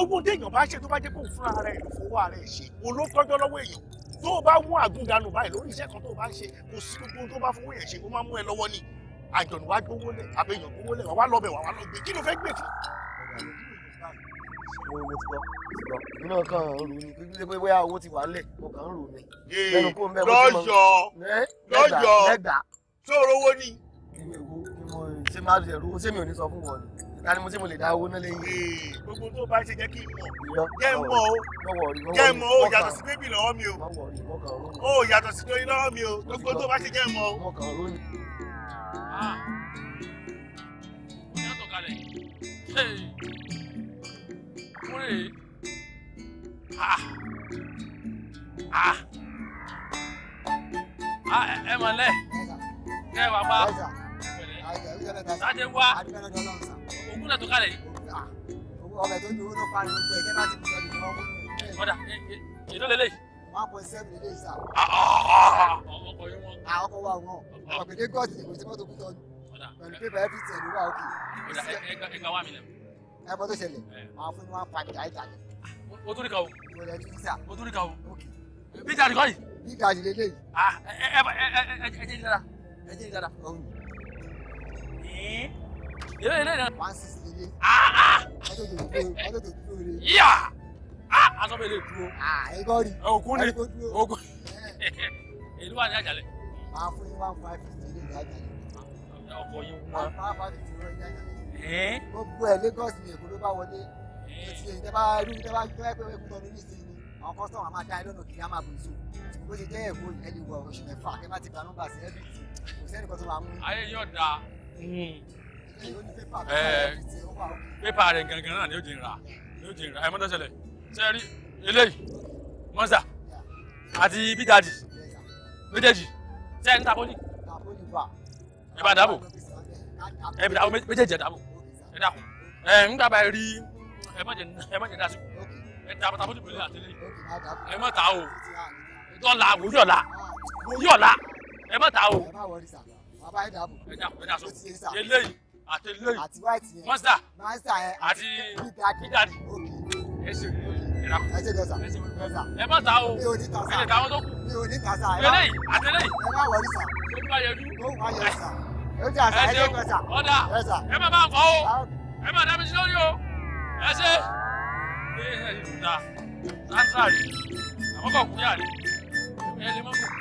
gbogbo ohun téèyàn bá ṣe tó bá jẹ́ kó fúnra rẹ̀ fowó ara ẹ̀ ṣe wo ló tọ́jọ́ lọ́wọ́ èèyàn tó bá mú àgùndànù báyìí lórí iṣẹ́ kan tó bá ṣe kò sí gbogbo tó bá fowó yẹn ṣe ó máa mú ẹ lọ́wọ́ ni àjọ̀nù wá gbówó lẹ̀ àbẹ̀yàn gbówó lẹ̀ wà wá lọ́bẹ̀ wà wá lọ́gbé kí ló fẹ́ gbè fún. owó ti gbọ́ ti gbọ́ èmi náà kàn ń rò ní pé pé bóyá owó ti wà lẹ̀ mo kàn ń rò ní. lọ́jọ́ lọ́jọ́ sórówó ni. ṣé máa ṣe rówó ṣé mi ò ní sọ fún wọn ni ta ni mo ti mo lè dá owó náà lẹ́yìn. gbogbo tó bá ṣe jẹ́ kí n mọ̀ jẹ́ mọ̀ o jẹ́ mọ̀ o yàtọ̀ sí bébì lọ́wọ́ mi o o yàtọ̀ sí tóyin lọ́wọ́ mi o gbogbo tó bá ṣe jẹ́ mọ̀ o. Ah. Ah, ẹ mọ̀ lẹ́ kẹ́ wàá bá ṣáṣe wá múlẹ̀ tó kálẹ̀ yìí. Ah, ọbẹ̀ tó ẹ̀ one point seven lélẹ̀ sà. ọkọ̀ yín wọn. Ah, ọkọ̀ wa wọn ọ̀gbẹ̀dẹ̀ gọ́ọ̀tì ni kò sí mọ́tò kútọ́ pẹ̀lú pépà everything ló wà òkè. ọ̀dà ẹgbà wà mí lẹ̀. ẹ bọ́ tó ṣẹlẹ̀ máa fún ní one point five ìtàgé. o tún rí kan o. o lẹ tún sà. o tún rí kan o. bí ìtàgé kọ́ yìí. bí ìtàgé lélẹ̀ ilé ah, ah. ilé náà. one six lè dé. yíyà asọ́fẹ́ ah, lè dúró. ẹ̀kọ́ rí òkú ni òkú. èlú wà ní àjàlẹ̀. máa fún yín one five fifty ní àjàlẹ̀. ọkọ yín wá. one five fifty ní àjàlẹ̀. gbogbo ẹ̀ Lagos ni èkó ló bá wọlé. ètò ìjọba rí ìjọba gbẹ́ pé wọ́n gbọ́dọ̀ ní ìsinmi àwọn kọ́sọ̀mù àmà dá lọ́nà kí á bò so bó ṣe jẹ́ èkó ẹni wọ oṣù mẹ́fà kí ẹ ti gba nọ́mbà sí ẹ́bìtì kò sẹ́ni kan tó máa mú. ayé yóò dáa. Hmm pépà rẹ̀ gangan náà ni ó di ni ó di ra ẹ̀ mọ́tọ́sẹ̀lẹ̀ sẹ́rí eléyìí mọ́sà àti bídàdì méjèèjì sẹ́ẹ̀ ń tàbó ní. ẹ bá dáàbò ẹ bí dáàbò méjèèjì ẹ dáàbò ẹ dákun ẹ ń dábà rí ẹ mọ̀jẹ̀ ẹ mọ̀jẹ̀ dásìkò ẹ tàbó tàbó ní bẹ̀rẹ̀ àtẹlẹ́ ẹ mọ̀ tà o dọ́là wòlíì ọ̀la wòlíì ẹ mọ̀ tà o. ẹ dákun ẹ dáṣọ eléyìí àti lóyè àti white yẹn mọ́sítà mọ́sítà yẹn àti bídàdì ẹ ṣe ẹ ṣe gọ́sà ẹ má ta o mi ò ní ta sa ẹ lè ta àwọn tó kù mi ò ní ta sa ẹ má eléyìí àti eléyìí ẹ má wọlé sa ó má yẹjú ó má yẹjú sa ó jà sa ẹ ṣe gọ́sà ọ̀dà ẹ má máa fọ́ o ẹ má dá mi sí lórí o ẹ ṣe ẹ ẹ ta sáńtà rè àmọ́kọ̀ọ́kùnrin àrè ẹ lè mọ́kọ̀ọ́.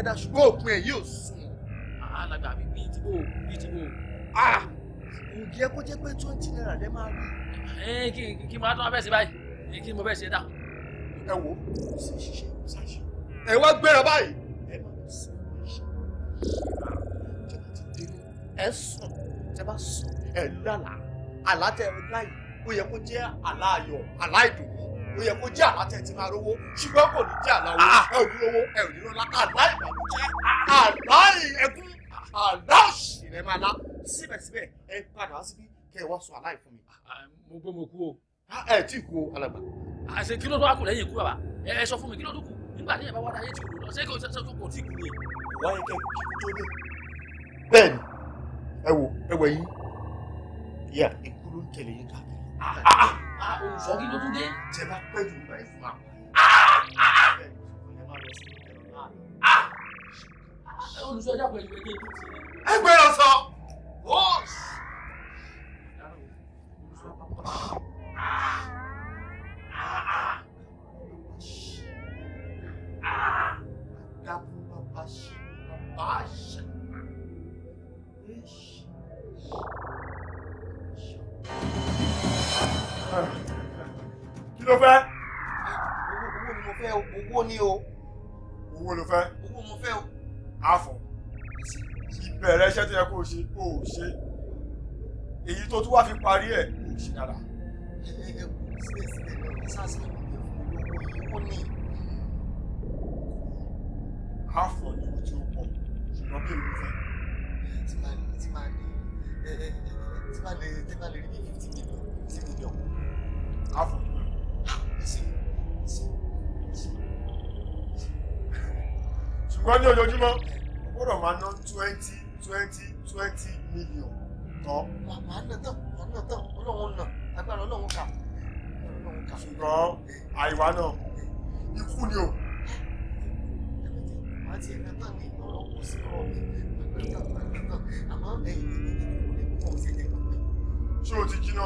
together ṣùgbọ́n òpin ẹ̀ yóò sùn. alàgbà mi bíi ti bò bíi ti bò. ǹjẹ́ ah! yẹ kó jẹ́ pé twenty naira lẹ́ máa rí. ẹ kí kí n máa tún abẹ́ sí báyìí kí n mo bẹ́ẹ̀ ṣe dá. ẹ wo ṣe ṣiṣẹ́ ṣáṣe ẹ wá gbéra báyìí ẹ máa lọ sí ẹ sùn tẹ bá sùn ẹ lálàá àlá tẹ ẹ láyìí ó yẹ kó jẹ́ àlá ayọ̀ àlá ìdùnnú ó yẹ kó jẹ́ àlátẹ̀ tí máa rówó ṣùgbọ́n kò ní jẹ́ àláwo ah. ẹ ò ní rówó ẹ ò ní rọ́lá àlá ìbànújẹ́ àlá ẹkún àlá òṣì rẹ máa lá síbẹ̀síbẹ̀ ẹ padà wá síbí kẹ́ ẹ wá sọ aláì fún mi. Ah, mo gbọ́ mo kú o. Ah, ẹ tí ì kú o alàgbà. àṣẹ kí ló tó wá kù lẹ́yìn ikú bàbá ẹ sọ fún mi kí ló tó kù nígbà tí ìyàbá wá dáyé tí kò lọ ṣé kò tí kù olùsọ kí ló tún dé. tẹ bá pẹ́ jù báyìí fún wa. olùsọ ẹja pẹ̀lú ẹgbẹ́ tó ti. ẹgbẹ́ lọ sọ. Baixa, kí ló fẹ́. owó ni mo fẹ́ o owó ni o. owó ló fẹ́. owó mo fẹ́ o. àfọ̀ ìbẹ̀rẹ̀ iṣẹ́ tó yẹ kó o ṣe kó o ṣe èyí tó tún wá fi parí ẹ̀ kó o ṣe dáadáa. àfọ̀ ni mo ti pọ̀ ṣùgbọ́n bí èmi fẹ́. tí máa ní tí máa ní tí máa lè rí bí fifty million fifty million. Alpha. ṣùgbọ́n ní ojoojúmọ́ ó gbọ́dọ̀ máa ná twenty twenty twenty million tán. màmá náà tán màmá náà tán ọlọ́run náà agbára ọlọ́run kà ọlọ́run kà. ṣùgbọ́n àìwá náà ikú ni o. màá tiẹ̀ náà tán ní ọ̀rọ̀ kò sí ọ̀rọ̀ mi màmá náà tán màmá náà tán àmọ́ ẹ̀yìn ìdílé kó ọ̀sẹ̀ jẹ́ ṣé o ti jiná?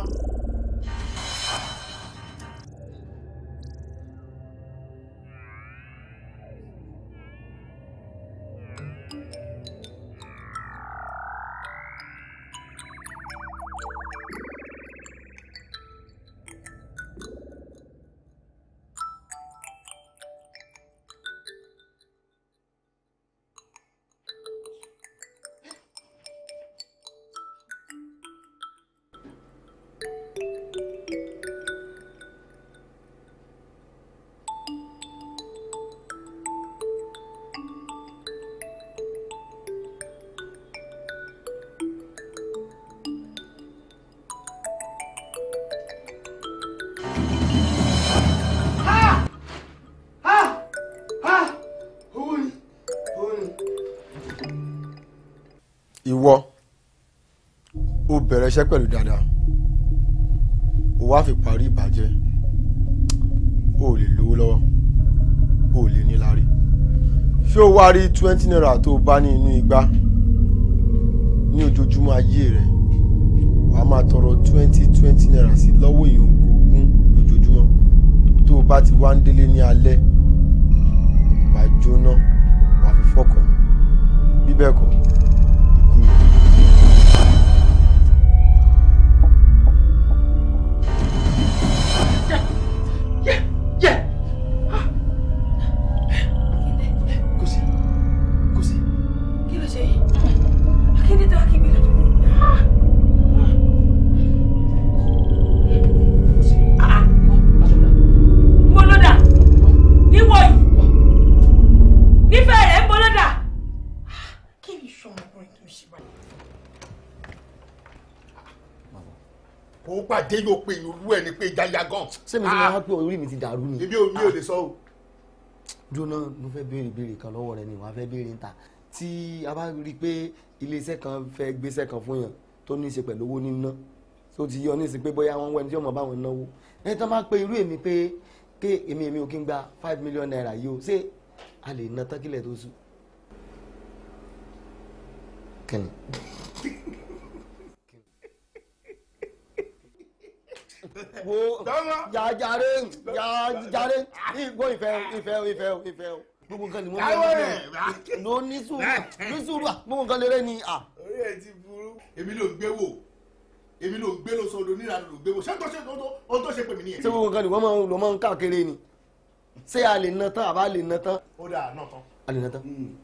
ìwọ o bẹ̀rẹ̀ iṣẹ́ pẹ̀lú dáadáa o wá fi parí ìbàjẹ́ o lè lówó lọ́wọ́ o lè níláárí ṣé o wá rí twenty naira tó o bá ní inú igbá ní ojoojúmọ́ ayé rẹ̀ wà á máa tọrọ twenty twenty naira sí lọ́wọ́ èèyàn ogún lójoojúmọ́ tó o bá ti wá ń délé ní alẹ́ wàá jóná wàá fi fọkàn bíbẹ̀ kọ́ dé yóò pe irú ẹ ni pé jaya gan. sẹ́mi tí mo máa ń ah. pè orí mi ti dàrú ni. ibi omi ò ah. lè sọ o. jóná mo fẹ́ béèrè béèrè kan lọ́wọ́ rẹ ni wọ́n á fẹ́ béèrè ń ta tí a bá rí i pé iléeṣẹ́ kan fẹ́ gbéṣẹ́ kan fún yàn tó ní í ṣe pẹ̀lú owó níná tó ti yọ ní ìsìn pé bóyá wọ́n wẹ́ni tí yóò mọ̀ báwọn náwó ẹ tán bá pe irú èmi pé ké èmi èmi ò kí ń gba five million naira yìí o ṣé a lè ná tán tó sùn. kẹ́ni. wo ya jàre ya jàre wo ìfẹ́ ìfẹ́ ìfẹ́ ìfẹ́ o gbogbo nǹkan ni mo ní ló ní sùúrù ní sùúrù gbogbo nǹkan lérè ni à. orí ẹ ti burú. èmi ló gbé wò èmi ló gbé lọ sọdọ nílà ló gbé wò ṣé tó ṣe ohun tó ṣe pè mí nìyẹn. ṣé gbogbo nǹkan ni wọ́n máa ń lò máa ń káàkiri ni ṣé a lè na tán àbá lè na tán. ó dà náà tán. a lè na tán. Hmm.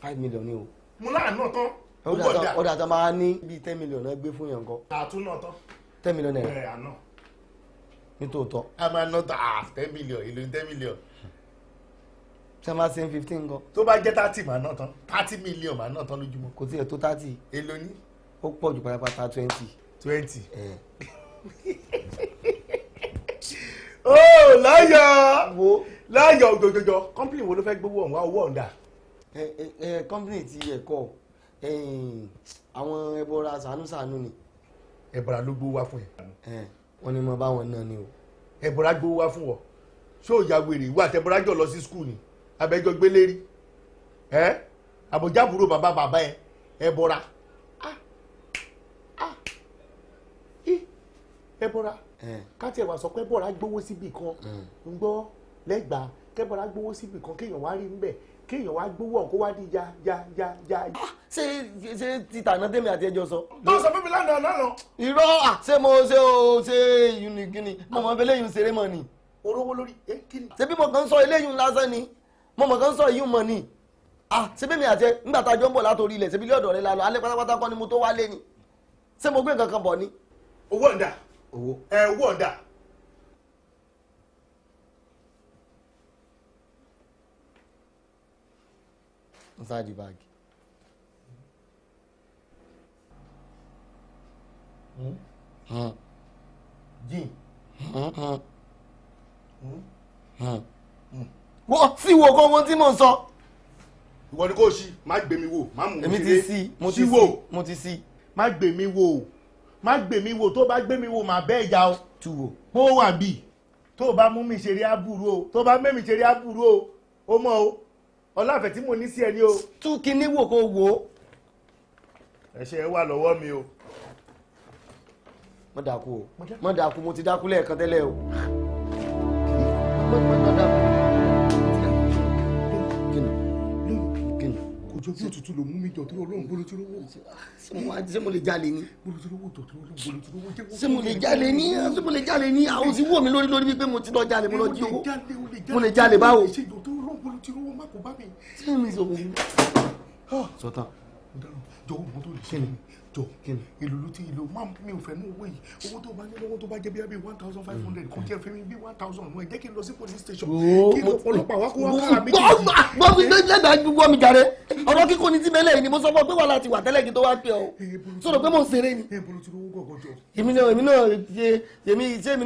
five million ni o. mo láà náà tán. ó dà tán ó dà tán máa ní bíi ten million náà gbé fún yàn kan. àtúntàn tán ten million naira. ẹ àná. nítòótọ́. a máa ná ta ah, ten million èlò ten million. ṣé máa ṣe fifteen gan. tó bá jẹ́ thirty máa ná tán thirty million máa ná tán lójúmọ́. kò tiẹ̀ tó thirty. èlò ni. ó pọ̀ jù pátápátá twenty. twenty. ó oh, láyọ̀ láyọ̀ òjòjòjò kọ́ńpìlì wo ló fẹ́ gbowó ọ̀hún wá owó ọ̀hún dà. ẹ ẹ kọ́ńpìlì ti ẹ̀kọ́ àwọn ẹbọra sànúsànú ni ẹ̀bọ̀rà ló gbowó wá fún ẹ. wọ́n ní mo bá wọn náà ni o. ẹ̀bọ̀rà gbowó wá fún ọ ṣé ò ya wèrè ìwà àtẹ̀bọ̀rà jọ lọ sí skul ni abẹ́jọ́ gbélé rí ẹ àbújábúrò bàbá bàbá ẹ ẹ̀bọ̀rà ah, ah, ẹ̀bọ̀rà káti ẹ̀wà sọ pé ẹ̀bọ̀rà gbowó síbì kan ń gbọ́ lẹ́gbàá kẹ́bọ̀rà gbowó síbì kan kéèyàn wá rí ń bẹ̀ kéèyàn wá gbówó ọ̀hún kó wá di ya ya ya ya. Ah, ṣé ṣé títà náà tèmi àti ẹjọ sọ. tó sọ fún mi lánàá lánàá. irọ́ à ah, ṣé mo ṣe o ṣe yunifásitì mo mọ eléyìí ń ṣeré mọ́ ni. orówó lórí ẹ kí ni. ṣebí mo kàn ń sọ eléyìí lásán ni mo mọ̀ kàn ń sọ èyí mọ́ ni. à ah, ṣebí mi àti ẹ nígbà tá a jọ ń bọ̀ látòrí ilẹ̀ ṣebí ilé ọ̀dọ̀ rẹ lánàá alẹ́ pátápátá kọ́ ni mo tó wálé ni ṣé mo gbé nǹkan kan bọ̀ ni. owó ọ̀dà owó ọ̀dà inside the bag. Hmm? Hmm. Gin. Hmm. Hmm. Hmm. Hmm. Hmm. Wọ́n sì wo kọ́ wọ́n tí mò ń sọ. Ìwọ ni kò sí, má gbé mi wò, má mú mi ṣeré. Èmi ti sí, mo ti sí, mo ti sí. Má gbé mi wò, má gbé mi wò, tó bá gbé mi wò, màá bẹ́ ìjà o. Tu wo. Mo wà bíi, tó o bá mú mi ṣeré aburú o, tó o bá mú mi ṣeré aburú o, o mọ̀ o ọláfẹ́ tí mo ní sí ẹni o. tú kinní wò kó wò. ẹ̀ṣẹ̀ ẹ wà lọ́wọ́ mi o. mo dákú o mo dákú mo ti dákú lẹ́ẹ̀kan tẹ́lẹ̀ o. ojú òtútù ló mú mi jọ ọlọ́run bolo tí ṣé mo lè jalè ni. bolo tí ó ọlọ́run bolo tí ṣé mo lè jalè ni ṣé mo lè jalè ni àwọn ti wò mí lórí lórí wípé mo ti lọ jalè mo lọ jí owó mo lè jalè báwo. ṣé jọ ọlọ́run bolo tí má kó bá mi. ṣé mi sọ wọn. sọta jọ̀wọ́ mọ lè ṣe mi jọ èlò ló ti ìlò máa mi ò fẹ́ ní owó yìí owó tó bá ní tó bá jẹ́ bíi one thousand five hundred kò jẹ́ fẹ́mi bíi one thousand wọn ẹ̀ jẹ́ kí n lọ sí police station kí ló ọlọ́pàá kó wá kára méjì. gbọ́ mi lẹ́dàá ju wọ́ mi jàre ọ̀rọ̀ kíkó ni tí mẹ́lẹ̀ ni mo sọ fún ọ pé wà láti wà tẹ́lẹ̀ kí n tó wá pẹ́ ọ sọ̀rọ̀ pé mo ń ṣeré ni. èmi náà èmi náà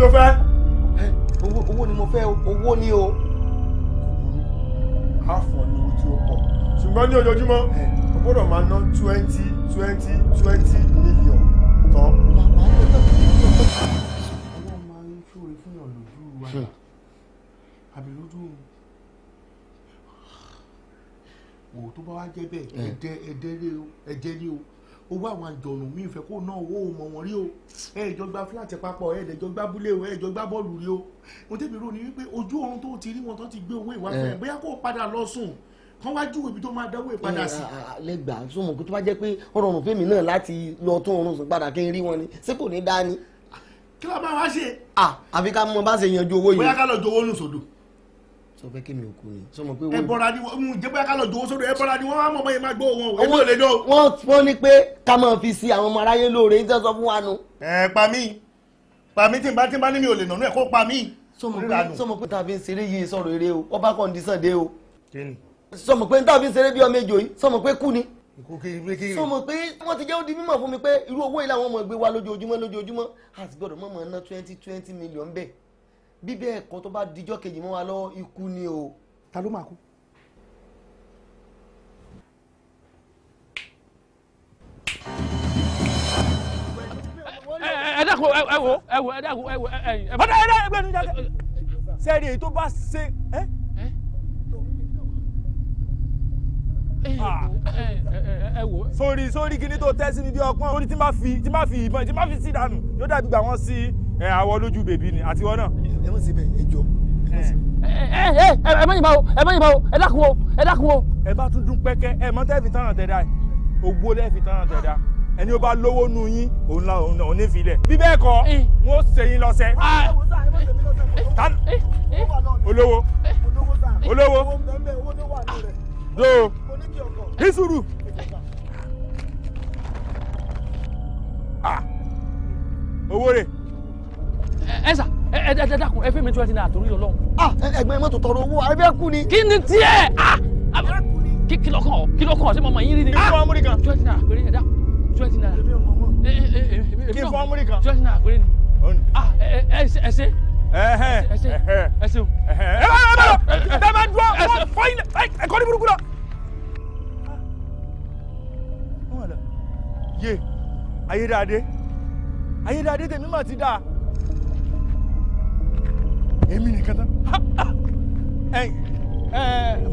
ṣe owó ni mo fẹ́ owó ni o á fún ọ ní owó tí ó pọ̀ ṣùgbọ́n ní ojoojúmọ́ o gbọ́dọ̀ máa ná twenty twenty twenty million tán. ọlọ́run máa ń ṣòro fún yàn lójú wa àbí lójú òun tó bá wá jẹ́ bẹ́ẹ̀ ẹ̀jẹ̀ ẹ̀jẹ̀ ni o owó àwọn àjọyọ̀ mi ìfẹ́ kó ná owó mọ̀ wọ́n rí o ẹ gba fúláàtì papọ̀ ẹ gba abúlé o ẹ gba bọ́ọ̀lù rí o mo tẹ́bi rò ní wípé ojú oorun tó ti rí wọn tó ti gbé owó ìwà fẹ́ eh. bóyá kó padà lọ kán wá júwèé ibi tó máa dáwọ́ ìpadà sí. lẹ́gbàá súnmọ́ kó tó bá jẹ́ pé ọ̀rọ̀ fèmí náà láti lọ tún oorun sùn padà kí n rí wọn sọ fẹ́ kí mi ò kú ni. ẹbọra ni wọn jẹ bóyá ká lọ dòwó sódò ẹbọra ni wọn máa mọ ọmọ yẹn máa gbó wọn èmi ò lè dán. wọn fọ ni pé ká máa fi sí àwọn ọmọ aráyé lóore ń sọ fún wa nu. ẹ pa mí pa mí tí n bá tí n bá ní mi ò lè nànú ẹ kó pa mí. sọmọ pé tàbí ṣeré yìí sọ̀rọ̀ eré o ọba kọndíṣàn dé o. sọmọ pé tàbí ṣeré bí ọmọ ejò yìí sọmọ pé kú ni sọmọ pé wọn ti jẹ́ bíbẹ́ ẹ̀kọ́ tó bá dijọ́ kejì mọ́ wa lọ́wọ́ ikú ni o. ta ló máa kú. ẹ dákun ẹ wo ẹ wo ẹ dákun ẹ wo ẹ ẹyin ẹ fọdọ ẹ dá ẹgbẹ nínú jáde. sẹ́ẹ̀rì èyí tó bá ṣe ẹ́. Ah. ẹ wo. sórí sórí kíní tó tẹ́ sí mi bí ọpọ́n orí tí n bá fi ìbọn tí n bá fi sí ìdánù yóò dàbí gbà wọ́n sí i ẹ àwọ lójú bèbí ni àti wọn náà. ẹ mọ̀ síbẹ̀ ẹ jọ ẹ ẹ ẹ mọ̀ yìí bá o ẹ mọ̀ yìí bá o ẹ dákun o ẹ dákun o. ẹ bá tún dún pẹ́kẹ́ ẹ mọ tẹ́ẹ̀ fi tán àtẹ̀dá ẹ ògbó lẹ́ẹ̀ fi tán àtẹ̀dá ẹni ó bá lówó nu yín òun la òun òun ní filẹ̀. bí bẹ́ẹ̀ kọ́ eh. wọ́n ṣe yín lọ́sẹ̀. Ah. Eh, eh. olówó olówó do isuru. Ah. owó rẹ̀ ẹ sà ẹ ẹ dákun ẹ fẹ́ mi tí wọ́n ti ní àtòrí ọlọ́run. ẹgbẹ́ mọ́tò tọrọ owó abẹ́ kú ni. kí ni tiẹ̀ kí kí lọ́kàn kí lọ́kàn ṣé màmá yín rí ni. kí fọ́ amúrí kan. twenty naira péré ẹ dákun twenty naira. kí fọ́ amúrí kan. twenty naira péré ni. ẹ ẹ ṣe ayédáadé ayédáadé tèmi mà ti dáa èmi nìkan tán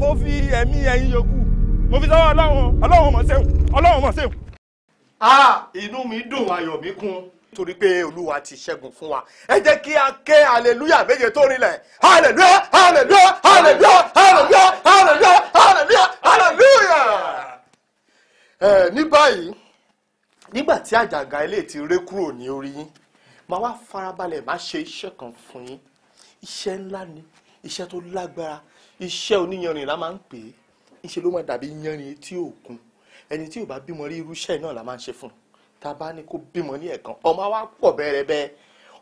mo fi ẹ̀mí ẹ̀yin yòókù mo fi sọ́wọ́ ọlọ́run ọlọ́run mọ̀ sẹ́wọ̀n ọlọ́run mọ̀ sẹ́wọ̀n. inú mi dùn ayọ̀ mi kún torí pé olúwa ti ṣẹ́gun fún wa ẹ jẹ́ kí a ké hallelujah méje tó rinlẹ̀ hallelujah hallelujah hallelujah hallelujah hallelujah hallelujah hallelujah. ẹ ní báyìí nígbà tí àjàgà ilé ti ré kúrò ní orí yín màá wá farabalẹ̀ má ṣe iṣẹ́ kan fún yín iṣẹ́ ńlá ni iṣẹ́ tó lágbára iṣẹ́ oníyanrìn la máa ń pè é ńṣe ló máa dàbí yanrìn tí òkun ẹni tí ò bá bímọ rí irú náà la máa ń ṣe fún un tá a bá ní kó bímọ ní ẹ̀kan ọmọ wa pọ̀ bẹ́ẹ̀rẹ̀ bẹ́ẹ̀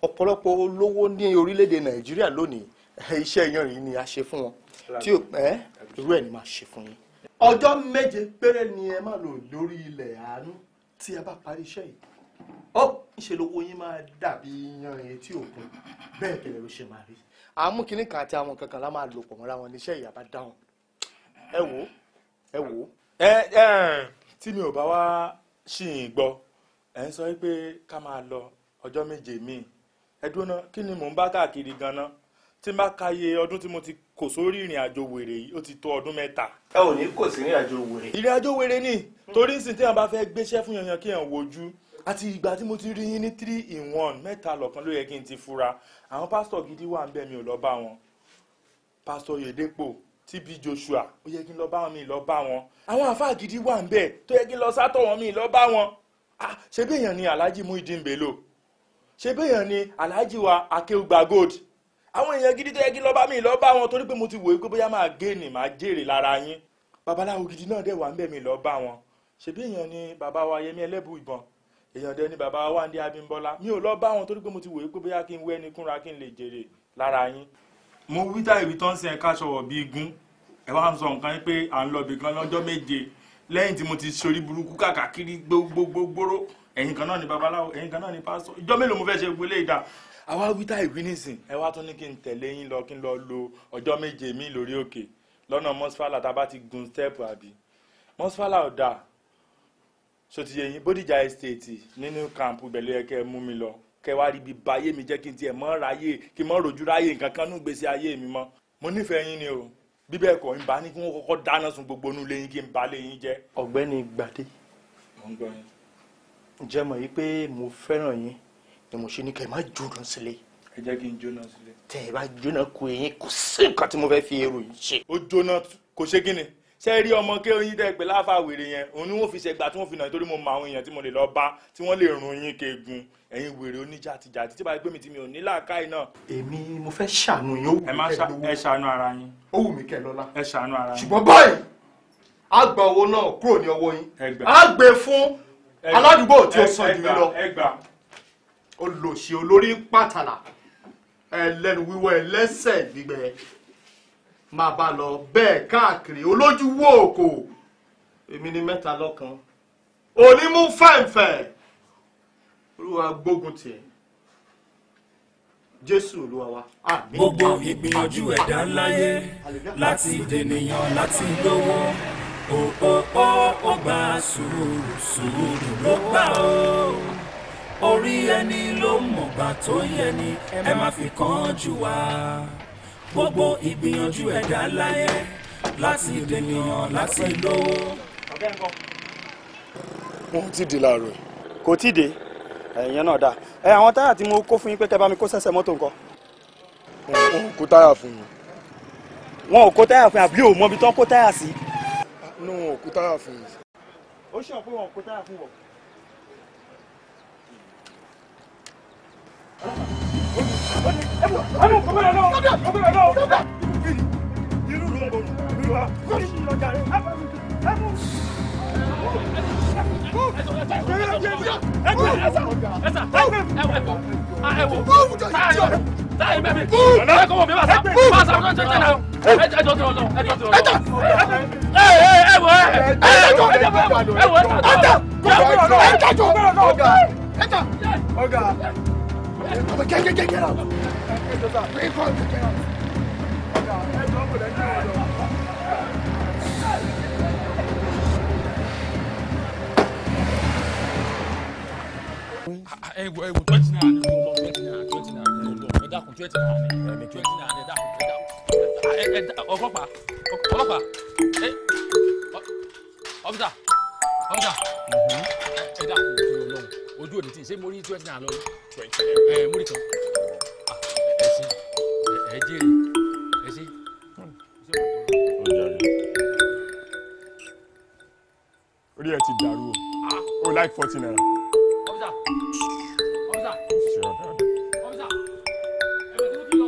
ọ̀pọ̀lọpọ̀ olówó ní orílẹ̀-èdè nàìjíríà lónìí iṣẹ́ yanrìn ni a ṣe fún wọn tí ò ẹ́ irú ẹ̀ ni máa ṣe fún yín. ọjọ́ méje péré ni ẹ máa lò lórí ilẹ̀ àánú tí ẹ bá parí iṣẹ́ yìí ó ńṣe lówó yín máa dàbí yanrìn tí òkun bẹ́ẹ̀ kẹlẹ́ ló ṣe máa rí àmú kínní kan àti àwọn kankan la máa lò pọ̀ mọ́ra wọn níṣẹ́ ìyàbá dáhùn ẹ wò ẹ wò ẹ ẹ tí mi ò bá wá ṣì ń gbọ́ ẹ ń sọ pé ká máa lọ ọjọ́ méje míì ẹ dúró náà kí ni mò ń bá káàkiri ganan tí n bá ka iye ọdún tí mo ti kò sórí ìrìn àjò wèrè yìí ó ti tó ọdún mẹ́ta. ẹ ò ní kò sí ìrìn àjò wèrè. ìrìn àjò wèrè ni torí ń sìn tí wọn bá fẹ́ gbéṣẹ́ fún yanyan kí yẹn wojú àti ìgbà tí mo ti rí yín ní three in one mẹ́ta lọ̀kan ló yẹ kí n ti fura àwọn pásítọ̀ gidi wà ń bẹ̀ mi ò lọ bá wọn pásítọ̀ yèdèpò TB Joshua ó yẹ kí n lọ bá wọn mi lọ bá wọn àwọn àfáà gidi wà ń bẹ̀ tó yẹ kí n lọ sátọ̀ wọn mi lọ bá wọn ah ṣé béèyàn ni Alhaji Muideen Bello ṣé béèyàn ni Alhaji wa akéwùgbà gold àwọn èèyàn gidi tó yẹ kí n lọ bá mi lọ bá wọn torí pé mo ti wòye pé bóyá máa gé ni máa jèrè lára yín babaláwo gidi náà dẹ̀ wà ń bẹ̀ mi lọ bá wọn ṣèbí èèyàn ni bàbá wa Yẹmí Ẹlẹ́bù Ìbọn èèyàn dẹ bàbá wa Wándé Abímbọ́lá mi ò lọ bá wọn torí pé mo ti wòye pé bóyá kí n wẹ́ ẹni kúnra kí n lè jèrè lára yín. mo wí táyì wí tán sin ẹ̀ka ṣọwọ́ bíi igun ẹ wá ń sọ nǹkan pé à ń lọ bìkan lọ́jọ́ méje lẹ́yìn tí mo ti ṣorí burúkú kàkàkiri gbogbogbòòrò ẹ̀yin kan náà ni babaláwo ẹ̀yin kan náà ni pásọ ìjọ mélòó mo fẹ́ ṣe gbélé ìdá àwa wí táyì wí nísìn ẹ wá tún ní kí n tẹ̀lé yín lọ kí n lọ lo ọjọ́ méje mi lórí òkè lọ́nà mọ́sífàlà tá a bá ti gun stẹ́ẹ̀pù àbí mọ́sífàlà ọ̀dà so ti yẹyin Bódìjà estate nínú camp ìbẹ̀lẹ̀ yẹ kẹ́ ẹ mú mi lọ kẹ́ wá rí ibi ba ayé mi jẹ́ kí n tiẹ̀ mọ́ ráyè kí n mọ́ rojú ráyè nǹkan kan nú gbèsè ayé mi mọ́ mo nífẹ̀ẹ́ yín ni o bí bẹ́ẹ̀ kọ́ ìbá ní kí wọ́n kọ́kọ́ dáná sun gbogbo inú lẹ́yìn kí n ba lẹ́yìn jẹ́. ọ̀gbẹ́ni Gbadé ǹjẹ́ mọ̀ yìí pé mo fẹ́ràn yín ni mo ṣe ní kẹ́ ẹ má jóná sílé. ẹ jẹ́ kí n jóná sílé. tẹ́ ẹ bá jóná ku eyín kò sí nǹkan tí mo fẹ́ fi èrò yìí ṣe. ó jóná kò ṣe kí ni ṣe rí ọmọ kí oyin tẹ pé láfa wèrè yẹn òun ni wọn fi ṣègbà tí wọn fi nà nítorí mo mọ àwọn èèyàn tí mo lè lọ bá tí wọn lè run yín kegun ẹ̀yin wèrè oníjàtijàti tí báyìí pé mi ti mi ò ní làákàyè náà. èmi mo fẹ́ ṣàánú yín ó wù mí kẹ́ lówó ẹ ṣàánú ara yín. ó wù mí kẹ́ lọ́lá ẹ ṣàánú ara yín. ṣùgbọ́n báyìí a gba owó náà kúrò ní ọwọ́ yín a gbé e fún aládùúgbò tí ó sàn jù mí lọ olòṣì olórí pàtàlà ẹlẹ́nu wíwọ́ ẹlẹ́sẹ̀ gbígbẹ́ máa bá lọ bẹ́ẹ̀ káàkiri olójú wo òkò èmi ni mẹ́ta lọ́kan onímú fẹ̀ǹfẹ̀ olúwa gbógun tiẹ̀ jésù olúwa wa. gbogbo ìgbìyànjú ẹ̀dá ńláyé láti dènìyàn láti lówó ó ó ó sùúrù sùúrù ló gbà ó orí ẹni ló mọ̀gbà tó yẹ ni ẹ má fi kánjú wá gbogbo ìgbìyànjú ẹ̀dá láyé láti dènìyàn láti lówó. wọn ti di láàárọ̀ kò tí ì dé ẹ̀yìn náà dáa ẹ àwọn táyà tí mo kó fún yín pé kẹ́ bá mi kó sẹ́sẹ̀ mọ́tò nǹkan. wọn ò kó táyà fún mi. wọn ò kó táyà fún mi àbí ò mọbi tán kó táyà sí. inú wọn ò kó táyà fún mi. ó ṣàn pé wọn ò kó táyà fún wọn ọ̀gá Get, get, get, get out! Bring it out! Get out! ẹ wo ẹ wo twenty nine ẹ wo twenty nine twenty nine ẹ wo ẹ dákun twenty nine ẹ mi twenty nine ẹ dákun ẹ dákun ẹ ẹ ọlọ́pàá ọlọ́pàá ẹ ọfisa ọfisa ẹ dákun ẹ lọhùn ojú òní tí ṣé mo rí twenty naira lọ ah, ẹ ẹ múrí kan ẹ ṣe ẹ jèrè ẹ ṣe. orí ẹ ti dàrú o ah. o like forty naira. ọ̀bùsà ọ̀bùsà ọ̀bùsà ẹ̀mẹ̀tì ló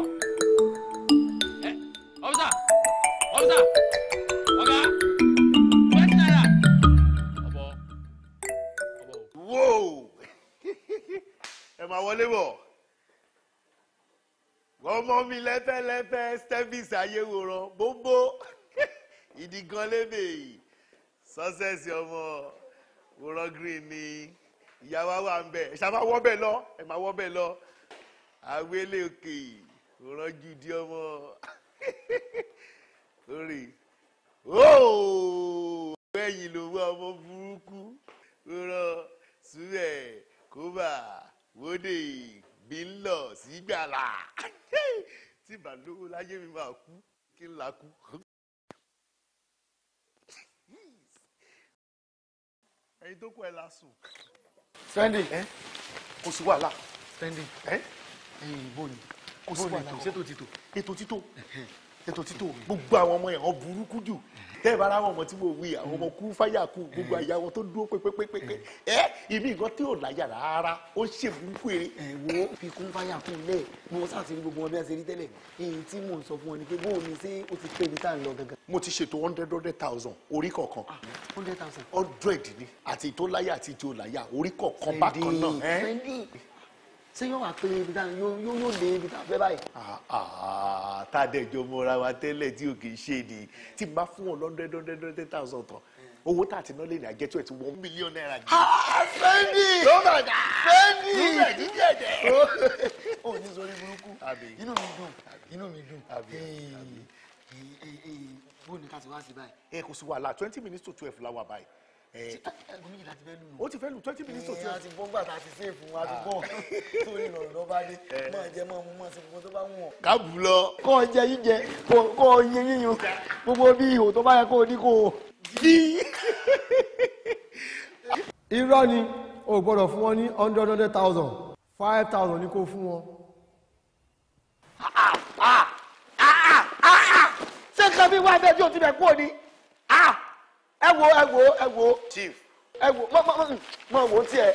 kí lọ máa wọlé bọ̀ ọmọ mi lẹ́fẹ́lẹ́fẹ́ stevens ayéwòrán bóbó ìdígan lébè success ọmọ wòrán green ni ìyàwó wa ń bẹ ṣá máa wọ́ bẹ́ẹ̀ lọ ẹ máa wọ́ bẹ́ẹ̀ lọ àwélé òkè wòrán jùdí ọmọ lórí ooo ẹ̀yìn ló wá ọmọ burúkú wòrán sùúrẹ̀ kóbà wóde bí ń lọ sí gbàrà tí ìbàlówó láyé mi máa kú kí n la kú. ẹyin tó kọ ẹ la sùn. Sunday ẹ kò sí wàhálà. Sunday ẹ ẹyin ìbò ni kò sí wàhálà. ètò ètò títò ètò títò gbogbo àwọn ọmọ yẹn ọ burúkú jù tẹ́ ẹ bá ara wọn ọmọ tí mo wí àwọn ọmọ kú fáyà kú gbogbo àyà wọn tó dúró pépépépé ẹ ìmí nǹkan tí ò láyà rárá ó ṣe burúkú eré. ẹ wo fi kún fáyà kún lẹ mo sá ti rí gbogbo wọn bí a ṣe rí tẹ́lẹ̀ èyí tí mò ń sọ fún ọ ni pé bóun ni ṣé o ti pè mí tá à ń lọ gangan. mo ti ṣètò hundred hundred thousand orí kọ̀ọ̀kan ah, hundred thousand hundred ni àti tó láyà àti tó láyà orí kọ̀ọ̀kan bákan náà ṣé yóò wà pé ibi tá yóò yóò lé ibi tá fẹ́ báyìí. Ah, ah, tàdéjọ mọra wa tẹ́lẹ̀ tí o kì í ṣe ni tí n bá fún ọ lọ́ndẹ́ lọ́ndẹ́ lọ́ndẹ́ thousand tán owó tá a ti ná lé ní àjẹ tó ẹ ti one million naira. fẹ́ẹ́nì fẹ́ẹ́nì ó ní sọ burúkú inú mi dùn inú mi dùn bó ni ká ti wá sí báyìí. ẹ kò sí wàhálà twenty minutes to twelve la wà báyìí o eh. ti fẹ́ lu twenty minutes to twelve. Eh, a ti bọ́ gbà tá a ti sèé fún wa ti bọ̀ tó ní lọ́rùn lọ́ba dé eh. máa jẹ máa mú máa ṣe gbogbo tó bá wù ọ́. kábù lọ. kọ́ ọ jẹ yíjẹ kọ́ ọ yẹ yíyan gbogbo bí ihò tó bá yẹ kó o ní kó o yí. irọ́ ni o gbọ́dọ̀ fún wọn ní hundred hundred thousand five thousand ni kó fún wọn. Ah, ah, ah, ṣé kan bí wàá bẹ́ẹ̀ tí o ti bẹ̀ kú òní ẹ wo ẹ wo ẹ wo chief ẹ wo mọ mọ mọ wo tiẹ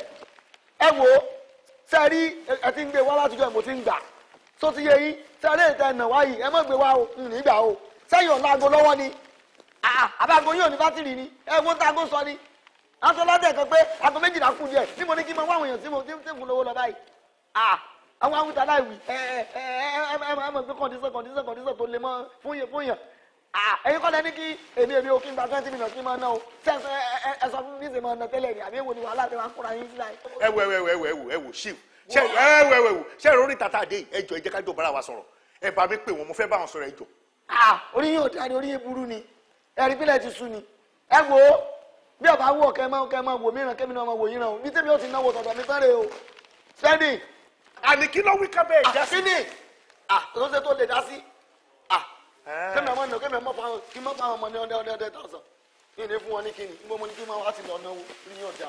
ẹ wo sẹ́rí ẹ ti ń gbé wá látijọ́ ẹ̀ mo ti ń gbà tó ti yẹ yín sẹ́rí ètò ẹ̀nà wá yìí ẹ mọ̀ gbé wá o nígbà o sẹ́yìn ọ̀la ago lọ́wọ́ ni àbágo yóò ní bátìrì ni ẹ wo tá ago sọ ni aṣọ ládẹ kan pé ago méjìlá kù díẹ̀ bí mo ní kí n mọ wáwọn èèyàn tí mo ti ń fún lówó lọ báyìí àwọn awúta láì wí ẹ ẹ ẹ ẹ ẹ mọ̀ pé kọ̀ǹdíṣọ̀ kọ̀ǹdíṣọ̀ kọ̀ǹdíṣọ̀ tó le mọ́ fún yẹn fún yẹn ẹ̀yin kọ́ lẹ ní kí èmi èmi ò kí n gba twenty million kí n máa ná o ṣe ẹ sọ fún mi ṣe máa ná tẹ́lẹ̀ ni àbí èwo ni wàhálà tẹ máa ń kóra yín sílá yìí. ẹ wò ẹ wò ẹ wò ẹ wò ẹ wò ṣíw ṣe ẹ wò ẹ wò ẹ wò ṣe ẹ lórí tata àdé ẹ jọ ẹ jẹ́ ká jọ bára wa sọ̀rọ̀ ẹ bá mi pè wọ́n mo fẹ́ bá wọn sọ̀rọ̀ ẹ jọ. orí yóò dáa ni orí yẹn burú ni ẹ̀rí pílẹ̀ ti sú ni ẹ wò ó bí ọba wọ kẹ máa kẹ máa wò mí ràn kẹmi náà máa wò yín ràn o bí tẹ́mi ó ti náwó tọ̀dọ̀ mi fẹ́rẹ̀ o sẹ́ni. àní kí ló wí kábẹ́ẹ̀ já àfínì àtúnṣe tó lè dá sí. Eh. kẹ́mi àwọn ènìyàn kẹ́mi àwọn kí n má fáwọn ọmọ ní ọdẹ ọdẹ ọdẹ tọ̀sán ní ìní fún wọn ní kíni níbo mo ní kí n máa wá sí ilẹ̀ ọ̀nà ní ọ̀dà.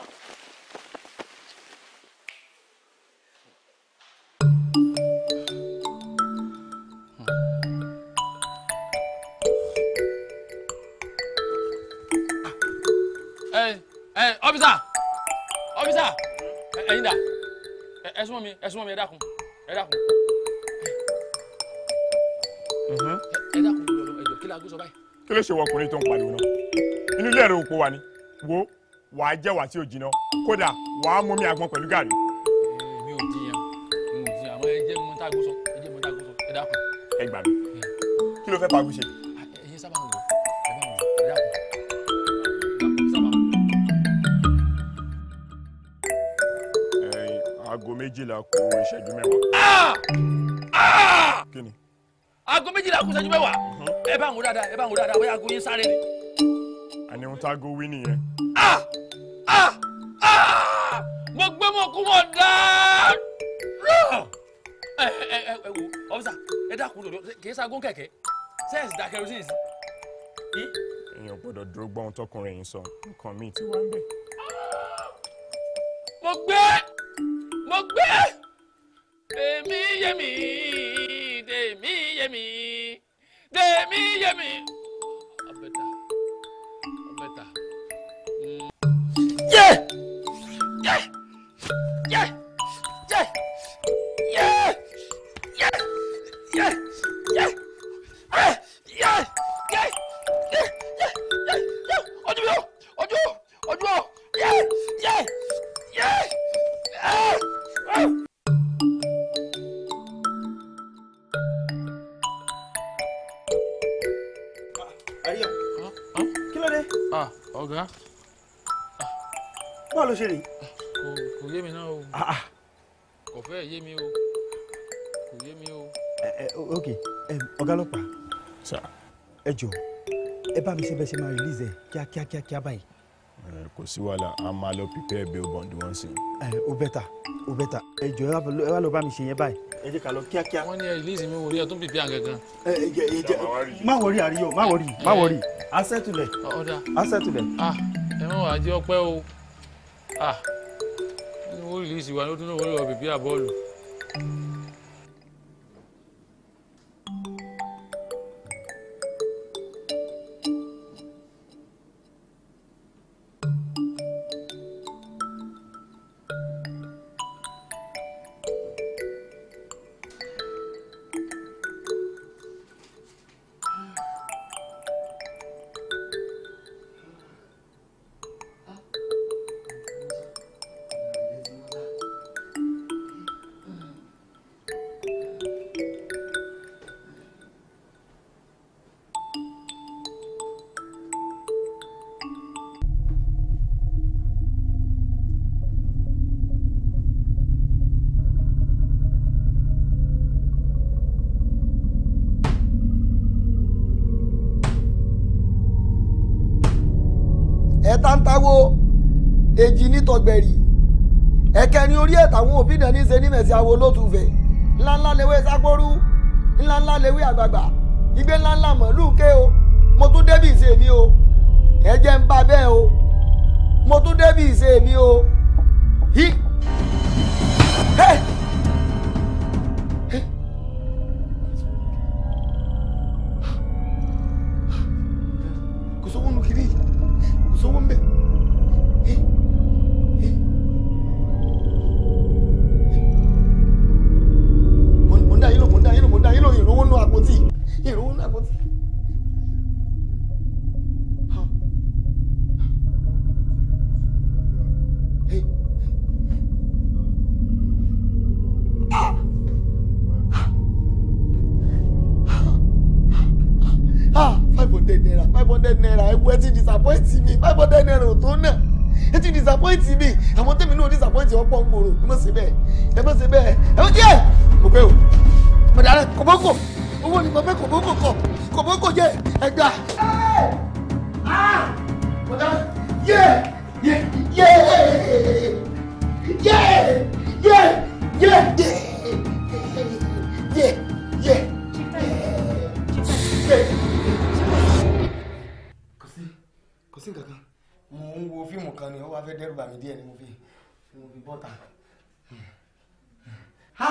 ọfisa ọfisa ẹyin da ẹ súnmọ́ mi ẹ súnmọ́ mi ẹ dákun ẹ dákun. Mhm ẹ dákun gbogbo ọlọ ẹjọ kí la gbé sọ báyìí. kí ló ṣe wọ ọkùnrin tó ń pariwo náà inú ilé ẹ̀rọ òpó wa ni wo wàá jẹ́ wàá tí ò jìnnà kódà wàá mú mi àgbọn pẹ̀lú gàrí. Eh, mi ò jiyàn mi ò jiyàn àwọn ẹjẹ mú tá a gbó sọ ẹjẹ mú tá a gbó sọ ẹ dákun. ẹ gbà mí kí ló fẹ́ pàgó ṣe. Ah, ẹyin sábà ń wò ẹ bá wò ẹ dákun. aago méjìlá kù ìṣẹ́jú mẹ́wàá. Ah! Ah! kí ni aago méjìlá kù ṣẹ́jú mẹ́wàá ẹ bá ń wo dáadáa ẹ bá ń wo dáadáa bóyá aago yín sáré ni. àní ohun tá a go wí nìyẹn. a a a mo gbé mọ kú wọn dáa. ẹ ẹ ẹ wo ọfíìsà ẹ dákun lòdì kì í ṣaago kẹ̀kẹ́ sẹ́ẹ̀sì da kerosene sí. èèyàn gbọ́dọ̀ dúró gbọ́n tọkùnrin yìí sọ nǹkan míì ti wá ń bẹ̀. mo gbé mo gbé èmi yé mi tèmi yémi tèmi yémi. ọbẹ̀ ta ọbẹ̀ mm. Yeah! se máa release ẹ kíákíá kíákíá báyìí. kò sí wàhálà a máa lọ prepare bail bond wọn sí. ẹ o bẹta o bẹta ẹ jọ ẹ wá lọ bá mi ṣe yẹn báyìí ẹ jẹ́ ká lọ kíákíá. wọ́n ní ẹ release mi wò rí ẹ tó ń pèpè àgàgàn. ẹ ẹ ẹ jẹ má wọrí àríyọ má wọrí má wọrí asẹ́tulẹ̀ asẹ́tulẹ̀. ẹ mọ̀ wá jẹ́ ọpẹ́ o ah wọ́n release wa ló tún náà náà ní ṣe ní mẹ̀sí awo lótùfẹ́ ńláńlá lewé sápórú ńláńlá lewé àgbààgbà igbe ńláńlá mọ̀lú ké o mo tún débì ṣe mi o ẹ ń bá bẹ́ẹ̀ o mo tún débì ṣe mi o Hey! bọ́dá ẹni ẹ̀rọ tó náà ẹ ti disappoint mi àwọn tẹ̀mí náà disappoint ọ̀pọ̀ ń gbòòrò ẹ má ṣe bẹ́ẹ̀ ẹ má ṣe bẹ́ẹ̀ ẹ má jẹ́ kò pé o mọ̀dára kòbókò owó ni mo fẹ́ kòbókò kọ kòbókò jẹ́ ẹgbà. mọ̀dára yé yé yé yé yé yé yé yé yé. kò sí kò sí nǹkan kan mo ń wo fíìmù kan ni ó wá fẹ́ dẹ́rù bà mí díẹ̀ ni mo fi mo fi bọ́ta. ha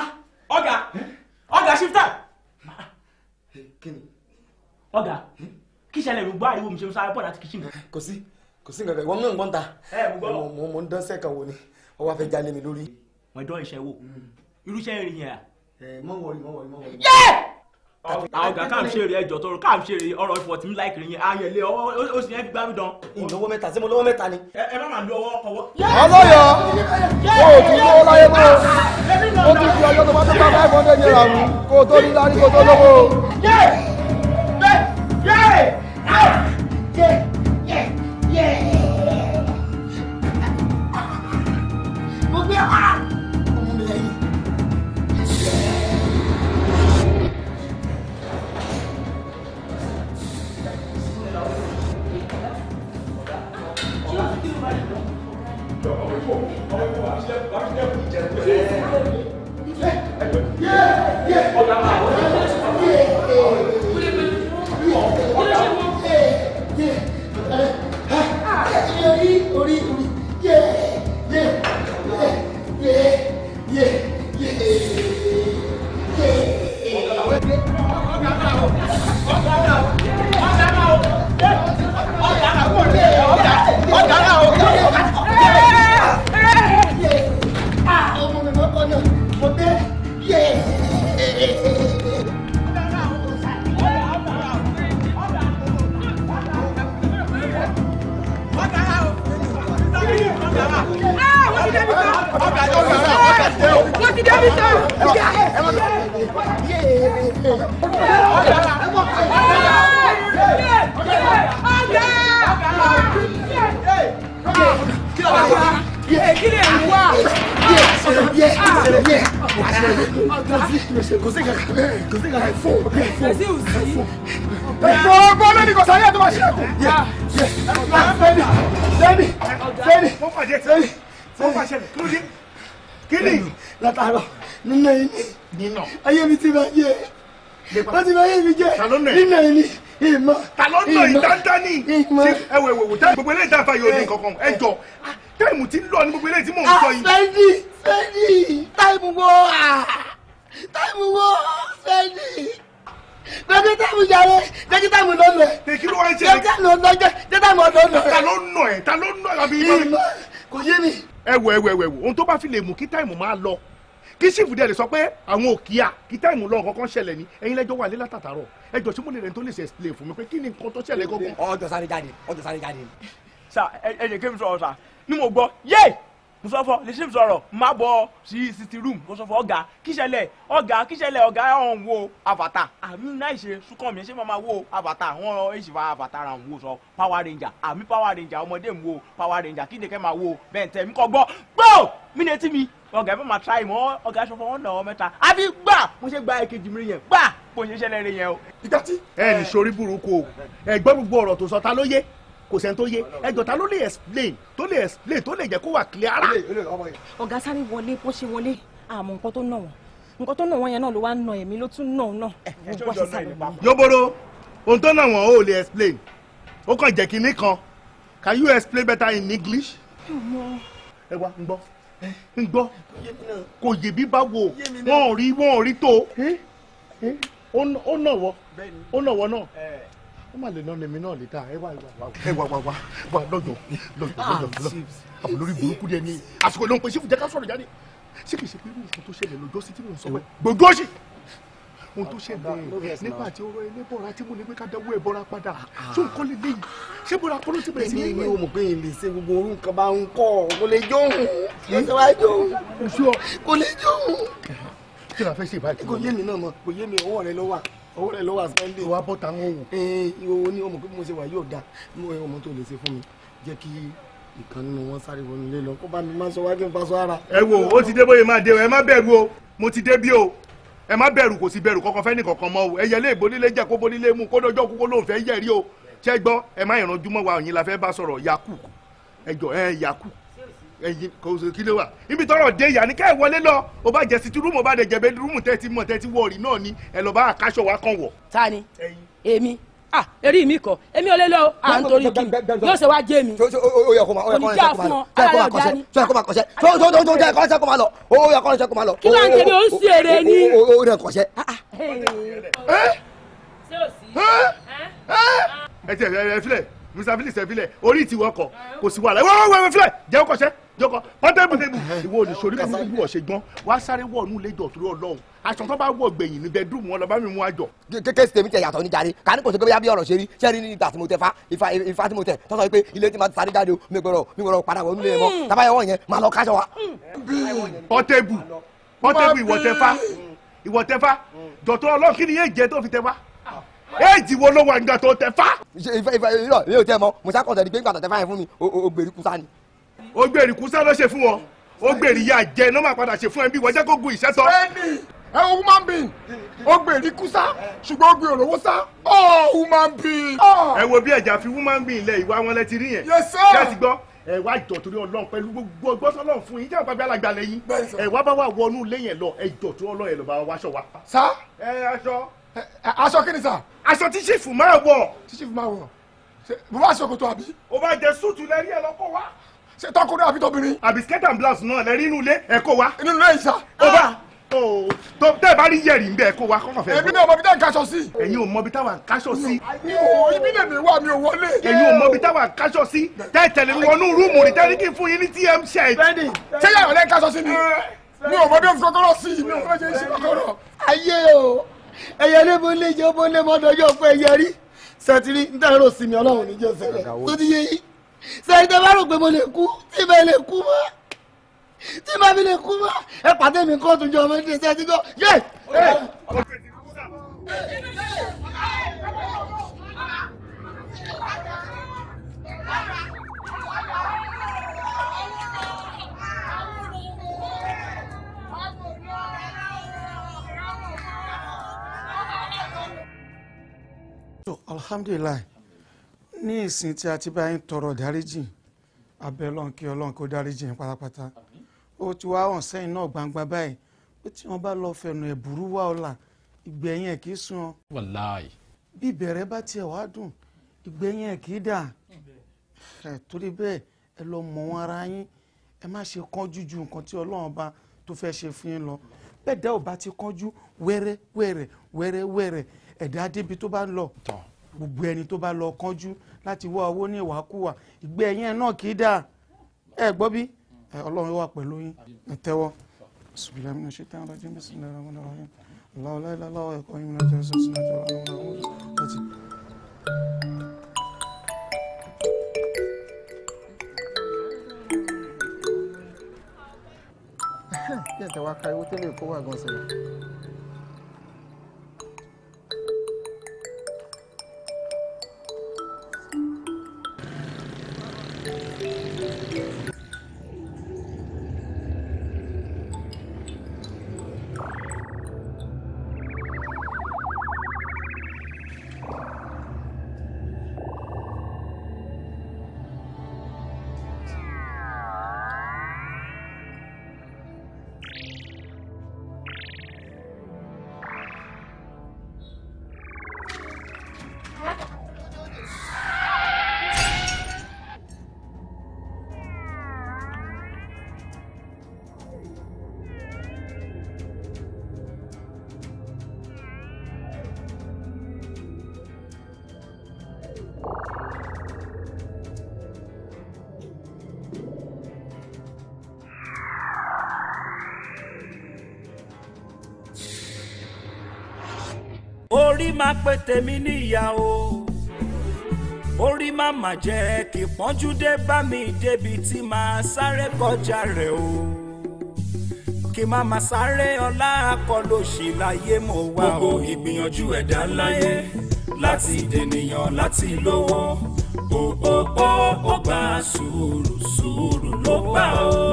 ọ̀gá ọ̀gá ṣífítà. kíni. ọ̀gá kí ṣẹlẹ̀ ló gbọ́ àríwó mi ṣe ń sáré pọ̀ láti kìsìn. kò sí kò sí nǹkan kan ìwọ náà ń gbọ́n ta mo mo ń dánṣẹ́ kan wo ni ó wá fẹ́ jalè mi lórí. wọ́n dán iṣẹ́ wo mm. irúṣẹ́ ìrìn yẹn. mọ̀ wọ̀rí mọ̀ wọ̀rí mọ̀ ọ̀gá káàm ṣe rè ẹjọ́ tọrọ káàm ṣe rè ọ̀rọ̀ ìfọ̀ tí ń láìkì rìn yẹn ayẹ lé ọwọ́ ó sì yẹn fi gbámi dán. ìlówó mẹ́ta sí mo lówó mẹ́ta ni. ẹ má máa lo ọwọ́ ọwọ́. ọlọ́yọ̀ o ò tún lówó láyé mọ́ o tún fi ọjọ́ tó bá tó bá five hundred naira mú kó o tó ní lárí kó o tó lówó. kí ni nínú ẹyin nínú ayé mi ti bá yé wọ́n ti bá yé mi jẹ́ nínà ẹni ìmọ̀ ìmọ̀ ìmọ̀ dandani ẹwẹ̀ wẹ̀wẹ̀ táyì gbogbo eléyìí dáfà yóò ní kankan ẹ jọ ah, táìmù ti ń lọ ní gbogbo eléyìí tí mò ń ah, sọ yìí. fẹ́ẹ́dì fẹ́ẹ́dì táìmù wo ah, táìmù wo fẹ́ẹ́dì gbẹgbẹ táìmù jàre gbẹgbẹ táìmù ló lọ ẹ kí ló wá ń ṣe gbẹgbẹ táìmù ló jẹ gbẹgbẹ táìmù ló lọ ẹ. ta ló nọ ẹ ta ló nọ ẹ àbí. ìmọ̀ kò yé mi. ẹ wẹ ẹ wẹ ẹ wẹ ohun tó bá fi lè mú kí táìmù máa lọ kí sífù dẹ̀ lè sọ pé àwọn òkìyà kí táìmù lọ nǹkan kan ṣẹlẹ̀ ni ẹ̀yin lẹ́jọ́ wà lélá tàtàrọ̀ ẹjọ́ sí mo rẹ̀ tó lè ṣe explain fún mi pé kí ni nǹkan tó ṣẹlẹ̀ gọ́gọ́. ọjọ́ sáré jáde ọjọ́ sáré jáde. sa ẹ jẹ́ kí n sọ̀rọ̀ sa ni mo gbọ́ yé mo sọ fọ lè ṣe sọ̀rọ̀ má bọ̀ sí city room mo sọ fọ ọ̀gá kíṣẹlẹ̀ ọ̀gá kíṣẹlẹ̀ ọ̀gá ọ̀hún wo avatar àmì náà ṣe sukọ mi ṣé mo máa wo avatar wọn èsì fa avatar ra wo sọ power ranger àmì power ranger ọmọdé mi wo power ranger kí ni kẹ́ máa wo bẹ́ẹ̀ tẹ̀ mí kọ́ gbọ́ gbọ́ mí ni etí mi ọ̀gá ẹ fẹ́ máa try mọ́ ọ̀gá aṣọ fún wọn náà mẹ́ta àfi gbà mo ṣe gba èkejì mi yẹn gbà bó ṣe ṣẹlẹ̀ rẹ yẹn o. ìgbà tí ẹ ní sori burúkú o ẹ gbọ́ gbogbo ọ̀rọ̀ tó sọ ta ló yé kò sẹ́ni tó yé ẹjọ́ ta ló lè explain tó lè explain tó lè jẹ́ kó wà clear ara. ọ̀gá sáré wọlé bó ṣe wọlé àmọ́ nǹkan tó nà wọ́n nǹkan tó nà wọ́n yẹn náà ló wá nà èmi ló tún nà ọ́ náà. yóboro ohun tó nà wọ́n ò lè explain ó kàn jẹ́ kinní kan can you explain better in English. ẹ wá ń gbọ́ ń gbọ́ kò yè bí bá wo wọn ò rí wọn ò rí tó ó nàwọ́ ó nàwọ́ náà ó mà lè ná lèmi náà lè ta ẹ wá ẹ wá wá wá wá lọ́jọ́ lọ́jọ́ ah, lọ́jọ́ lọ́jọ́ àwọn olórí burúkú díẹ̀ ní àsìkò ló ń pè sífù jẹ́ ká sọ̀rọ̀ jáde síkìsìkì irú nǹkan tó ṣẹlẹ̀ lọ́jọ́ sí tí mò ń sọ pé gbogbo sí ohun tó ṣẹlẹ̀ nípa tí ọ̀rọ̀ ilé bọra tí mo ní pé ká dáwọ́ ẹ bọra padà tó ah. nǹkan lè léyìí ṣé bọra kọ́ ló ti bẹ̀rẹ̀ sí ní. èmi ò mọ̀ pé èmi ṣe gbogbo orú nǹkan bá ń kọ́ kò lè jóhùn kò lè jóhùn. kí ni a fẹ́ ṣe ìbáyìí. kò yé mi náà mọ kò yé mi ọwọ́ rẹ ló owó rẹ ló wà ìwà bọ́ ta wọn wò. ìwọ ni ọmọ pé mo ṣe wà yóò da ọmọ tó lè ṣe fún mi jẹ́ kí ìkan nínú wọn sáré wọnú ilé lọ kó bá mi má sọ wájú ń ara. ẹ wo ó ti dé bóyá máa dé o ẹ má bẹ̀rù o mo ti dé bí o ẹ má bẹ̀rù kò sí bẹ̀rù kankan fẹ́ ní kankan mọ́ o ẹyẹ lè bolílé jẹ́ kó bolílé mú kó dọ́jọ́ kúkó lóun fẹ́ yẹ̀rí o ṣẹ́ gbọ́ ẹ má ìrànjú mọ́ wa òyìn la fẹ́ bá sọ̀rọ̀ yakú ẹjọ ẹ yakú ẹyin kò sí kí ló wà ibi tọrọ dé yà ni ká ẹ wọlé lọ o bá jẹ sítú rúmù o bá dẹ jẹ bẹẹdi rúmù tẹ́tí mọ̀ tẹ́tí wọ̀ọ̀rì náà ni ẹ lọ bá àkáṣọ wa kàn wọ̀. ta ni èmi ah eri mi kọ èmi ò lè lọ à ń torí kí yóò ṣe wá jẹ mi oníjà fún ọ aláyọ̀ ọ̀dá ni tó yẹ kọ́ ṣe kó máa lọ ó yẹ kọ́ ṣe kó máa lọ. kí ló ń tẹ̀lé o ń ṣe eré ni. ó yẹ kọ́ ṣe. ẹ jẹ ẹ filẹ musa filẹ orí ti wọkọ kò sí wàhálà wọ́n wọ́n wọ́n filẹ jẹ́ kọ́ ṣe jọkọ pọtẹbù ìwọ olùsòrí kan bí wọ́n ṣe gbọ́n wá sáré wọ̀ nù lẹ́jọ́ torí ọlọ́run aṣọ tó bá wọ̀ gbẹ̀yìn ní bẹ́ẹ̀dúmù wọn mi mú àjọ. kékeré sí tèmi tẹ yàtọ̀ ní jàre kàní kò sí pé bí ọ̀rọ̀ ṣe rí ṣé rí ní ìgbà tí mo tẹ fa ifá tí mo tẹ tọ́sọ pé ilé tí ma sáré jáde o mi gbọ́dọ̀ mi gbọ́dọ̀ padà wọ̀ nílé mọ́ hmm. tábàyẹ̀ wọ̀ yẹn máa lọ káṣọ wa. pọtẹbù pọtẹbù ìwọ tẹfa ìwọ tẹfa dọ̀tọ̀ tó fi tẹfa éèjì ìfẹ́ ìfẹ́ ìrọ̀ ilé ò tẹ́ mọ́ mo ṣàkọsẹ̀ ni pé nígbà tó tẹfa yẹn fún mi ògbèrè kúta ni ó gbèrè kúsá ló ṣe fún wọn ó gbèrè yà jẹ iná máa padà ṣe fún ẹ bí wọ́n jẹ́ kó gun ìṣẹ́tọ́. bẹ́ẹ̀ni ẹ wo human being ó gbèrè kúsá ṣùgbọ́n ó gbé òróró sá ọ oh, human being. Oh. ẹ wo bí ẹja fi human being lẹ ìwà wọn lẹ ti rí yẹn ṣé ẹ ti gbọ́ ẹ wá jọ torí Ọlọ́run pẹ̀lú gbogbo gbọsọ Ọlọ́run fún yín jẹ àgbàgbà alàgbà lẹ́yìn ẹ wá bá wà wọnú ilé yẹn lọ ẹ jọ torí Ọlọ́run yẹn lọ bá wa wáṣọ wa. sá ẹ aṣọ. aṣọ kí ni sá. aṣọ tí chief máa wọ. tí chief máa wọ bó bá ṣòkòtò àbí. o bá jẹ súùtù lẹ́rí ẹ lọ́kọ̀ wá ṣe tọkùnrin àbí tóbìnrin. àbí skirt and blouse náà lẹ rí inú ilé ẹ kó wa. inú ilé ìṣá. ó bá ah. tó tẹ́ ẹ bá rí yẹ̀rì ńbẹ kó wa kọ́kọ́ fẹ́. èmi náà mọ bí táwọn kaṣọ sí. ẹ̀yin ò mọ bí táwọn kaṣọ sí. ibi lè mi wá mi ò wọlé. ẹ̀yin ò mọ bí táwọn kaṣọ sí. tẹ́ tẹ̀lé wọnú rúùmù ní tẹ́lí kí n fún yín ní tm ṣẹ́ẹ̀tì. ṣé yàrá lẹ́ kaṣọ sí ni eh, mi ò mọ bí kọ́kọ́rọ́ sí mi ò fẹ́ ṣe ṣe ayé o ẹyẹ lé mo lé jẹ́ mo lé mọ́tò ọjọ́ fún ẹyẹ rí sẹ́tìrì ń tẹ̀rọ sí mi ọlọ́run sẹ́yìn tẹ́ bá rò pé mo lè kú tí mo lè kú mọ́ tí mo fi lè kú mọ́ ẹ pàdé mi kóòtù jọ ọmọ ìdílé sẹ́yìn tí yé. alhamdulilayi ní ìsìn tí a ti bá yín tọrọ dáríjì abẹ́ ọlọ́run kí ọlọ́run kó dáríjì yín pátápátá ó ti wá hàn sẹ́yìn náà gbangba báyìí pé tí wọ́n bá lọ fẹ̀nù ẹ̀ burú wá ọ̀la ìgbẹ̀yìn ẹ̀ kì í sun ọ. wàláì. bí ìbẹ̀rẹ̀ bá tiẹ̀ wá dùn ìgbẹ̀yìn ẹ̀ kì í dà torí bẹ́ẹ̀ ẹ lọ mọ̀ wọn ara yín ẹ má ṣe kánjú ju nǹkan tí ọlọ́run bá tó fẹ́ ṣe fún yín lọ bẹ́ẹ̀ dá ò bá ti kánjú wẹ́rẹ́ wẹ́rẹ́ wẹ́rẹ́ wẹ́rẹ́ ẹ̀dá débi tó bá lọ gbogbo ẹni tó bá lọ kánjú láti wá owó ní ìwàkuwà ìgbé ẹ̀yìn náà kì í dáa ẹ gbọ́ bí ọlọ́run wà pẹ̀lú yín ẹ tẹ́wọ́. bisimilayi minna shaitan rajim bisimilayi rahman rahim alahu alayhi alahu ẹkọ yín minna jẹ sọsọ náà jọ àwọn ọmọ ọmọ ọtí. bí ẹ̀ tẹ́ wá ka ewu tẹ́lẹ̀ kó wà gan-an sílẹ̀. tèmi níyàwó orí màmá jẹ́ kí pọ́njú dé bá mi débi tí màá sáré kọjá rẹ̀ o kí màmá sáré ọlá akọlòṣì láyé mo wá o. gbogbo ìgbìyànjú ẹ̀dá láyé láti dènìyàn láti lówó ó ó ó ó gba sùúrù sùúrù ló gbà o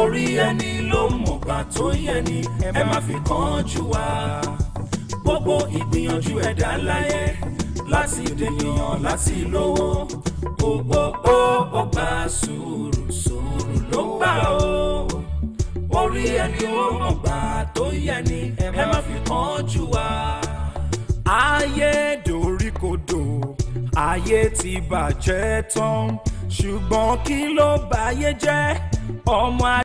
orí ẹni ló mọ̀gbà tó yẹ ẹ má fi kánjú wá gbogbo ìgbìyànjú ẹ̀dá láyé láti dènìyàn láti lówó gbogbo ó ó gba sùúrù sùúrù ló ń gbà ó orí ẹni ó hàn gbà tó yẹ ni ẹ má fi kánjú wa. ayé dorí kodò ayé ti bàjẹ́ tán ṣùgbọ́n kí ló báyé jẹ́ ọmọ ajé.